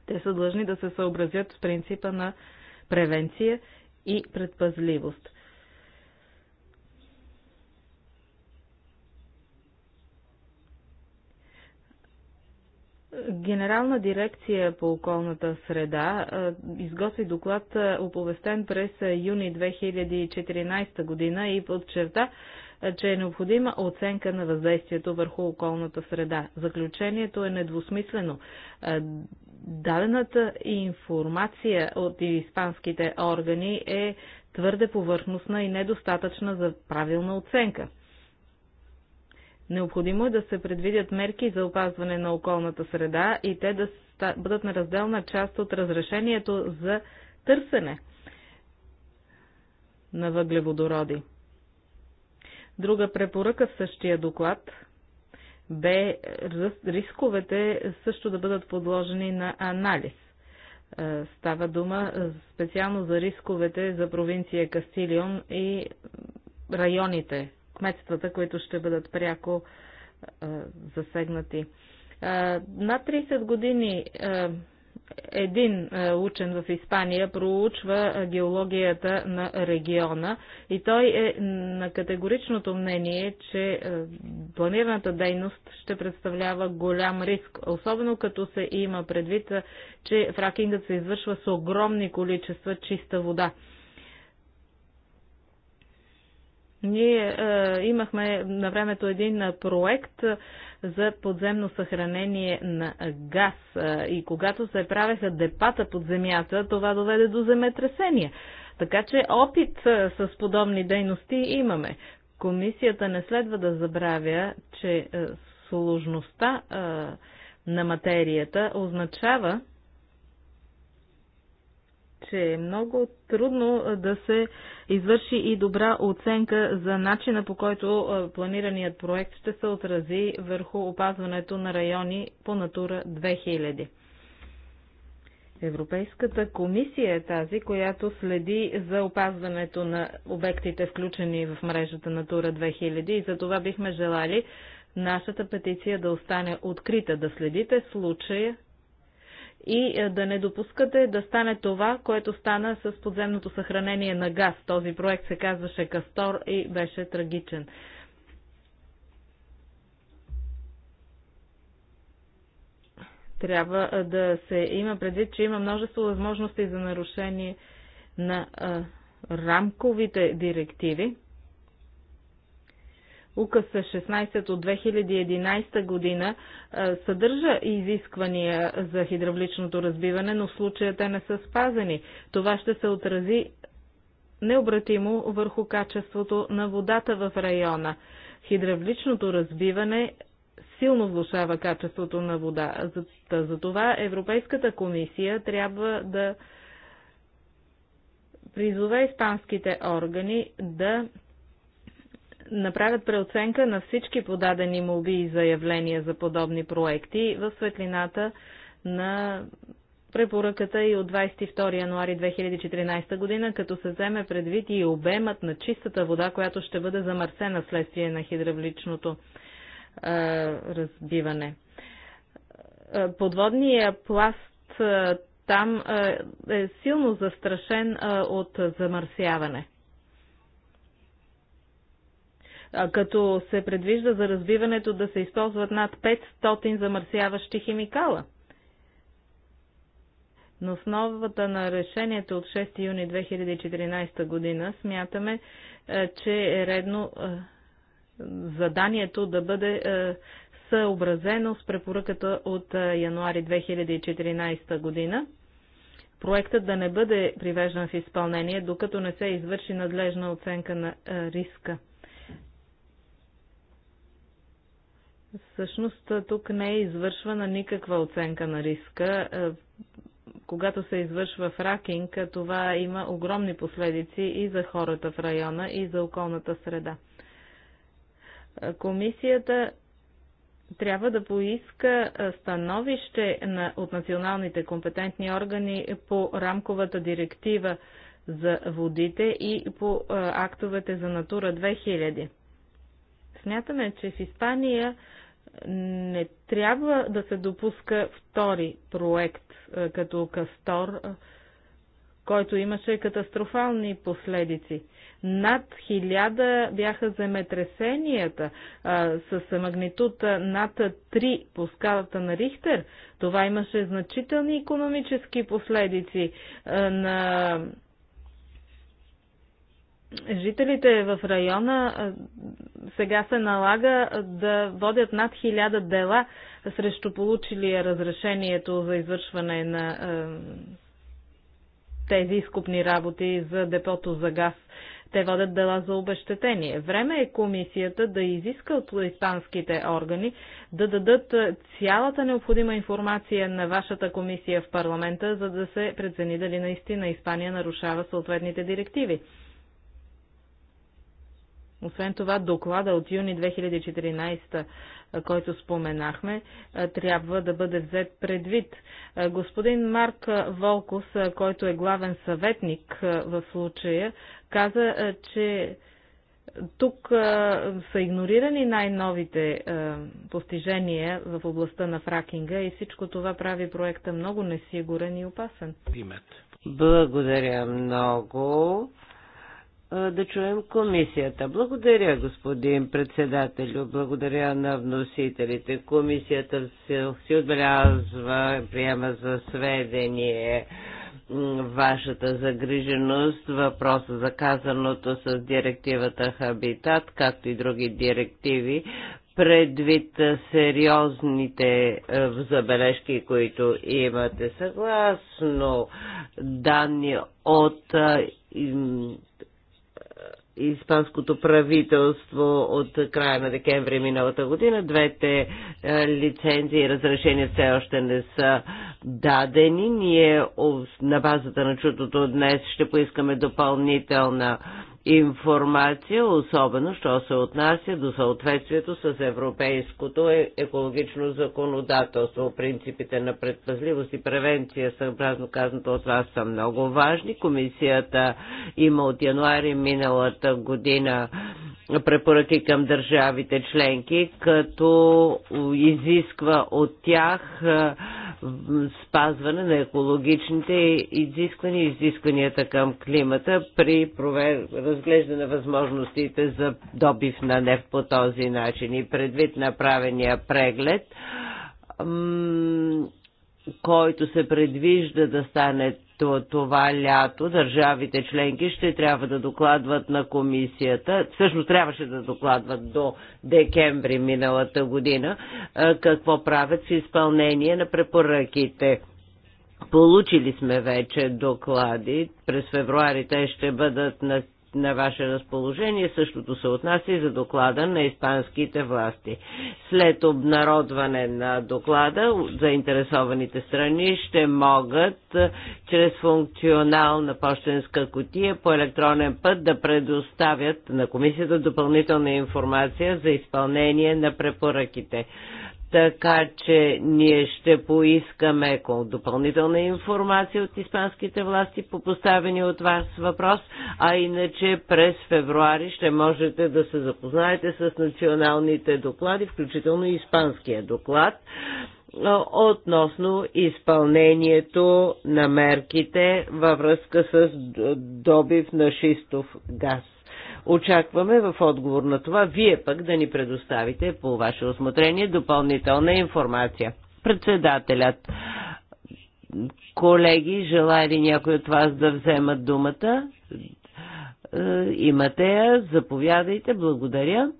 Те са длъжни да се съобразят с принципа на превенция и предпазливост – Генерална дирекция по околната среда изготви доклад, оповестен през юни 2014 година и подчерта, че е необходима оценка на въздействието върху околната среда. Заключението е недвусмислено. Дадената информация от испанските органи е твърде повърхностна и недостатъчна за правилна оценка. Необходимо е да се предвидят мерки за опазване на околната среда и те да бъдат на разделна част от разрешението за търсене на въглеводороди. Друга препоръка в същия доклад бе рисковете също да бъдат подложени на анализ. Е, става дума специално за рисковете за провинция Кастилион и районите кметствата, които ще бъдат пряко засегнати. Над 30 години един учен в Испания проучва геологията на региона и той е на категоричното мнение, че планираната дейност ще представлява голям риск, особено като се има предвид, че фракингът се извършва с огромни количества чиста вода. Ние е, имахме на времето един проект за подземно съхранение на газ е, и когато се правеха депата под земята, това доведе до земетресения. Така че опит е, с подобни дейности имаме. Комисията не следва да забравя, че е, сложността на материята означава, че е много трудно да се извърши и добра оценка за начина по който планираният проект ще се отрази върху опазването на райони по Натура 2000. Европейската комисия е тази, която следи за опазването на обектите, включени в мрежата Натура 2000 и за това бихме желали нашата петиция да остане открита, да следите случая и е, да не допускате да стане това, което стана с подземното съхранение на газ. Този проект се казваше Кастор и беше трагичен. Трябва е, да се има предвид, че има множество възможности за нарушение на е, рамковите директиви указ 16 е от 2011 година е, съдържа изисквания за хидравличното разбиване, но в случая те не са спазени. Това ще се отрази необратимо върху качеството на водата в района. Хидравличното разбиване силно влушава качеството на вода. Затова Европейската комисия трябва да призове испанските органи да направят преоценка на всички подадени молби и заявления за подобни проекти в светлината на препоръката и от 22 януари 2014 година, като се вземе предвид и обемът на чистата вода, която ще бъде замърсена вследствие на хидравличното е, разбиване. Подводният пласт е, там е, е силно застрашен е, от замърсяване като се предвижда за развиването да се използват над 500 замърсяващи химикала. Но с новата на решението от 6 юни 2014 година смятаме, е, че е редно е, заданието да бъде е, съобразено с препоръката от януари 2014 година. Проектът да не бъде привеждан в изпълнение, докато не се извърши надлежна оценка на риска. Всъщност тук не е извършвана никаква оценка на риска. Е, когато се извършва фракинг, това има огромни последици и за хората в района, и за околната среда. Е, комисията трябва да поиска е, становище на, от националните компетентни органи по рамковата директива за водите и по актовете за Натура 2000. Смятаме, че в Испания не трябва да се допуска втори проект е, като Кастор, е, който имаше катастрофални последици. Над хиляда бяха земетресенията а, е, с магнитута над 3 по скалата на Рихтер. Това имаше значителни економически последици а, на жителите в района сега се налага да водят над хиляда дела срещу получили разрешението за извършване на тези изкупни работи за депото за газ. Те водят дела за обещетение. Време е комисията да изиска от испанските органи да дадат цялата необходима информация на вашата комисия в парламента, за да се прецени дали наистина Испания нарушава съответните директиви. Освен това, доклада от юни 2014, който споменахме, трябва да бъде взет предвид. Господин Марк Волкус, който е главен съветник в случая, каза, че тук са игнорирани най-новите постижения в областта на фракинга и всичко това прави проекта много несигурен и опасен. Благодаря много да чуем комисията. Благодаря, господин председателю. Благодаря на вносителите. Комисията се отбелязва, приема за сведение вашата загриженост, въпроса за казаното с директивата Хабитат, както и други директиви, предвид сериозните е, забележки, които имате. Съгласно данни от е, испанското правителство от края на декември миналата година. Двете е, лицензии и разрешения все още не са дадени. Ние на базата на чутото днес ще поискаме допълнителна информация, особено що се отнася до съответствието с европейското е- екологично законодателство. Принципите на предпазливост и превенция, съобразно казаното от вас, са много важни. Комисията има от януари миналата година препоръки към държавите членки, като изисква от тях спазване на екологичните изисквания и изискванията към климата при провер... разглеждане на възможностите за добив на нефт по този начин и предвид направения преглед който се предвижда да стане това лято държавите членки ще трябва да докладват на комисията, всъщност трябваше да докладват до декември миналата година, какво правят с изпълнение на препоръките. Получили сме вече доклади. През февруари те ще бъдат на на ваше разположение. Същото се отнася и за доклада на испанските власти. След обнародване на доклада, заинтересованите страни ще могат чрез функционална почтенска котия по електронен път да предоставят на комисията допълнителна информация за изпълнение на препоръките така че ние ще поискаме допълнителна информация от испанските власти по поставени от вас въпрос, а иначе през февруари ще можете да се запознаете с националните доклади, включително и испанския доклад относно изпълнението на мерките във връзка с добив на шистов газ. Очакваме в отговор на това вие пък да ни предоставите по ваше осмотрение допълнителна информация. Председателят, колеги, желая ли някой от вас да вземат думата? Е, имате я, заповядайте, благодаря.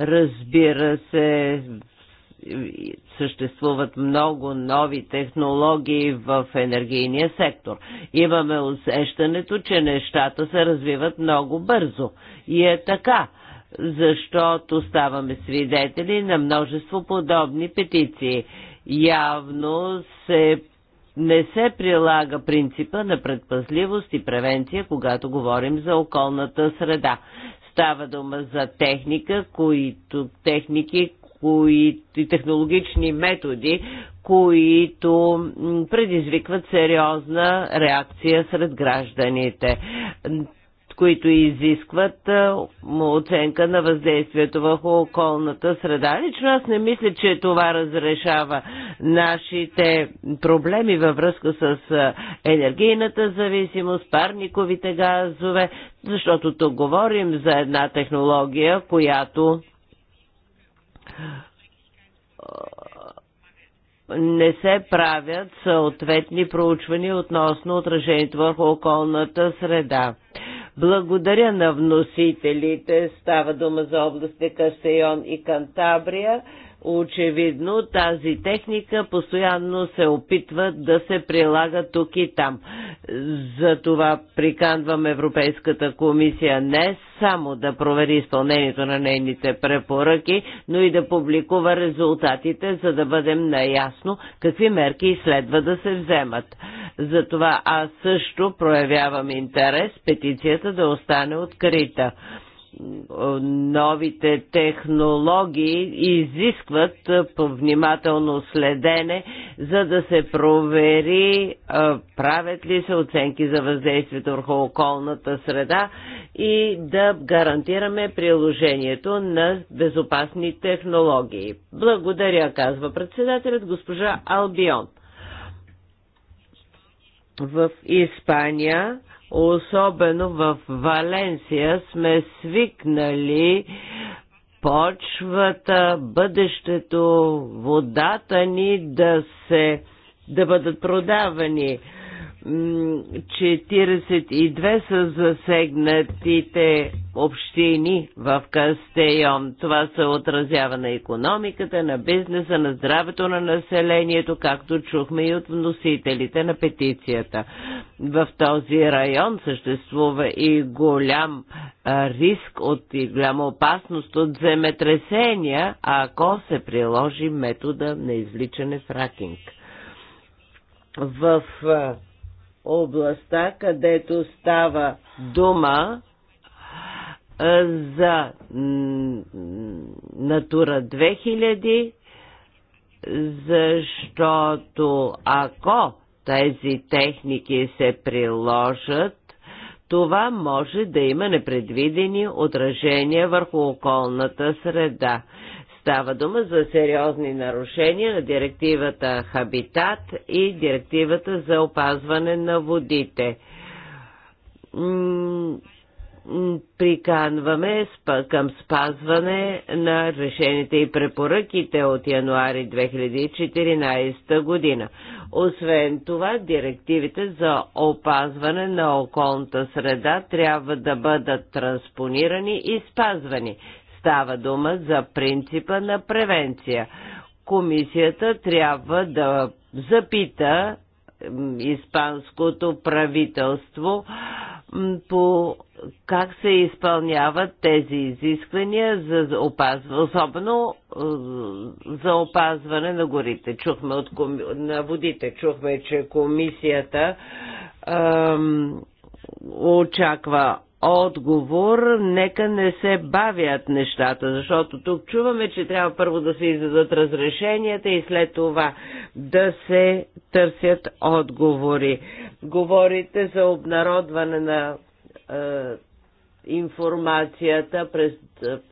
Разбира се, съществуват много нови технологии в енергийния сектор. Имаме усещането, че нещата се развиват много бързо. И е така, защото ставаме свидетели на множество подобни петиции. Явно се не се прилага принципа на предпазливост и превенция, когато говорим за околната среда. Става дума за техника, които, техники, кои, и технологични методи, които предизвикват сериозна реакция сред гражданите които изискват оценка на въздействието върху околната среда. Лично аз не мисля, че това разрешава нашите проблеми във връзка с енергийната зависимост, парниковите газове, защото тук говорим за една технология, която не се правят съответни проучвания относно отражението върху околната среда. Благодаря на вносителите. Става дума за областите Кастейон и Кантабрия. Очевидно тази техника постоянно се опитва да се прилага тук и там. Затова приканвам Европейската комисия не само да провери изпълнението на нейните препоръки, но и да публикува резултатите, за да бъдем наясно какви мерки следва да се вземат. Затова аз също проявявам интерес петицията да остане открита новите технологии изискват внимателно следене, за да се провери правят ли се оценки за въздействието върху околната среда и да гарантираме приложението на безопасни технологии. Благодаря, казва председателят госпожа Албион. В Испания Особено в Валенсия сме свикнали почвата, бъдещето, водата ни да се да бъдат продавани 42 са засегнатите общини в Кастейон. Това се отразява на економиката, на бизнеса, на здравето на населението, както чухме и от вносителите на петицията. В този район съществува и голям риск от и голяма опасност от земетресения, ако се приложи метода на извличане фракинг. В областта, където става дума за Натура 2000, защото ако тези техники се приложат, това може да има непредвидени отражения върху околната среда. Става дума за сериозни нарушения на директивата Хабитат и директивата за опазване на водите. Приканваме към спазване на решените и препоръките от януари 2014 година. Освен това, директивите за опазване на околната среда трябва да бъдат транспонирани и спазвани Става дума за принципа на превенция. Комисията трябва да запита испанското правителство по как се изпълняват тези изисквания за опазване, особено е, за опазване на горите. Чухме от коми... на водите, чухме, че комисията ам, очаква отговор, нека не се бавят нещата, защото тук чуваме, че трябва първо да се издадат разрешенията и след това да се търсят отговори. Говорите за обнародване на е, информацията през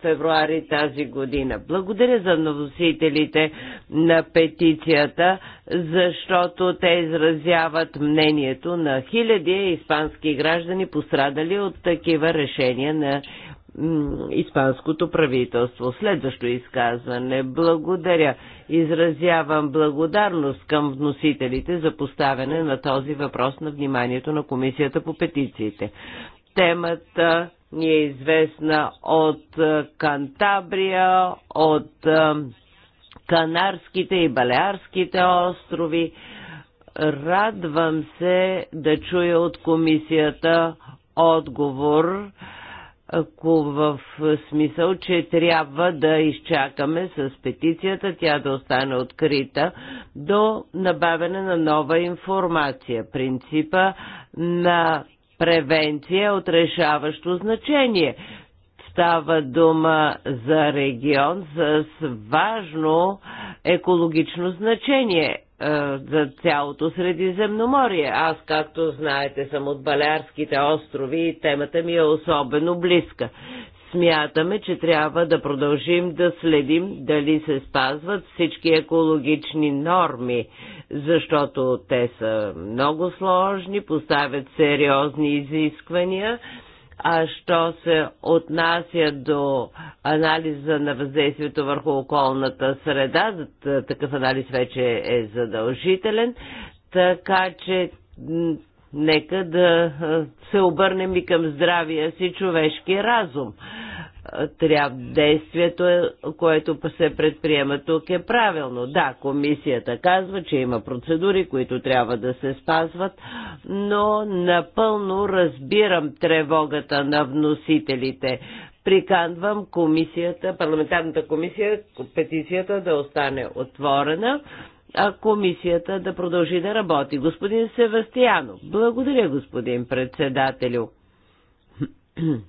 февруари тази година. Благодаря за новосителите на петицията, защото те изразяват мнението на хиляди испански граждани, пострадали от такива решения на испанското правителство. Следващо изказване. Благодаря. Изразявам благодарност към вносителите за поставяне на този въпрос на вниманието на Комисията по петициите. Темата ни е известна от е, Кантабрия, от е, Канарските и Балеарските острови. Радвам се да чуя от комисията отговор ако е, в смисъл, че трябва да изчакаме с петицията, тя да остане открита до набавяне на нова информация. Принципа на превенция е от решаващо значение. Става дума за регион с важно екологично значение е, за цялото Средиземноморие. Аз, както знаете, съм от Балярските острови и темата ми е особено близка. Смятаме, че трябва да продължим да следим дали се спазват всички екологични норми, защото те са много сложни, поставят сериозни изисквания. А що се отнася до анализа на въздействието върху околната среда, такъв анализ вече е задължителен, така че Нека да се обърнем и към здравия си човешки разум. Трябва действието, е, което се предприема тук е правилно. Да, комисията казва, че има процедури, които трябва да се спазват, но напълно разбирам тревогата на вносителите приканвам комисията, парламентарната комисия, петицията да остане отворена а комисията да продължи да работи. Господин Севастиано, благодаря, господин председателю.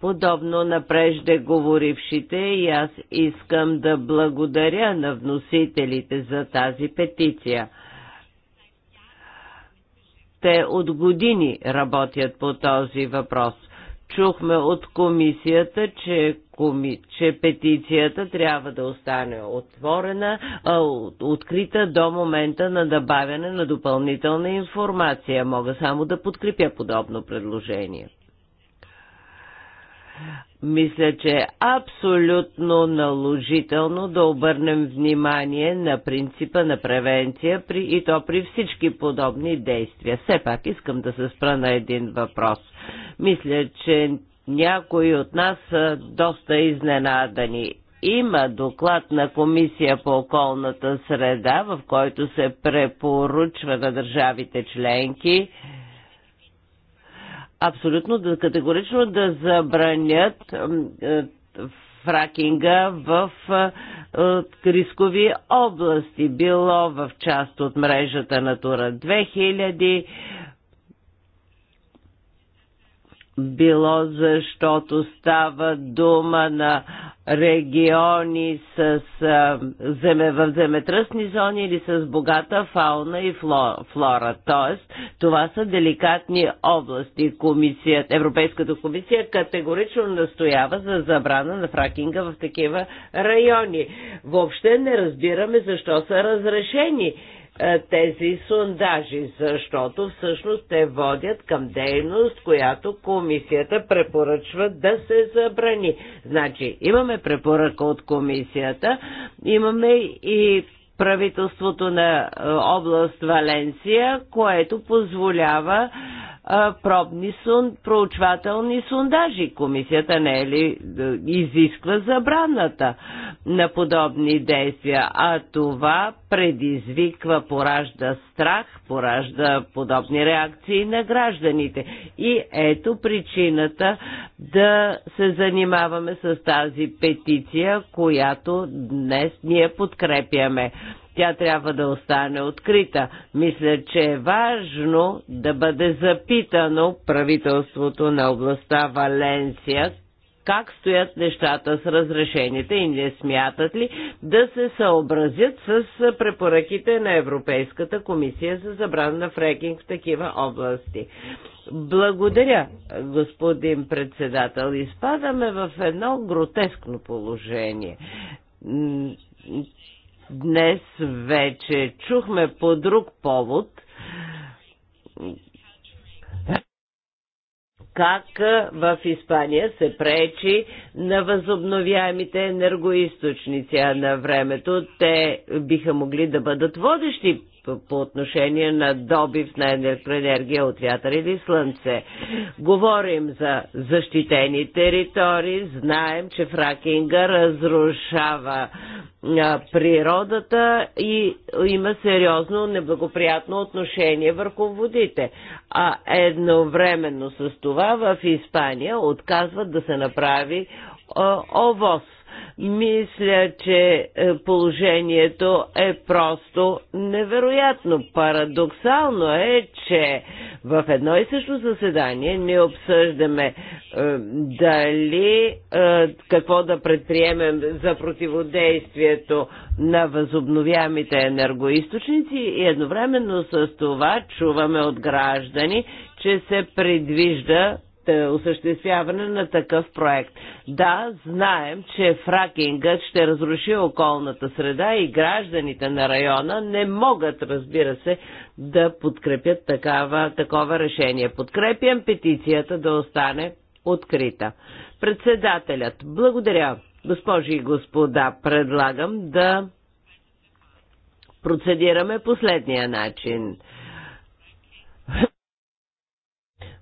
Подобно на преждеговорившите, и аз искам да благодаря на вносителите за тази петиция. Те от години работят по този въпрос. Чухме от комисията, че че петицията трябва да остане отворена, открита до момента на добавяне на допълнителна информация. Мога само да подкрепя подобно предложение. Мисля, че е абсолютно наложително да обърнем внимание на принципа на превенция при, и то при всички подобни действия. Все пак искам да се спра на един въпрос. Мисля, че някои от нас са доста изненадани. Има доклад на Комисия по околната среда, в който се препоръчва на държавите членки абсолютно да, категорично да забранят е, фракинга в е, е, рискови области, било в част от мрежата Натура 2000, било защото става дума на региони с а, земе, в земетръсни зони или с богата фауна и флора. Тоест, това са деликатни области. Комисията, Европейската комисия категорично настоява за забрана на фракинга в такива райони. Въобще не разбираме защо са разрешени е, тези сундажи, защото всъщност те водят към дейност, която комисията препоръчва да се забрани. Значи имаме препоръка от комисията, имаме и правителството на е, област Валенсия, което позволява е, пробни сун, проучвателни сундажи. Комисията не е ли изисква забраната на подобни действия, а това предизвиква, поражда страх, поражда подобни реакции на гражданите. И ето причината да се занимаваме с тази петиция, която днес ние подкрепяме. Тя трябва да остане открита. Мисля, че е важно да бъде запитано правителството на областта Валенсия как стоят нещата с разрешените и не смятат ли да се съобразят с препоръките на Европейската комисия за забрана на фрекинг в такива области. Благодаря, господин председател. Изпадаме в едно гротескно положение. Днес вече чухме по друг повод как в Испания се пречи на възобновяемите енергоисточници, а на времето те биха могли да бъдат водещи по отношение на добив на електроенергия от вятър или слънце. Говорим за защитени територии, знаем, че фракинга разрушава природата и има сериозно неблагоприятно отношение върху водите. А едновременно с това в Испания отказват да се направи овоз мисля, че е, положението е просто невероятно. Парадоксално е, че в едно и също заседание ние обсъждаме е, дали е, какво да предприемем за противодействието на възобновяемите енергоисточници и едновременно с това чуваме от граждани, че се предвижда е, осъществяване на такъв проект. Да, знаем, че фракингът ще разруши околната среда и гражданите на района не могат, разбира се, да подкрепят такава, такова решение. Подкрепям петицията да остане открита. Председателят, благодаря. Госпожи и господа, предлагам да процедираме последния начин.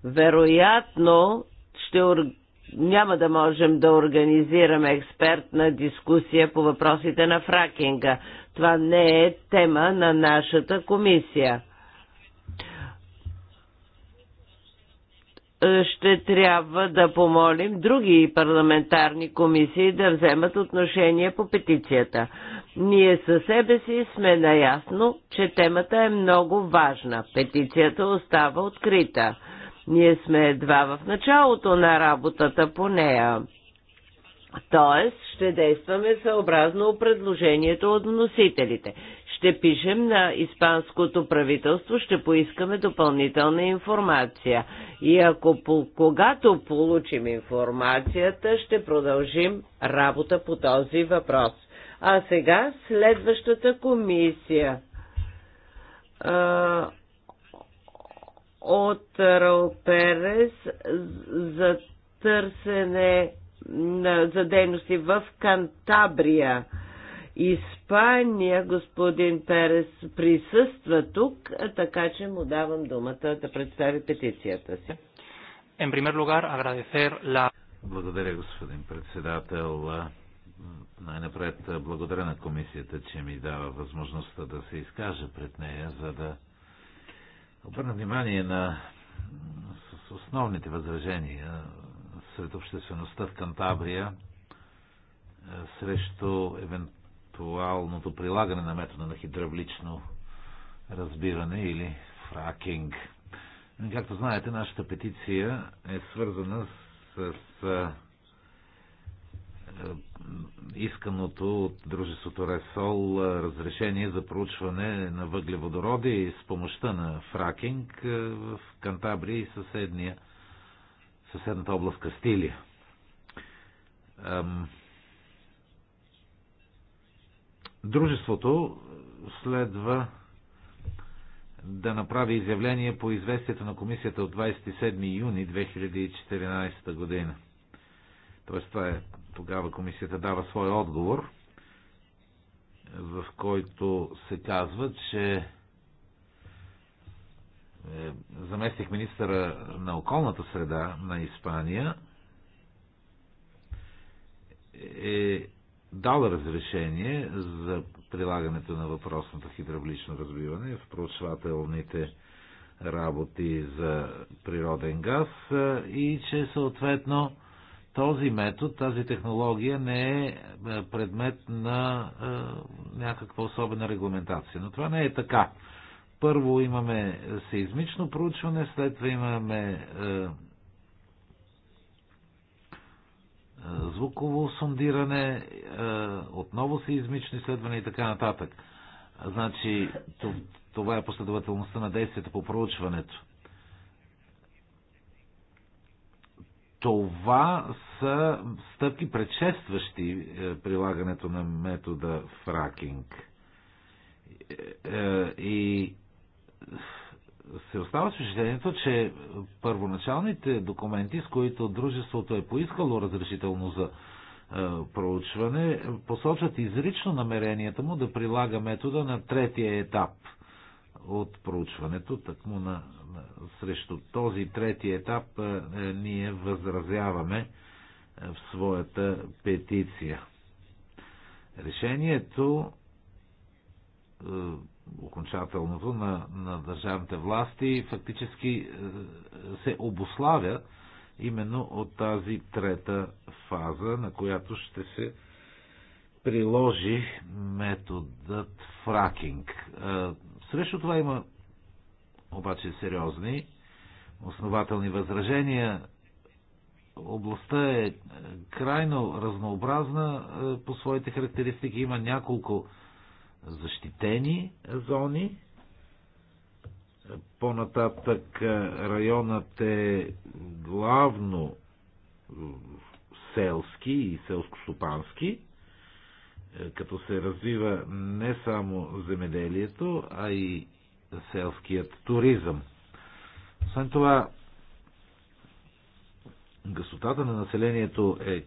Вероятно ще няма да можем да организираме експертна дискусия по въпросите на фракинга. Това не е тема на нашата комисия. ще трябва да помолим други парламентарни комисии да вземат отношение по петицията. Ние със себе си сме наясно, че темата е много важна. Петицията остава открита. Ние сме едва в началото на работата по нея. Тоест, ще действаме съобразно предложението от носителите. Ще пишем на испанското правителство, ще поискаме допълнителна информация. И ако по, когато получим информацията, ще продължим работа по този въпрос. А сега следващата комисия. А от Рал Перес за търсене за дейности в Кантабрия. Испания, господин Перес присъства тук, така че му давам думата да представи петицията си. En primer lugar, agradecer la... Благодаря, господин председател. Най-напред благодаря на комисията, че ми дава възможността да се изкажа пред нея, за да обърна внимание на с основните възражения сред обществеността в Кантабрия е, срещу евентуалното прилагане на метода на хидравлично разбиране или фракинг. Както знаете, нашата петиция е свързана с, с е, исканото от дружеството Ресол е, разрешение за проучване на въглеводороди с помощта на фракинг е, в Кантабрия и съседния, съседната област Кастилия. Дружеството следва да направи изявление по известието на комисията от 27 юни 2014 година. Тоест, това е, тогава комисията дава своя отговор, в който се казва, че е, заместих министъра на околната среда на Испания е дал разрешение за прилагането на въпросното хидравлично разбиване в проучвателните работи за природен газ е, и че съответно този метод, тази технология не е, е предмет на е, някаква особена регламентация. Но това не е така. Първо имаме сеизмично проучване, след това имаме е, звуково сондиране, отново сейзмични изследвания и така нататък. Значи, това е последователността на действията по проучването. това са стъпки предшестващи е, прилагането на метода фракинг. Е, е, и се остава с впечатлението, че първоначалните документи, с които дружеството е поискало разрешително за проучване, посочват изрично намерението му да прилага метода на третия етап – от проучването, такмо на, на, срещу този трети етап е, е, ние възразяваме е, в своята петиция. Решението окончателното на, на държавните власти фактически се обославя именно от тази трета фаза, на която ще се приложи методът фракинг. Срещу това има обаче сериозни основателни възражения. Областта е, е крайно разнообразна е, по своите характеристики. Има няколко защитени зони. По-нататък е, районът е главно селски и селско-стопански като се развива не само земеделието, а и селският туризъм. Освен това, гъстотата на населението е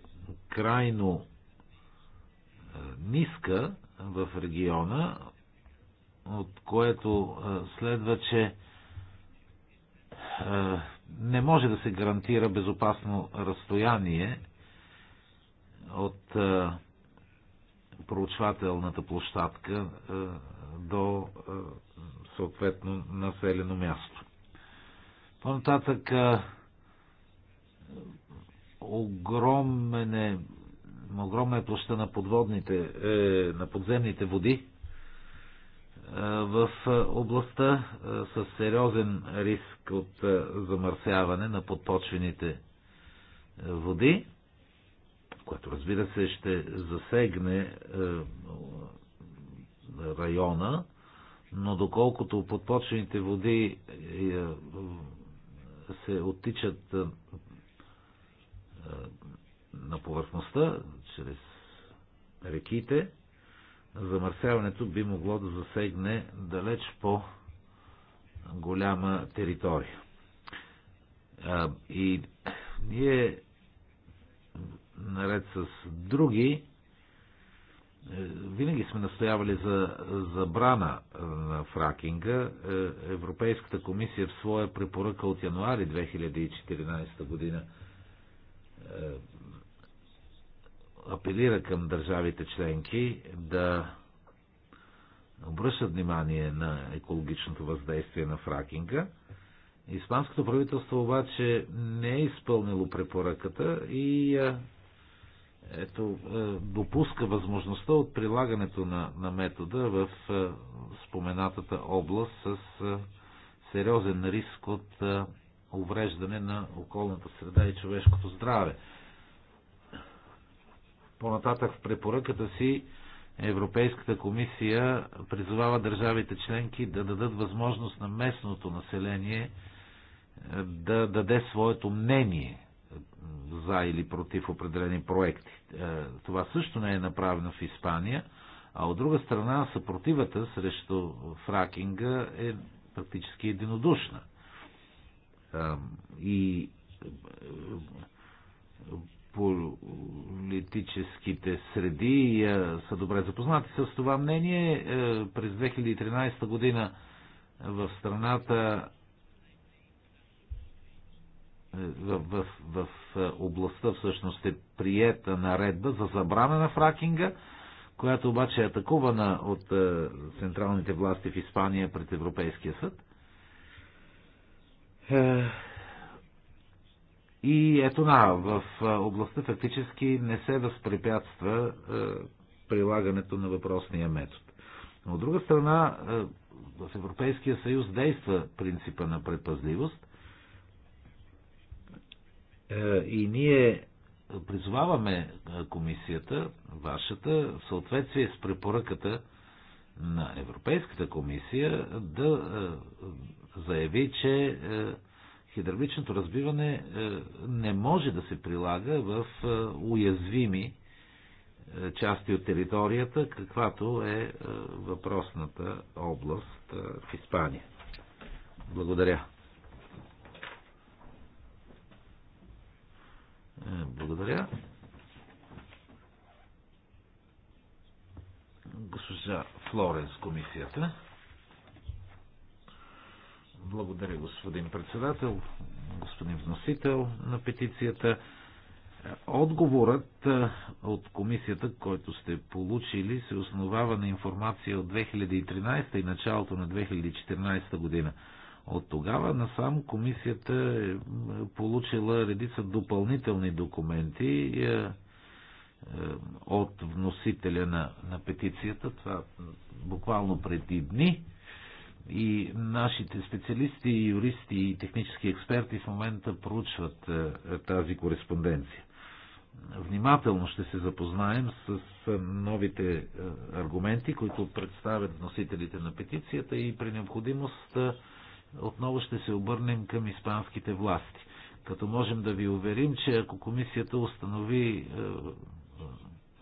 крайно е, ниска в региона, от което е, следва, че е, не може да се гарантира безопасно разстояние от проучвателната площадка е, до е, съответно населено място. По-нататък е, огромна е площа на подводните, е, на подземните води е, в областта е, с сериозен риск от е, замърсяване на подпочвените води което разбира се ще засегне е, района, но доколкото подпочените води е, се оттичат е, на повърхността, чрез реките, замърсяването би могло да засегне далеч по голяма територия. И ние наред с други, е, винаги сме настоявали за забрана е, на фракинга. Е, Европейската комисия в своя препоръка от януари 2014 година апелира към държавите членки да обръщат внимание на екологичното въздействие на фракинга. Испанското правителство обаче не е изпълнило препоръката и ето, е, допуска възможността от прилагането на, на метода в е, споменатата област с е, сериозен риск от увреждане на околната среда и човешкото здраве. Понататък в препоръката си Европейската комисия призовава държавите членки да дадат възможност на местното население да даде своето мнение за или против определени проекти. Е, това също не е направено в Испания, а от друга страна съпротивата срещу фракинга е практически единодушна. Е, и е, политическите среди са добре запознати с това мнение. През 2013 година в страната в, в, в е, областта всъщност е приета наредба за забрана на фракинга, която обаче е атакувана от е, централните власти в Испания пред Европейския съд. Е, и ето на, в областта фактически не се възпрепятства прилагането на въпросния метод. Но от друга страна, в Европейския съюз действа принципа на предпазливост е, и ние призоваваме е, комисията, вашата, в съответствие с препоръката на Европейската комисия да е, заяви, че хидравличното разбиване не може да се прилага в уязвими части от територията, каквато е въпросната област в Испания. Благодаря. Е, благодаря. Госпожа Флоренс, комисията. Благодаря, господин председател, господин вносител на петицията. Е, отговорът е, от комисията, който сте получили, се основава на информация от 2013 и началото на 2014 година. От тогава насам комисията е получила редица допълнителни документи е, е, от вносителя на, на петицията, това буквално преди дни. И нашите специалисти, юристи и технически експерти в момента проучват е, тази кореспонденция. Внимателно ще се запознаем с новите аргументи, които представят носителите на петицията и при необходимост отново ще се обърнем към испанските власти. Като можем да ви уверим, че ако комисията установи е, е,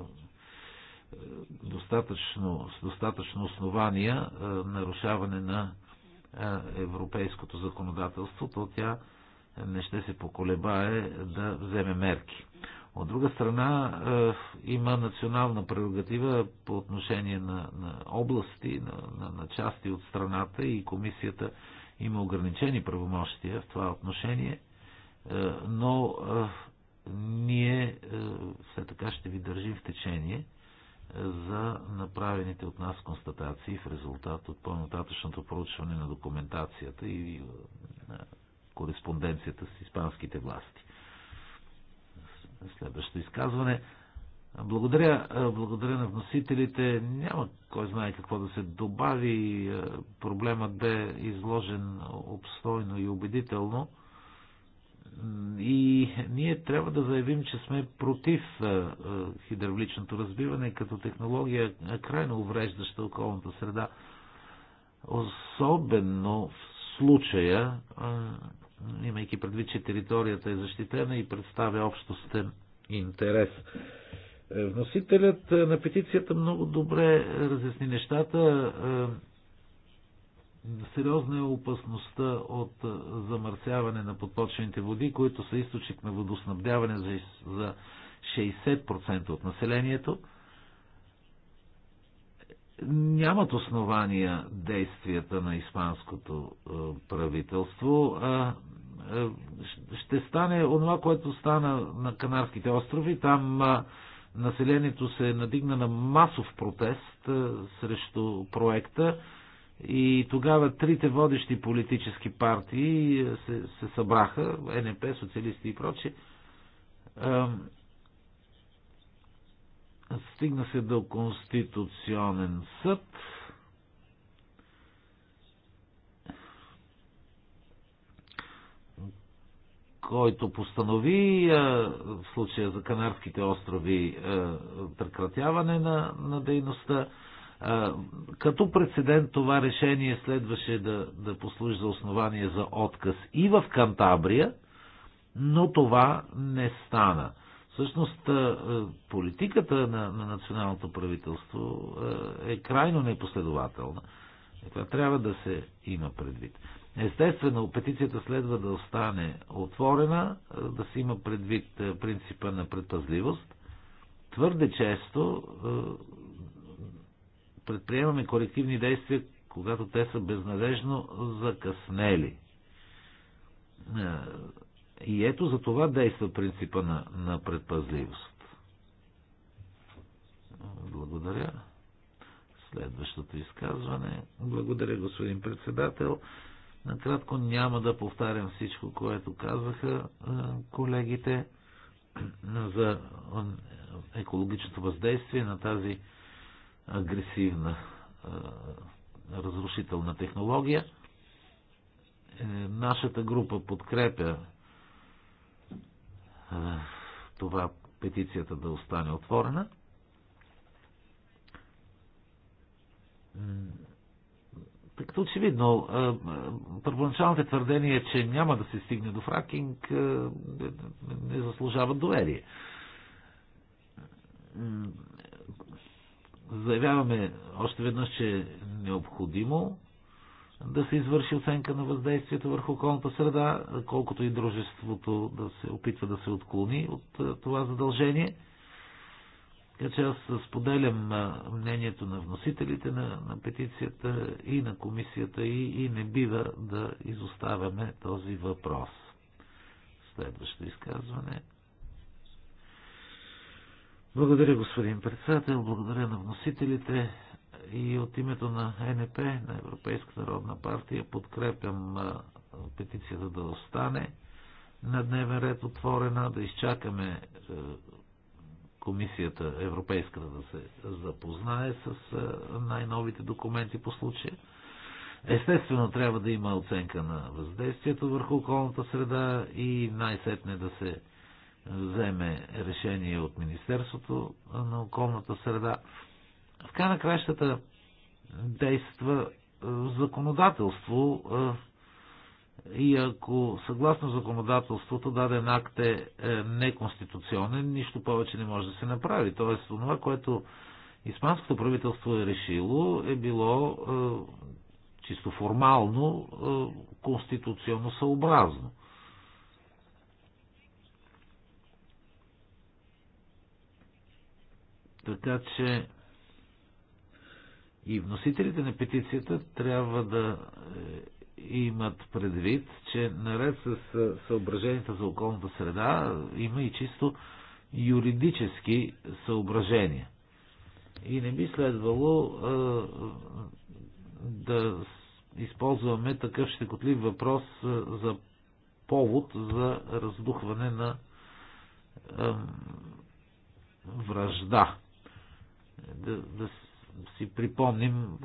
е, достатъчно, с достатъчно основания нарушаване на европейското законодателство, то тя не ще се поколебае да вземе мерки. От друга страна има национална прерогатива по отношение на, на области, на, на, на части от страната и комисията има ограничени правомощия в това отношение, е, но е, ние е, все така ще ви държим в течение за направените от нас констатации в резултат от по-нататъчното проучване на документацията и на кореспонденцията с испанските власти. Следващото изказване. Благодаря, благодаря на вносителите. Няма кой знае какво да се добави. Проблемът бе изложен обстойно и убедително. И ние трябва да заявим, че сме против хидравличното разбиване като технология, крайно увреждаща околната среда. Особено в случая, имайки предвид, че територията е защитена и представя общостен интерес. Е, вносителят е, на петицията много добре разясни нещата. Е, сериозна е опасността от замърсяване на подпочвените води, които са източник на водоснабдяване за 60% от населението. Нямат основания действията на испанското правителство. Ще стане онова, което стана на Канарските острови. Там населението се надигна на масов протест срещу проекта и тогава трите водещи политически партии се, се събраха, НП, социалисти и прочие. Стигна се до Конституционен съд. който постанови в случая за Канарските острови прекратяване на, на дейността. Като прецедент това решение следваше да, да послужи за основание за отказ и в Кантабрия, но това не стана. Всъщност политиката на, на националното правителство е крайно непоследователна. Е, това трябва да се има предвид. Естествено, петицията следва да остане отворена, е, да се има предвид е, принципа на предпазливост. Твърде често е, предприемаме колективни действия, когато те са безнадежно закъснели. И ето за това действа принципа на, на предпазливост. Благодаря. Следващото изказване. Благодаря, господин председател. Накратко няма да повтарям всичко, което казаха е, колегите за екологичното въздействие на тази агресивна е, разрушителна технология. Е, нашата група подкрепя това петицията да остане отворена. Тъй като очевидно, първоначалните твърдения, че няма да се стигне до фракинг, не заслужават доверие. Заявяваме още веднъж, че е необходимо да се извърши оценка на въздействието върху околната среда, колкото и дружеството да се опитва да се отклони от това задължение – така че аз споделям мнението на вносителите на, на петицията и на комисията и, и не бива да изоставяме този въпрос. Следващо изказване. Благодаря, господин председател, благодаря на вносителите и от името на НП, на Европейската народна партия, подкрепям петицията да остане на дневен ред отворена, да изчакаме комисията европейската да се запознае с е, най-новите документи по случая. Естествено, трябва да има оценка на въздействието върху околната среда и най-сетне да се вземе решение от Министерството на околната среда. В края на кращата действа е, законодателство, е, и ако съгласно законодателството даден акт е, е неконституционен, нищо повече не може да се направи. Тоест, това, което испанското правителство е решило, е било е, чисто формално е, конституционно съобразно. Така че и вносителите на петицията трябва да е, имат предвид, че наред с съображенията за околната среда има и чисто юридически съображения. И не би следвало а, да използваме такъв щекотлив въпрос за повод за раздухване на а, вражда. Да, да си припомним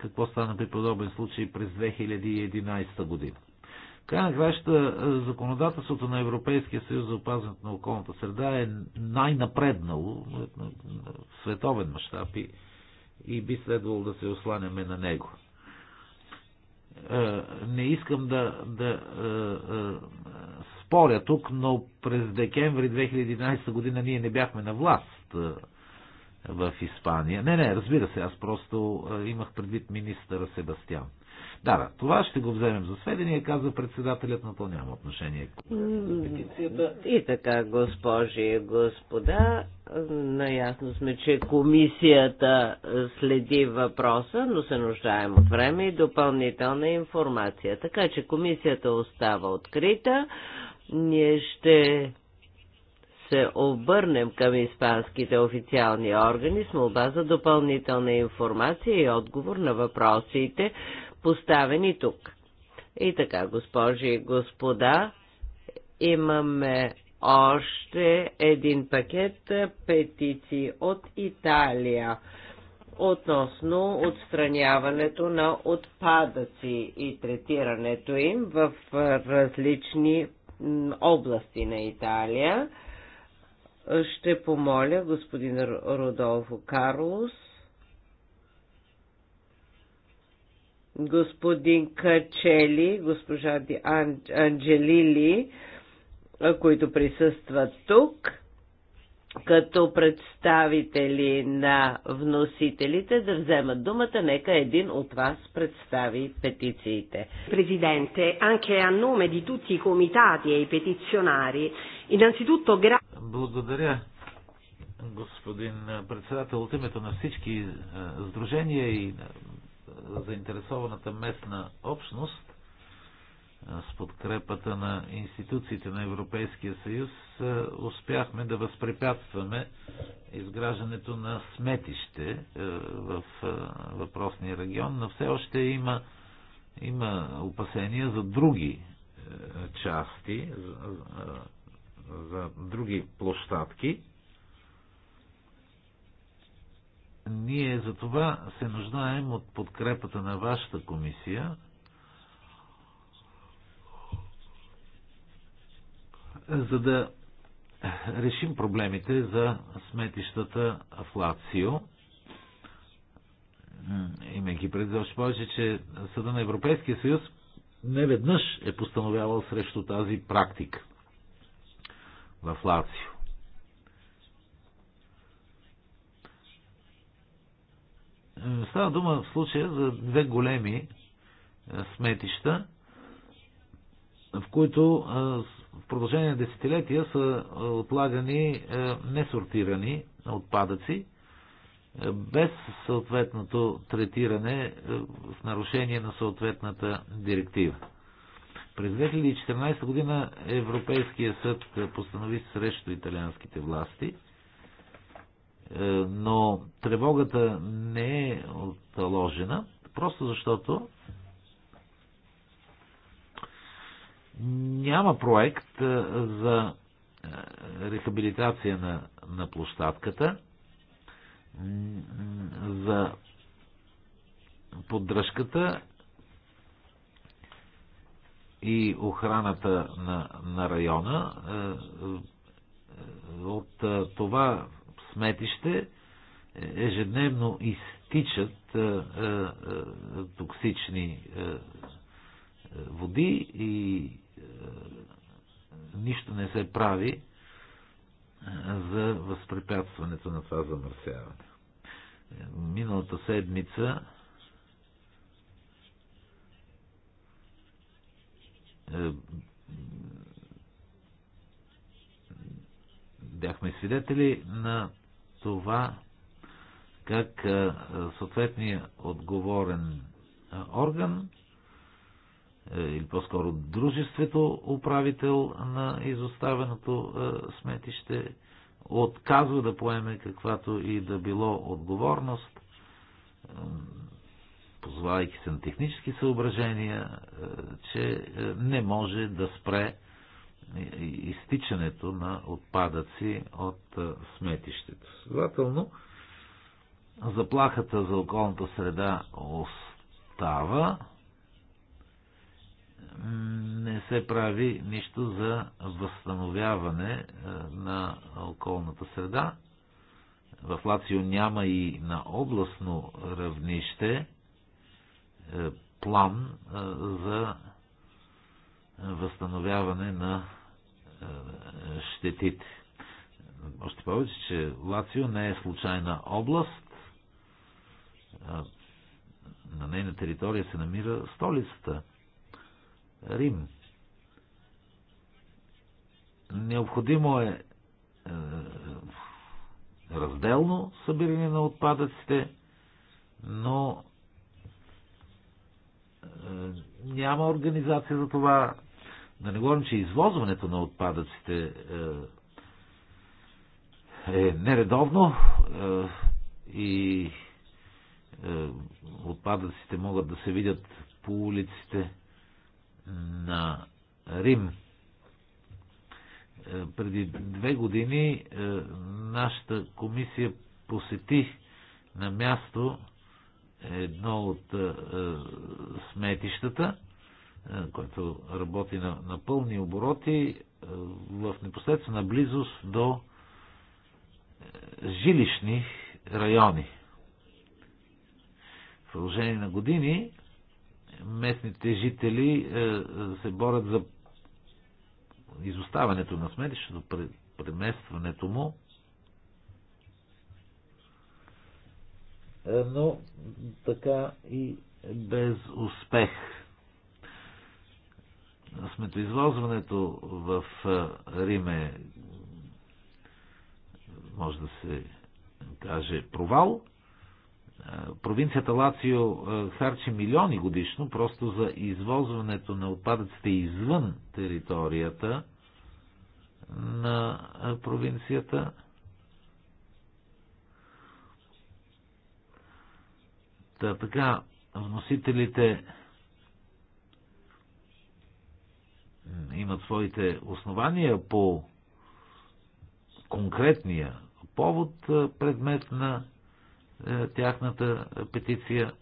какво стана при подобен случай през 2011 година. Край на краща, е, законодателството на Европейския съюз за опазването на околната среда е най-напреднало е, е, в световен мащаб и, и би следвало да се осланяме на него. Не искам да, да споря тук, но през декември 2011 година ние не бяхме на власт в Испания. Не, не, разбира се, аз просто е, имах предвид министъра Себастьян. Да, да, това ще го вземем за сведение, казва председателят, но то няма отношение към петицията. И така, госпожи и господа, наясно сме, че комисията следи въпроса, но се нуждаем от време и допълнителна информация. Така че комисията остава открита. Ние ще се обърнем към испанските официални органи с молба за допълнителна информация и отговор на въпросите, поставени тук. И така, госпожи и господа, имаме още един пакет петиции от Италия относно отстраняването на отпадъци и третирането им в различни области на Италия. Ще помоля господин Родолфо Карлос, господин Качели, госпожа Анджелили, които присъстват тук, като представители на вносителите да вземат думата, нека един от вас представи петициите. Президенте, anche a nome di tutti i comitati e i petizionari, innanzitutto gra... Благодаря, господин председател. От името на всички е, сдружения и е, заинтересованата местна общност е, с подкрепата на институциите на Европейския съюз успяхме да възпрепятстваме изграждането на сметище в въпросния регион, но все още има, има опасения за други части за други площадки. Ние за това се нуждаем от подкрепата на вашата комисия, за да решим проблемите за сметищата в Лацио. Имайки преди още повече, че Съда на Европейския съюз не веднъж е постановявал срещу тази практика в Лацио. Става дума в случая за две големи е, сметища, в които е, в продължение на десетилетия са е, отлагани несортирани отпадъци, без съответното третиране в нарушение на съответната директива. През 2014 година Европейския съд постанови срещу италианските власти, е, но тревогата не е отложена, просто защото няма проект е, за е, рехабилитация на, на площадката, за поддръжката и охраната на, на района. Е, е, от е, това сметище ежедневно изтичат токсични води и нищо не се прави за възпрепятстването на това замърсяване. Миналата седмица Е, бяхме свидетели на това, как е, съответният отговорен е, орган или по-скоро дружеството управител на изоставеното сметище отказва да поеме каквато и да било отговорност позовавайки се на технически съображения, е, че е, не може да спре е, изтичането на отпадъци от сметището. Следователно, заплахата за околната среда остава. Не се прави нищо за възстановяване на околната среда. В Лацио няма и на областно равнище е, план е, за възстановяване на е, щетите. Още повече, че Лацио не е случайна област. На нейна територия се намира столицата Рим. Необходимо е разделно събиране на отпадъците, но е, няма организация за това. Да не говорим, че извозването на отпадъците е, е нередовно е, и отпадъците могат да се видят по улиците на Рим. Преди две години нашата комисия посети на място едно от е, е, сметищата, е, което работи на, на пълни обороти в непосредствена близост до жилищни райони. В продължение на години местните жители се борят за изоставането на сметището, преместването му Е, но така и без успех. Сметоизвозването в е, Рим е, може да се каже провал. Е, провинцията Лацио харчи милиони годишно просто за извозването на отпадъците извън територията на провинцията. Та така, вносителите имат своите основания по конкретния повод, предмет на тяхната петиция,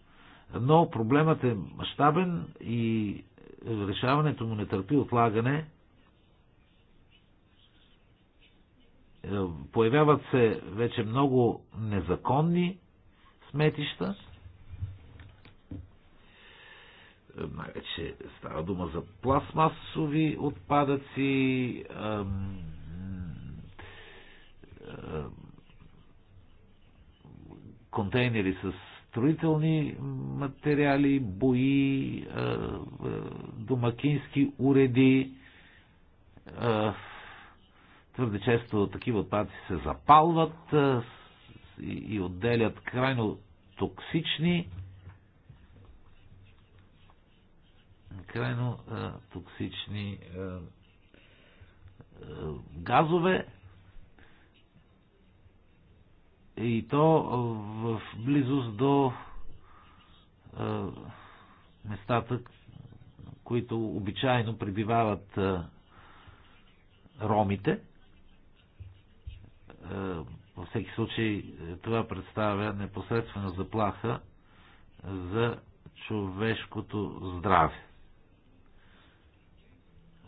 но проблемът е мащабен и решаването му не търпи отлагане. Е, появяват се вече много незаконни сметища, Най-вече става дума за пластмасови отпадъци, контейнери с строителни материали, бои, домакински уреди. Твърде често такива отпадъци се запалват и отделят крайно токсични крайно а, токсични а, а, газове и то в близост до а, местата, които обичайно прибивават а, ромите. А, във всеки случай това представя непосредствена заплаха за човешкото здраве.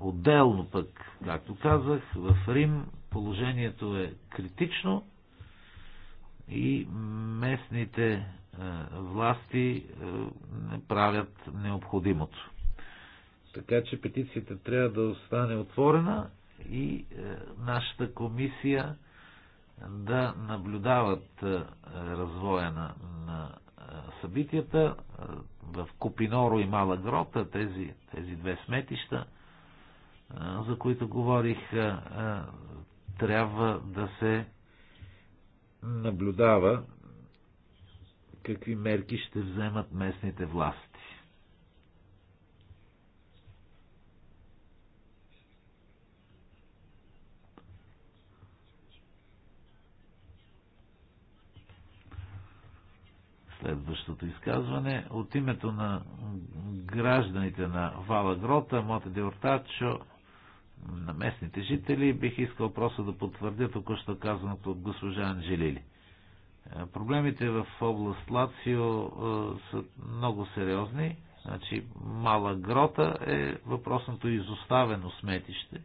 Отделно пък, както казах, в Рим положението е критично и местните е, власти е, не правят необходимото. Така че петицията трябва да остане отворена и е, нашата комисия да наблюдават развоя на, на събитията в Купиноро и Мала Грота, тези, тези две сметища – за които говорих, трябва да се наблюдава какви мерки ще вземат местните власти. следващото изказване. От името на гражданите на Вала Грота, Мота Деортачо, на местните жители, бих искал просто да потвърдя току-що казаното от госпожа Анжелили. Е, проблемите в област Лацио е, са много сериозни. Значи, Мала Грота е въпросното изоставено сметище.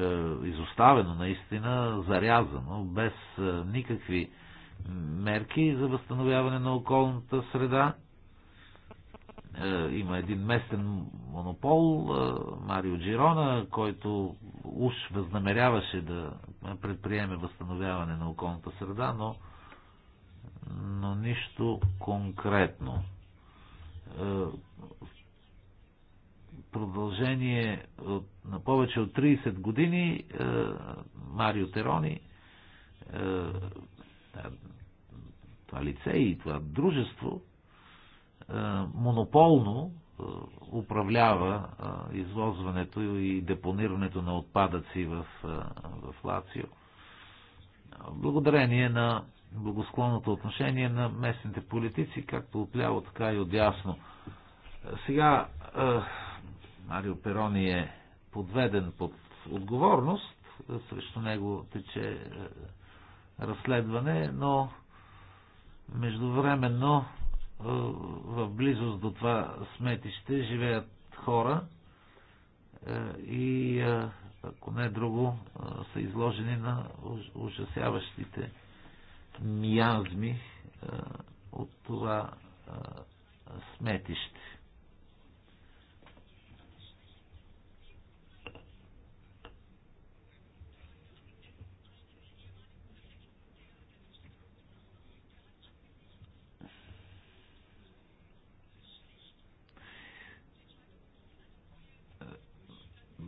Е, изоставено наистина, зарязано, без никакви мерки за възстановяване на околната среда. Е, има един местен монопол, е, Марио Джирона, който уж възнамеряваше да предприеме възстановяване на околната среда, но, но нищо конкретно. Е, в продължение от, на повече от 30 години Марио Терони това лице и това дружество е, монополно е, управлява е, извозването и депонирането на отпадъци в, в Лацио. Благодарение на благосклонното отношение на местните политици, както от ляво, така и от ясно. Сега Марио Перони е подведен под отговорност, срещу него тече разследване, но междувременно е, в близост до това сметище живеят хора е, и е, ако не друго са изложени на ужасяващите миазми от това сметище.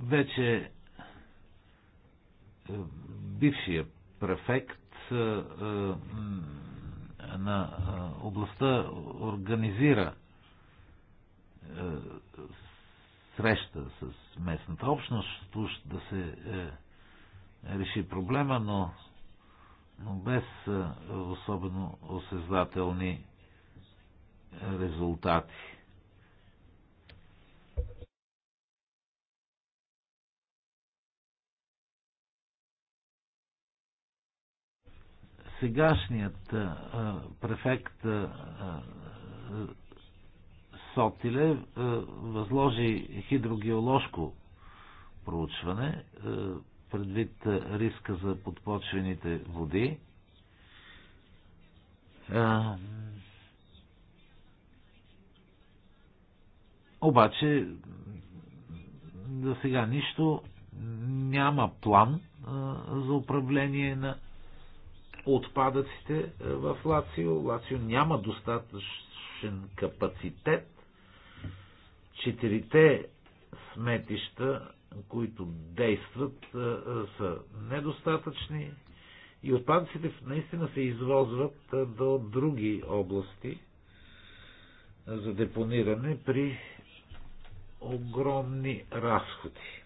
Вече е, бившия префект е, е, на областта организира среща с местната общност, уж да се реши проблема, но, но без особено осезнателни резултати. сегашният префект Сотиле възложи хидрогеоложко проучване предвид риска за подпочвените води. Обаче за сега нищо няма план за управление на отпадъците е, в Лацио. Лацио няма достатъчен капацитет. Четирите сметища, които действат, е, е, са недостатъчни и отпадъците наистина се извозват до други области за депониране при огромни разходи.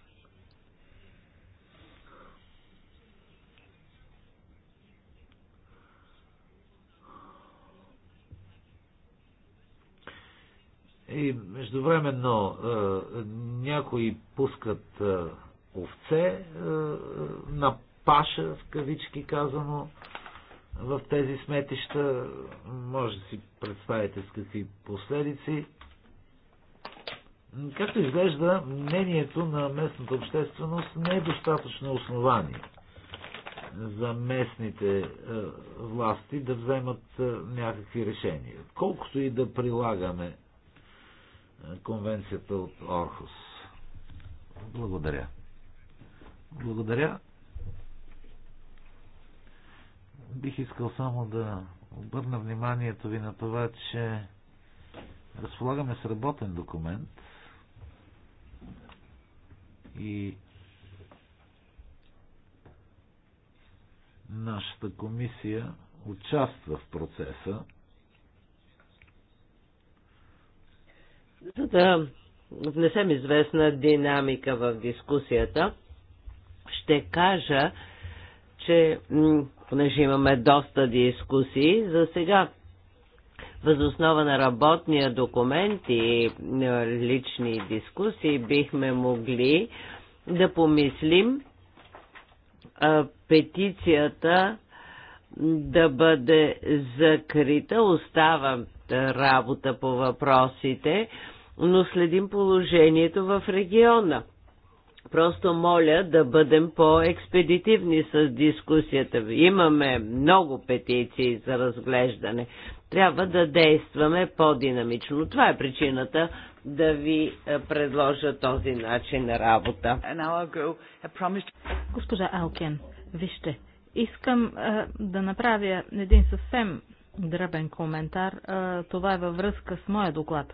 И междувременно е, някои пускат е, овце е, на паша, в кавички казано, в тези сметища. Може да си представите с какви последици. Както изглежда, мнението на местната общественост не е достатъчно основание за местните власти да вземат някакви решения. Колкото и да прилагаме конвенцията от Орхус. Благодаря. Благодаря. Бих искал само да обърна вниманието ви на това, че разполагаме с работен документ и нашата комисия участва в процеса За да внесем известна динамика в дискусията, ще кажа, че понеже имаме доста дискусии, за сега Възоснова на работния документ и лични дискусии бихме могли да помислим а, петицията да бъде закрита. Оставам работа по въпросите, но следим положението в региона. Просто моля да бъдем по-експедитивни с дискусията. Имаме много петиции за разглеждане. Трябва да действаме по-динамично. Това е причината да ви е, предложа този начин на работа. Госпожа Алкен, вижте, искам а, е, да направя един съвсем дребен коментар. Това е във връзка с моя доклад.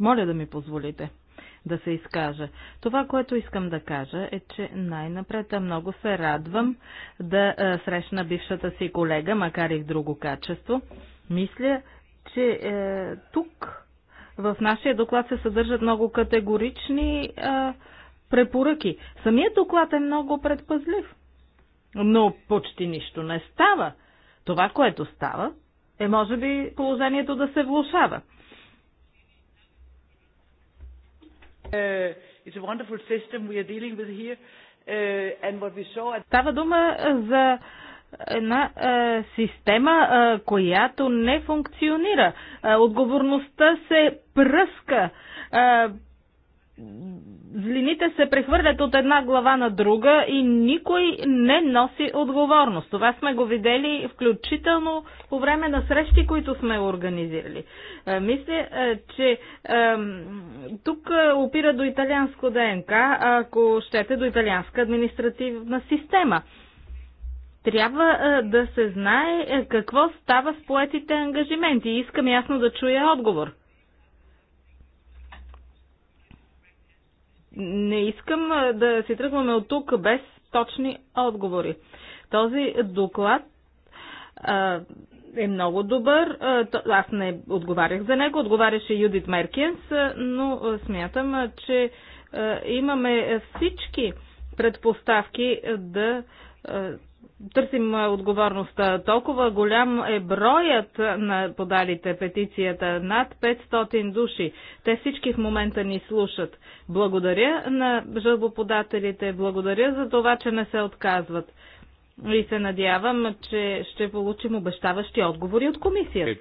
Моля да ми позволите да се изкажа. Това, което искам да кажа е, че най-напред много се радвам да срещна бившата си колега, макар и в друго качество. Мисля, че е, тук в нашия доклад се съдържат много категорични е, препоръки. Самият доклад е много предпазлив, но почти нищо не става. Това, което става, е може би положението да се влушава. Uh, uh, става дума за една е, система, е, която не функционира. Е, отговорността се пръска. Е, злините се прехвърлят от една глава на друга и никой не носи отговорност. Това сме го видели включително по време на срещи, които сме организирали. Е, мисля, е, че е, тук опира до италианско ДНК, ако щете до италианска административна система. Трябва да се знае какво става с поетите ангажименти. Искам ясно да чуя отговор. не искам да си тръгваме от тук без точни отговори. Този доклад а, е много добър. Аз не отговарях за него, отговаряше Юдит Меркинс, но смятам, че имаме всички предпоставки да търсим отговорността. Толкова голям е броят на подалите петицията. Над 500 души. Те всички в момента ни слушат. Благодаря на жалбоподателите. Благодаря за това, че не се отказват. И се надявам, че ще получим обещаващи отговори от комисията.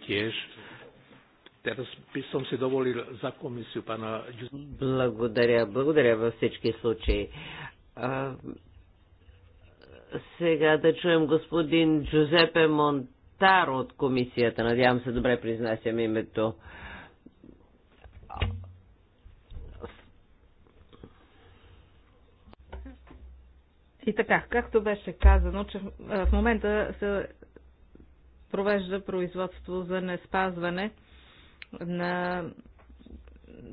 Е, благодаря, благодаря във всички случаи сега да чуем господин Джузепе Монтар от комисията. Надявам се добре произнасям името. И така, както беше казано, че в момента се провежда производство за неспазване на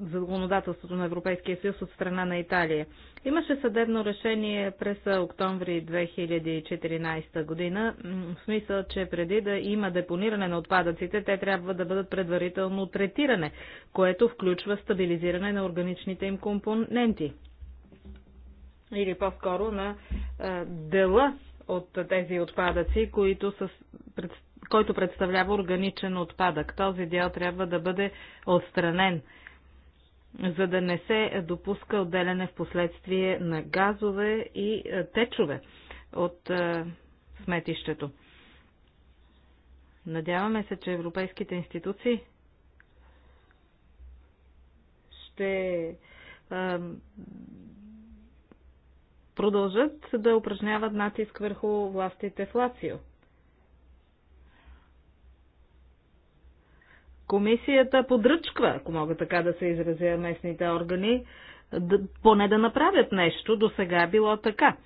законодателството на Европейския съюз от страна на Италия. Имаше съдебно решение през октомври 2014 година, в смисъл, че преди да има депониране на отпадъците, те трябва да бъдат предварително третиране, което включва стабилизиране на органичните им компоненти. Или по-скоро на дела от тези отпадъци, които са който представлява органичен отпадък. Този дял трябва да бъде отстранен за да не се допуска отделяне в последствие на газове и е, течове от е, сметището. Надяваме се, че европейските институции ще е, продължат да упражняват натиск върху властите в Лацио. Комисията подръчква, ако мога така да се изразя местните органи, да, поне да направят нещо. До сега е било така.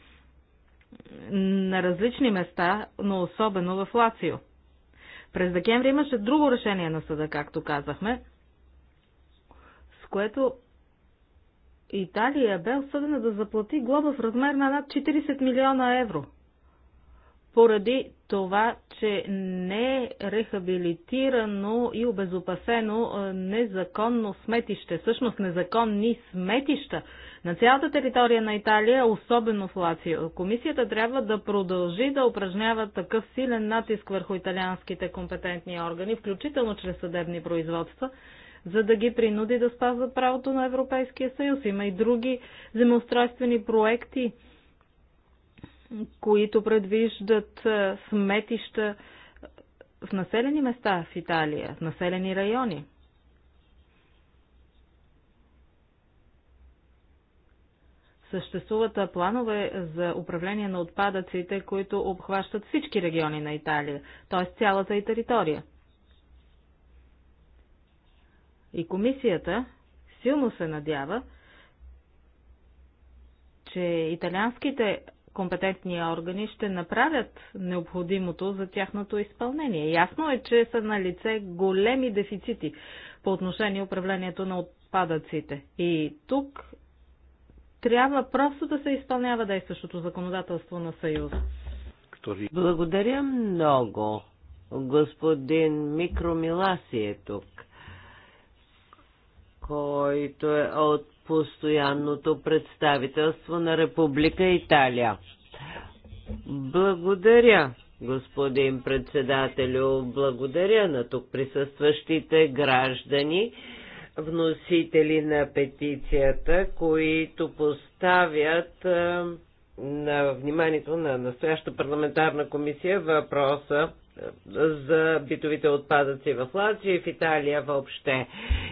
На различни места, но особено в Лацио. През декември имаше друго решение на съда, както казахме, с което Италия бе осъдена да заплати глоба в размер на над 40 милиона евро – поради това, че не е рехабилитирано и обезопасено незаконно сметище, всъщност незаконни сметища на цялата територия на Италия, особено в Лацио. Комисията трябва да продължи да упражнява такъв силен натиск върху италианските компетентни органи, включително чрез съдебни производства, за да ги принуди да спазват правото на Европейския съюз. Има и други земеустройствени проекти, които предвиждат сметища в населени места в Италия, в населени райони. Съществуват планове за управление на отпадъците, които обхващат всички региони на Италия, т.е. цялата и територия. И комисията силно се надява, че италианските компетентни органи ще направят необходимото за тяхното изпълнение. Ясно е, че са на лице големи дефицити по отношение управлението на отпадъците. И тук трябва просто да се изпълнява действащото законодателство на съюз. Благодаря много. Господин Микромиласи е тук, който е от постоянното представителство на Република Италия. Благодаря, господин председателю, благодаря на тук присъстващите граждани, вносители на петицията, които поставят на вниманието на настояща парламентарна комисия въпроса за битовите отпадъци в Латвия и в Италия въобще.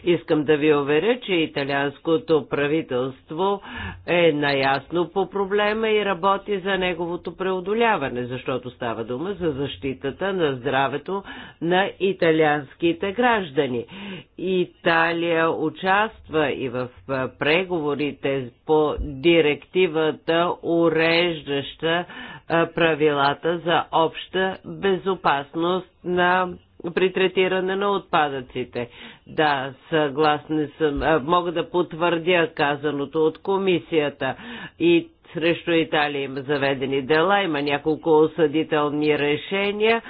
Искам да ви уверя, че италианското правителство е наясно по проблема и работи за неговото преодоляване, защото става дума за защитата на здравето на италианските граждани. Италия участва и в преговорите по директивата, уреждаща правилата за обща безопасност безопасност на при третиране на отпадъците. Да, съгласни съм. Е, мога да потвърдя казаното от комисията. И срещу Италия има заведени дела, има няколко осъдителни решения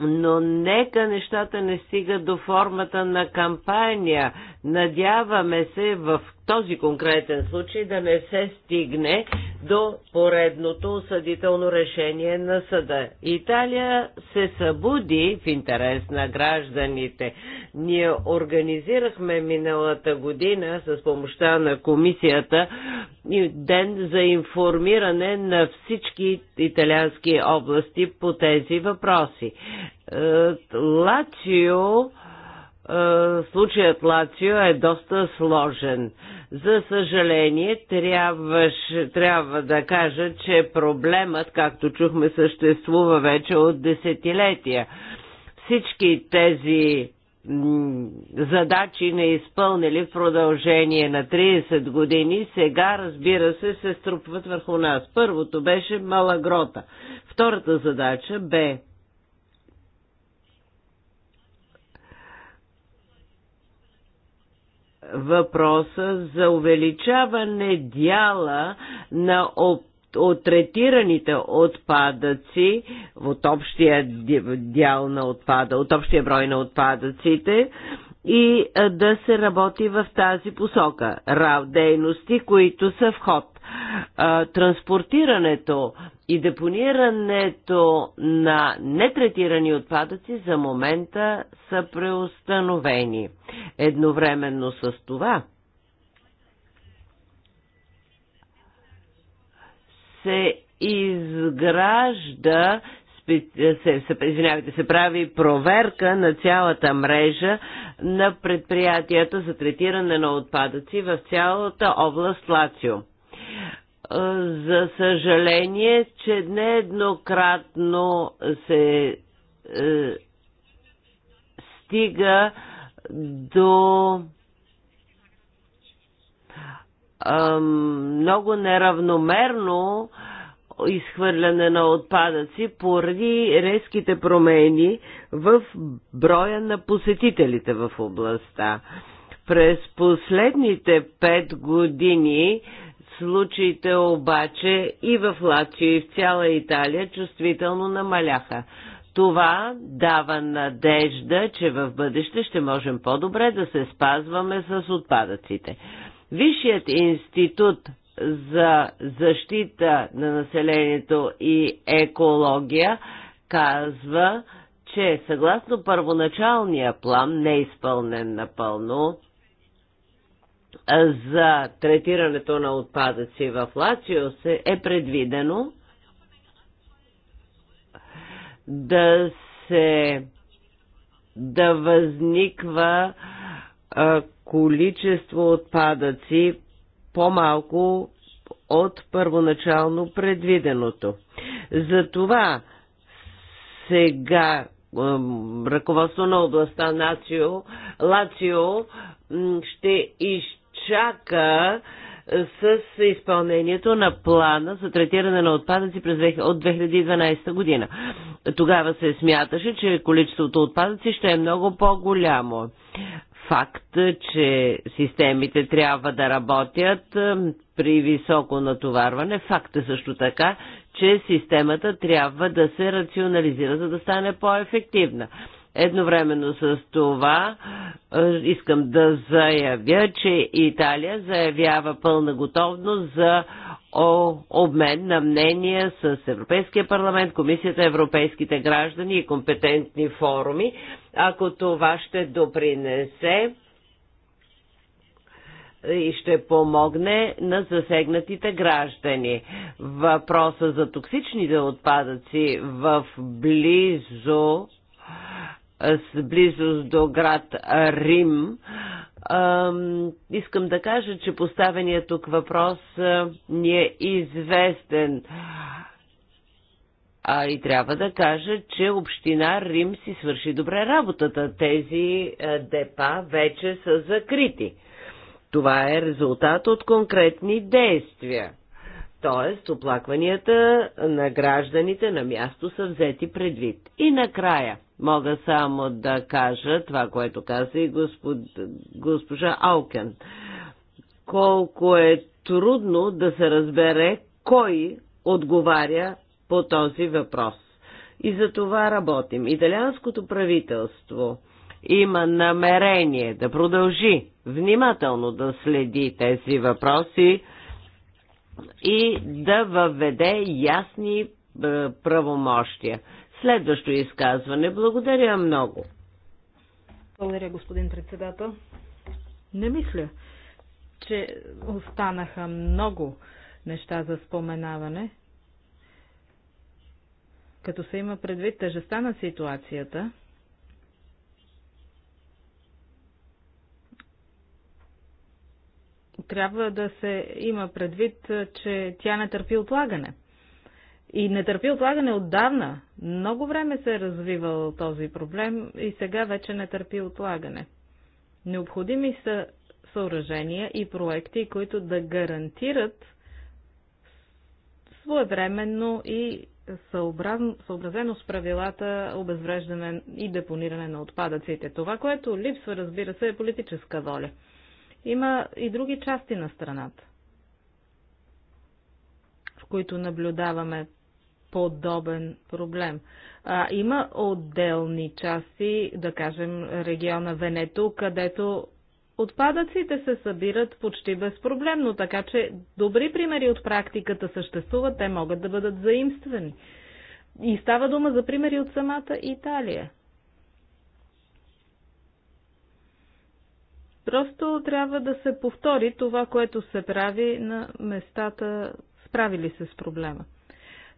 но нека нещата не стигат до формата на кампания. Надяваме се в този конкретен случай да не се стигне до поредното осъдително решение на съда. Италия се събуди в интерес на гражданите. Ние организирахме миналата година с помощта на комисията ден за информиране на всички италиански области по тези въпроси. Е, Лацио е, случаят Лацио е доста сложен. За съжаление, трябваш, трябва да кажа, че проблемът, както чухме, съществува вече от десетилетия. Всички тези задачи не изпълнили в продължение на 30 години, сега, разбира се, се струпват върху нас. Първото беше Малагрота. Втората задача бе въпроса за увеличаване дяла на отретираните от третираните отпадъци, от общия дял на отпада, от общия брой на отпадъците и да се работи в тази посока. Рав дейности, които са в ход а, транспортирането и депонирането на нетретирани отпадъци за момента са преустановени. Едновременно с това се изгражда се, се, извинявайте, се прави проверка на цялата мрежа на предприятията за третиране на отпадъци в цялата област Лацио. За съжаление, че нееднократно се е, стига до е, много неравномерно изхвърляне на отпадъци поради резките промени в броя на посетителите в областта. През последните пет години Случаите обаче и в Лацио и в цяла Италия чувствително намаляха. Това дава надежда, че в бъдеще ще можем по-добре да се спазваме с отпадъците. Висшият институт за защита на населението и екология казва, че съгласно първоначалния план, не е изпълнен напълно, за третирането на отпадъци в Лацио е, е предвидено да се да възниква а, количество отпадъци по-малко от първоначално предвиденото. Затова сега ръководство на областта Нацио, Лацио ще ищ чака е, с изпълнението на плана за третиране на отпадъци през, от 2012 година. Тогава се смяташе, че количеството отпадъци ще е много по-голямо. Факт, че системите трябва да работят е, при високо натоварване, факт е също така, че системата трябва да се рационализира, за да стане по-ефективна. Едновременно с това е, искам да заявя, че Италия заявява пълна готовност за обмен на мнения с Европейския парламент, Комисията Европейските граждани и компетентни форуми, ако това ще допринесе и ще помогне на засегнатите граждани. Въпроса за токсичните отпадъци в близо с близост до град Рим. Искам да кажа, че поставения тук въпрос ни е известен. А и трябва да кажа, че община Рим си свърши добре работата. Тези депа вече са закрити. Това е резултат от конкретни действия. Тоест, оплакванията на гражданите на място са взети предвид. И накрая, мога само да кажа това, което каза и господ... госпожа Алкен. Колко е трудно да се разбере кой отговаря по този въпрос. И за това работим. Италианското правителство има намерение да продължи внимателно да следи тези въпроси, и да въведе ясни е, правомощия. Следващо изказване. Благодаря много. Благодаря, господин председател. Не мисля, че останаха много неща за споменаване, като се има предвид тъжеста на ситуацията – трябва да се има предвид, че тя не търпи отлагане. И не търпи отлагане отдавна. Много време се е развивал този проблем и сега вече не търпи отлагане. Необходими са съоръжения и проекти, които да гарантират своевременно и съобразно, съобразено с правилата обезвреждане и депониране на отпадъците. Това, което липсва, разбира се, е политическа воля. Има и други части на страната, в които наблюдаваме подобен проблем. А, има отделни части, да кажем региона Венето, където отпадъците се събират почти безпроблемно, така че добри примери от практиката съществуват, те могат да бъдат заимствани. И става дума за примери от самата Италия. Просто трябва да се повтори това, което се прави на местата, справили се с проблема.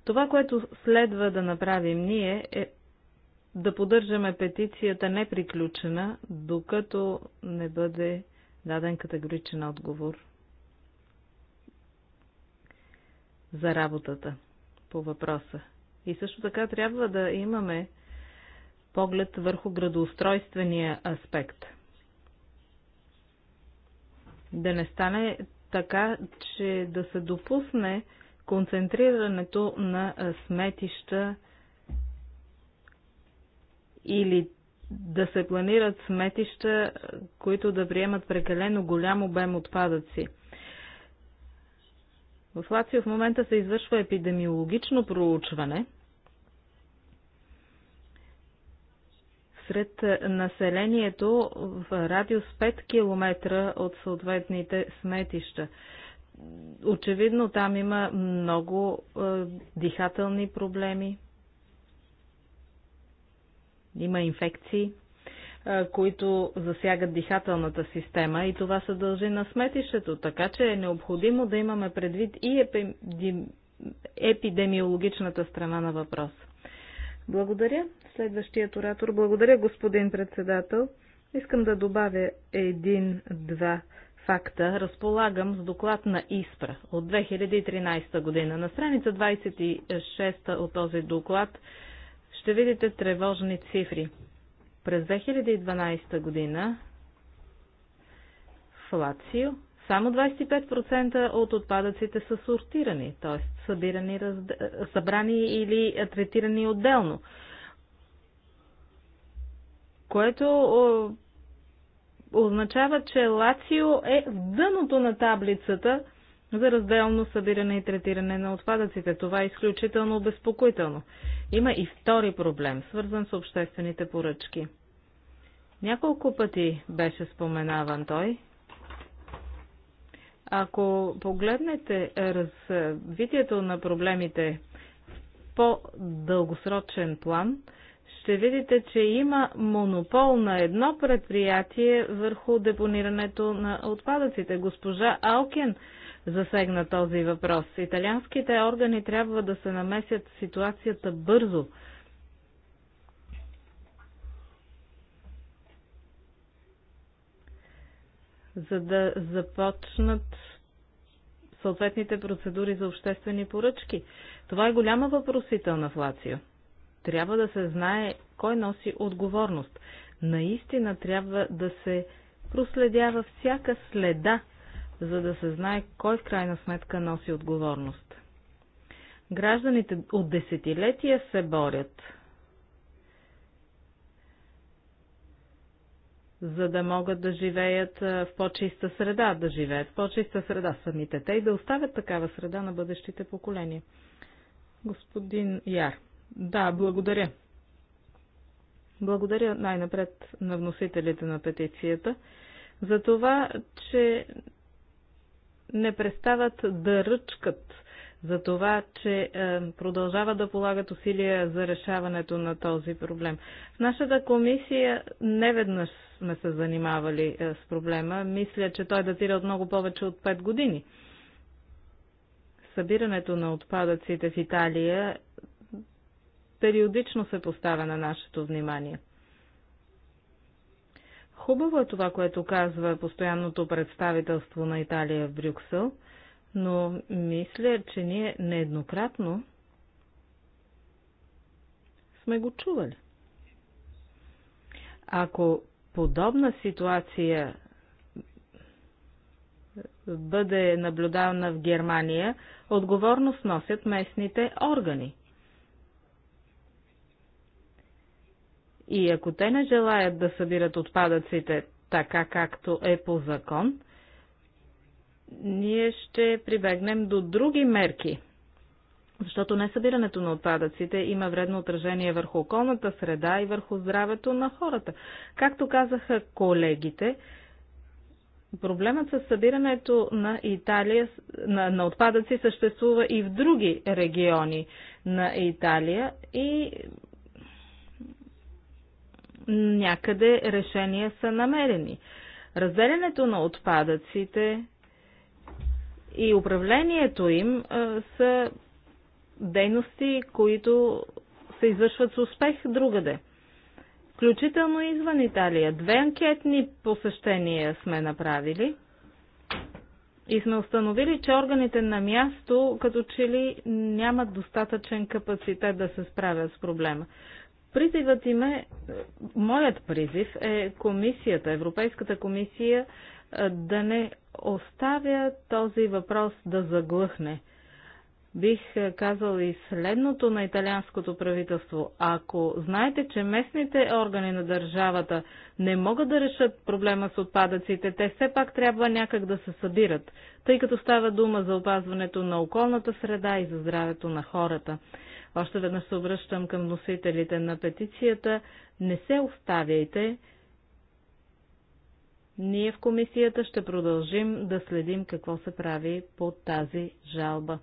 Това, което следва да направим ние е да поддържаме петицията неприключена, докато не бъде даден категоричен отговор за работата по въпроса. И също така трябва да имаме поглед върху градоустройствения аспект – да не стане така, че да се допусне концентрирането на сметища или да се планират сметища, които да приемат прекалено голям обем отпадъци. В Лацио в момента се извършва епидемиологично проучване сред населението в радиус 5 км от съответните сметища. Очевидно там има много е, дихателни проблеми. Има инфекции, е, които засягат дихателната система и това се дължи на сметището. Така че е необходимо да имаме предвид и епидемиологичната страна на въпроса. Благодаря. Следващият оратор. Благодаря, господин председател. Искам да добавя един-два факта. Разполагам с доклад на ИСПРА от 2013 година. На страница 26 от този доклад ще видите тревожни цифри. През 2012 година в Лацио само 25% от отпадъците са сортирани, т.е. Разд... събрани или третирани отделно. Което означава, че Лацио е в дъното на таблицата за разделно събиране и третиране на отпадъците. Това е изключително обезпокоително. Има и втори проблем, свързан с обществените поръчки. Няколко пъти беше споменаван той ако погледнете развитието на проблемите в по-дългосрочен план, ще видите, че има монопол на едно предприятие върху депонирането на отпадъците. Госпожа Алкен засегна този въпрос. Италианските органи трябва да се намесят в ситуацията бързо – за да започнат съответните процедури за обществени поръчки. Това е голяма въпросителна флация. Трябва да се знае кой носи отговорност. Наистина трябва да се проследява всяка следа, за да се знае кой в крайна сметка носи отговорност. Гражданите от десетилетия се борят за да могат да живеят в по-чиста среда, да живеят в по-чиста среда самите те и да оставят такава среда на бъдещите поколения. Господин Яр. Да, благодаря. Благодаря най-напред на вносителите на петицията за това, че не престават да ръчкат за това, че е, продължава да полагат усилия за решаването на този проблем. В нашата комисия неведнъж сме се занимавали е, с проблема. Мисля, че той датира от много повече от 5 години. Събирането на отпадъците в Италия периодично се поставя на нашето внимание. Хубаво е това, което казва постоянното представителство на Италия в Брюксел, но мисля, че ние нееднократно сме го чували. Ако подобна ситуация бъде наблюдавана в Германия, отговорност носят местните органи. И ако те не желаят да събират отпадъците така както е по закон, ние ще прибегнем до други мерки, защото несъбирането на отпадъците има вредно отражение върху околната среда и върху здравето на хората. Както казаха колегите, Проблемът с събирането на Италия, на, на отпадъци съществува и в други региони на Италия и някъде решения са намерени. Разделянето на отпадъците и управлението им а, са дейности, които се извършват с успех другаде. Включително извън Италия. Две анкетни посещения сме направили и сме установили, че органите на място като че ли нямат достатъчен капацитет да се справят с проблема. Призивът им е, моят призив е комисията, Европейската комисия да не оставя този въпрос да заглъхне – бих е, казал и следното на италианското правителство. Ако знаете, че местните органи на държавата не могат да решат проблема с отпадъците, те все пак трябва някак да се събират, тъй като става дума за опазването на околната среда и за здравето на хората. Още веднъж се обръщам към носителите на петицията. Не се оставяйте. Ние в комисията ще продължим да следим какво се прави по тази жалба.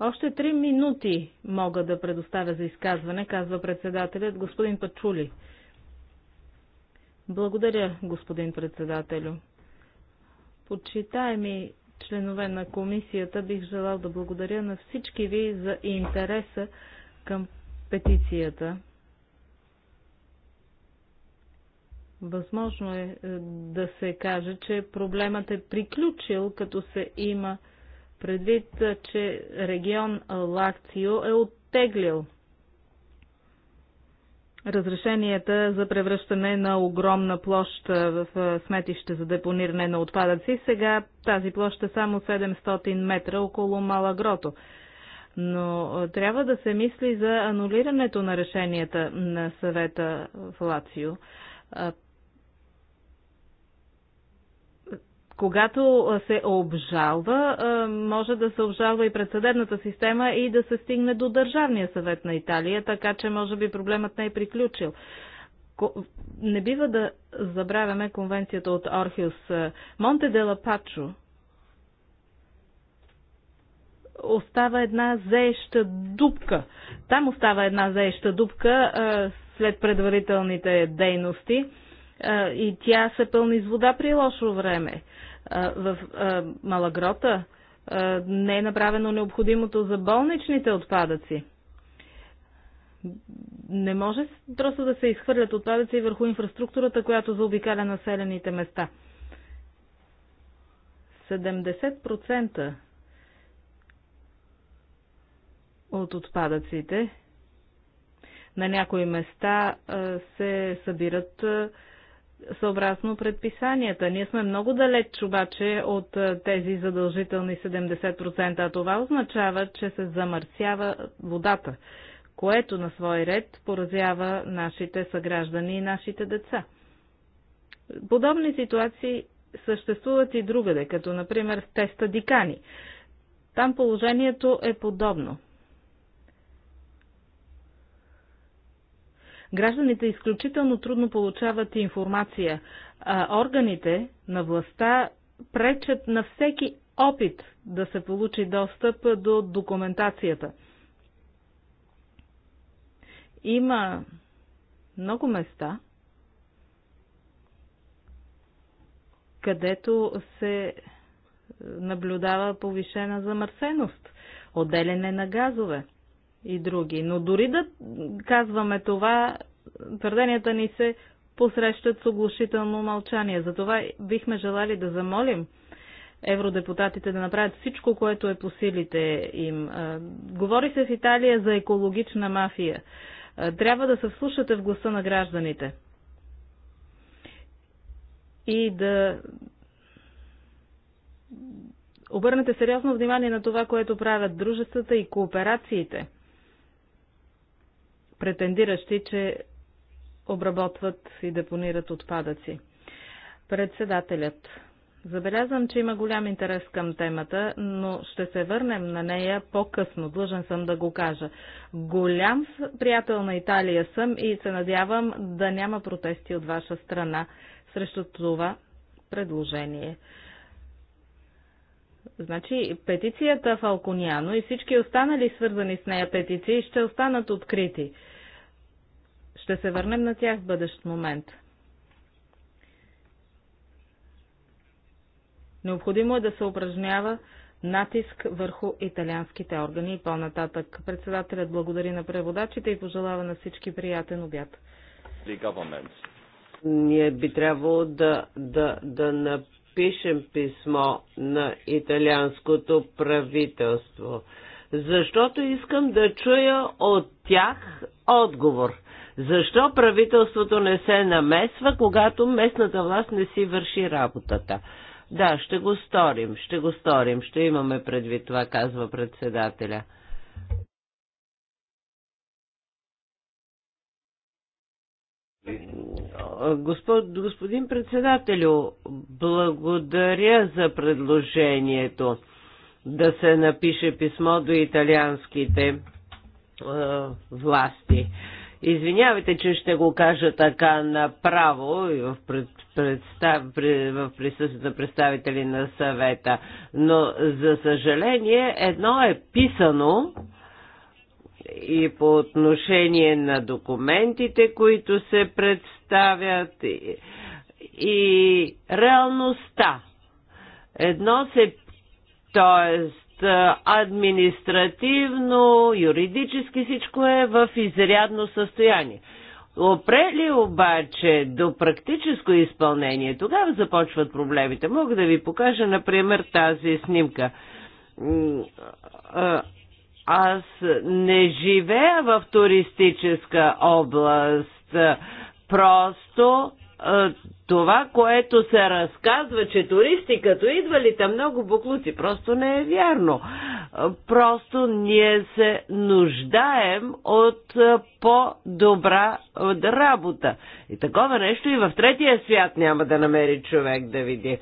Още три минути мога да предоставя за изказване, казва председателят господин Пачули. Благодаря, господин председателю. Почитаеми членове на комисията, бих желал да благодаря на всички ви за интереса към петицията. Възможно е, е да се каже, че проблемът е приключил, като се има Предвид, че регион Лакцио е оттеглил разрешенията за превръщане на огромна площ в сметище за депониране на отпадъци. Сега тази площ е само 700 метра около Малагрото. Но трябва да се мисли за анулирането на решенията на съвета в Лацио. Когато се обжалва, може да се обжалва и пред съдебната система и да се стигне до Държавния съвет на Италия, така че може би проблемът не е приключил. Не бива да забравяме конвенцията от Орхиус. Монте де Пачо остава една зееща дупка. Там остава една зееща дупка след предварителните дейности и тя се пълни с вода при лошо време. В Малагрота не е направено необходимото за болничните отпадъци. Не може просто да се изхвърлят отпадъци върху инфраструктурата, която заобикаля населените места. 70% от отпадъците на някои места се събират съобразно предписанията. Ние сме много далеч обаче от е, тези задължителни 70%, а това означава, че се замърсява водата, което на свой ред поразява нашите съграждани и нашите деца. Подобни ситуации съществуват и другаде, като например в теста Дикани. Там положението е подобно. Гражданите изключително трудно получават информация. А органите на властта пречат на всеки опит да се получи достъп до документацията. Има много места, където се наблюдава повишена замърсеност, отделяне на газове и други. Но дори да казваме това, твърденията ни се посрещат с оглушително мълчание. Затова бихме желали да замолим евродепутатите да направят всичко, което е по силите им. Говори се в Италия за екологична мафия. Трябва да се вслушате в гласа на гражданите и да обърнете сериозно внимание на това, което правят дружествата и кооперациите – претендиращи, че обработват и депонират отпадъци. Председателят. Забелязвам, че има голям интерес към темата, но ще се върнем на нея по-късно. Длъжен съм да го кажа. Голям приятел на Италия съм и се надявам да няма протести от ваша страна срещу това предложение. Значи петицията Фалконяно и всички останали свързани с нея петиции ще останат открити. Ще се върнем на тях в бъдещ момент. Необходимо е да се упражнява натиск върху италианските органи и по-нататък. Председателят благодари на преводачите и пожелава на всички приятен обяд. Ние би трябвало да, да, да направим Пишем писмо на италианското правителство, защото искам да чуя от тях отговор. Защо правителството не се намесва, когато местната власт не си върши работата? Да, ще го сторим, ще го сторим, ще имаме предвид това, казва председателя. Господ, господин председателю, благодаря за предложението да се напише писмо до италианските е, власти. Извинявайте, че ще го кажа така направо и в, пред, представ, в присъствието на представители на съвета, но за съжаление едно е писано, и по отношение на документите, които се представят и, и реалността. Едно се, т.е. административно, юридически всичко е в изрядно състояние. Опрели обаче до практическо изпълнение, тогава започват проблемите. Мога да ви покажа, например, тази снимка аз не живея в туристическа област. Просто това, което се разказва, че туристи като идвали там много буклуци, просто не е вярно. Просто ние се нуждаем от по-добра работа. И такова нещо и в третия свят няма да намери човек да види.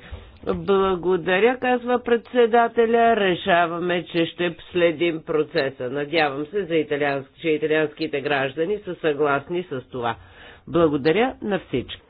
Благодаря, казва председателя. Решаваме, че ще следим процеса. Надявам се, за италианск, че италианските граждани са съгласни с това. Благодаря на всички.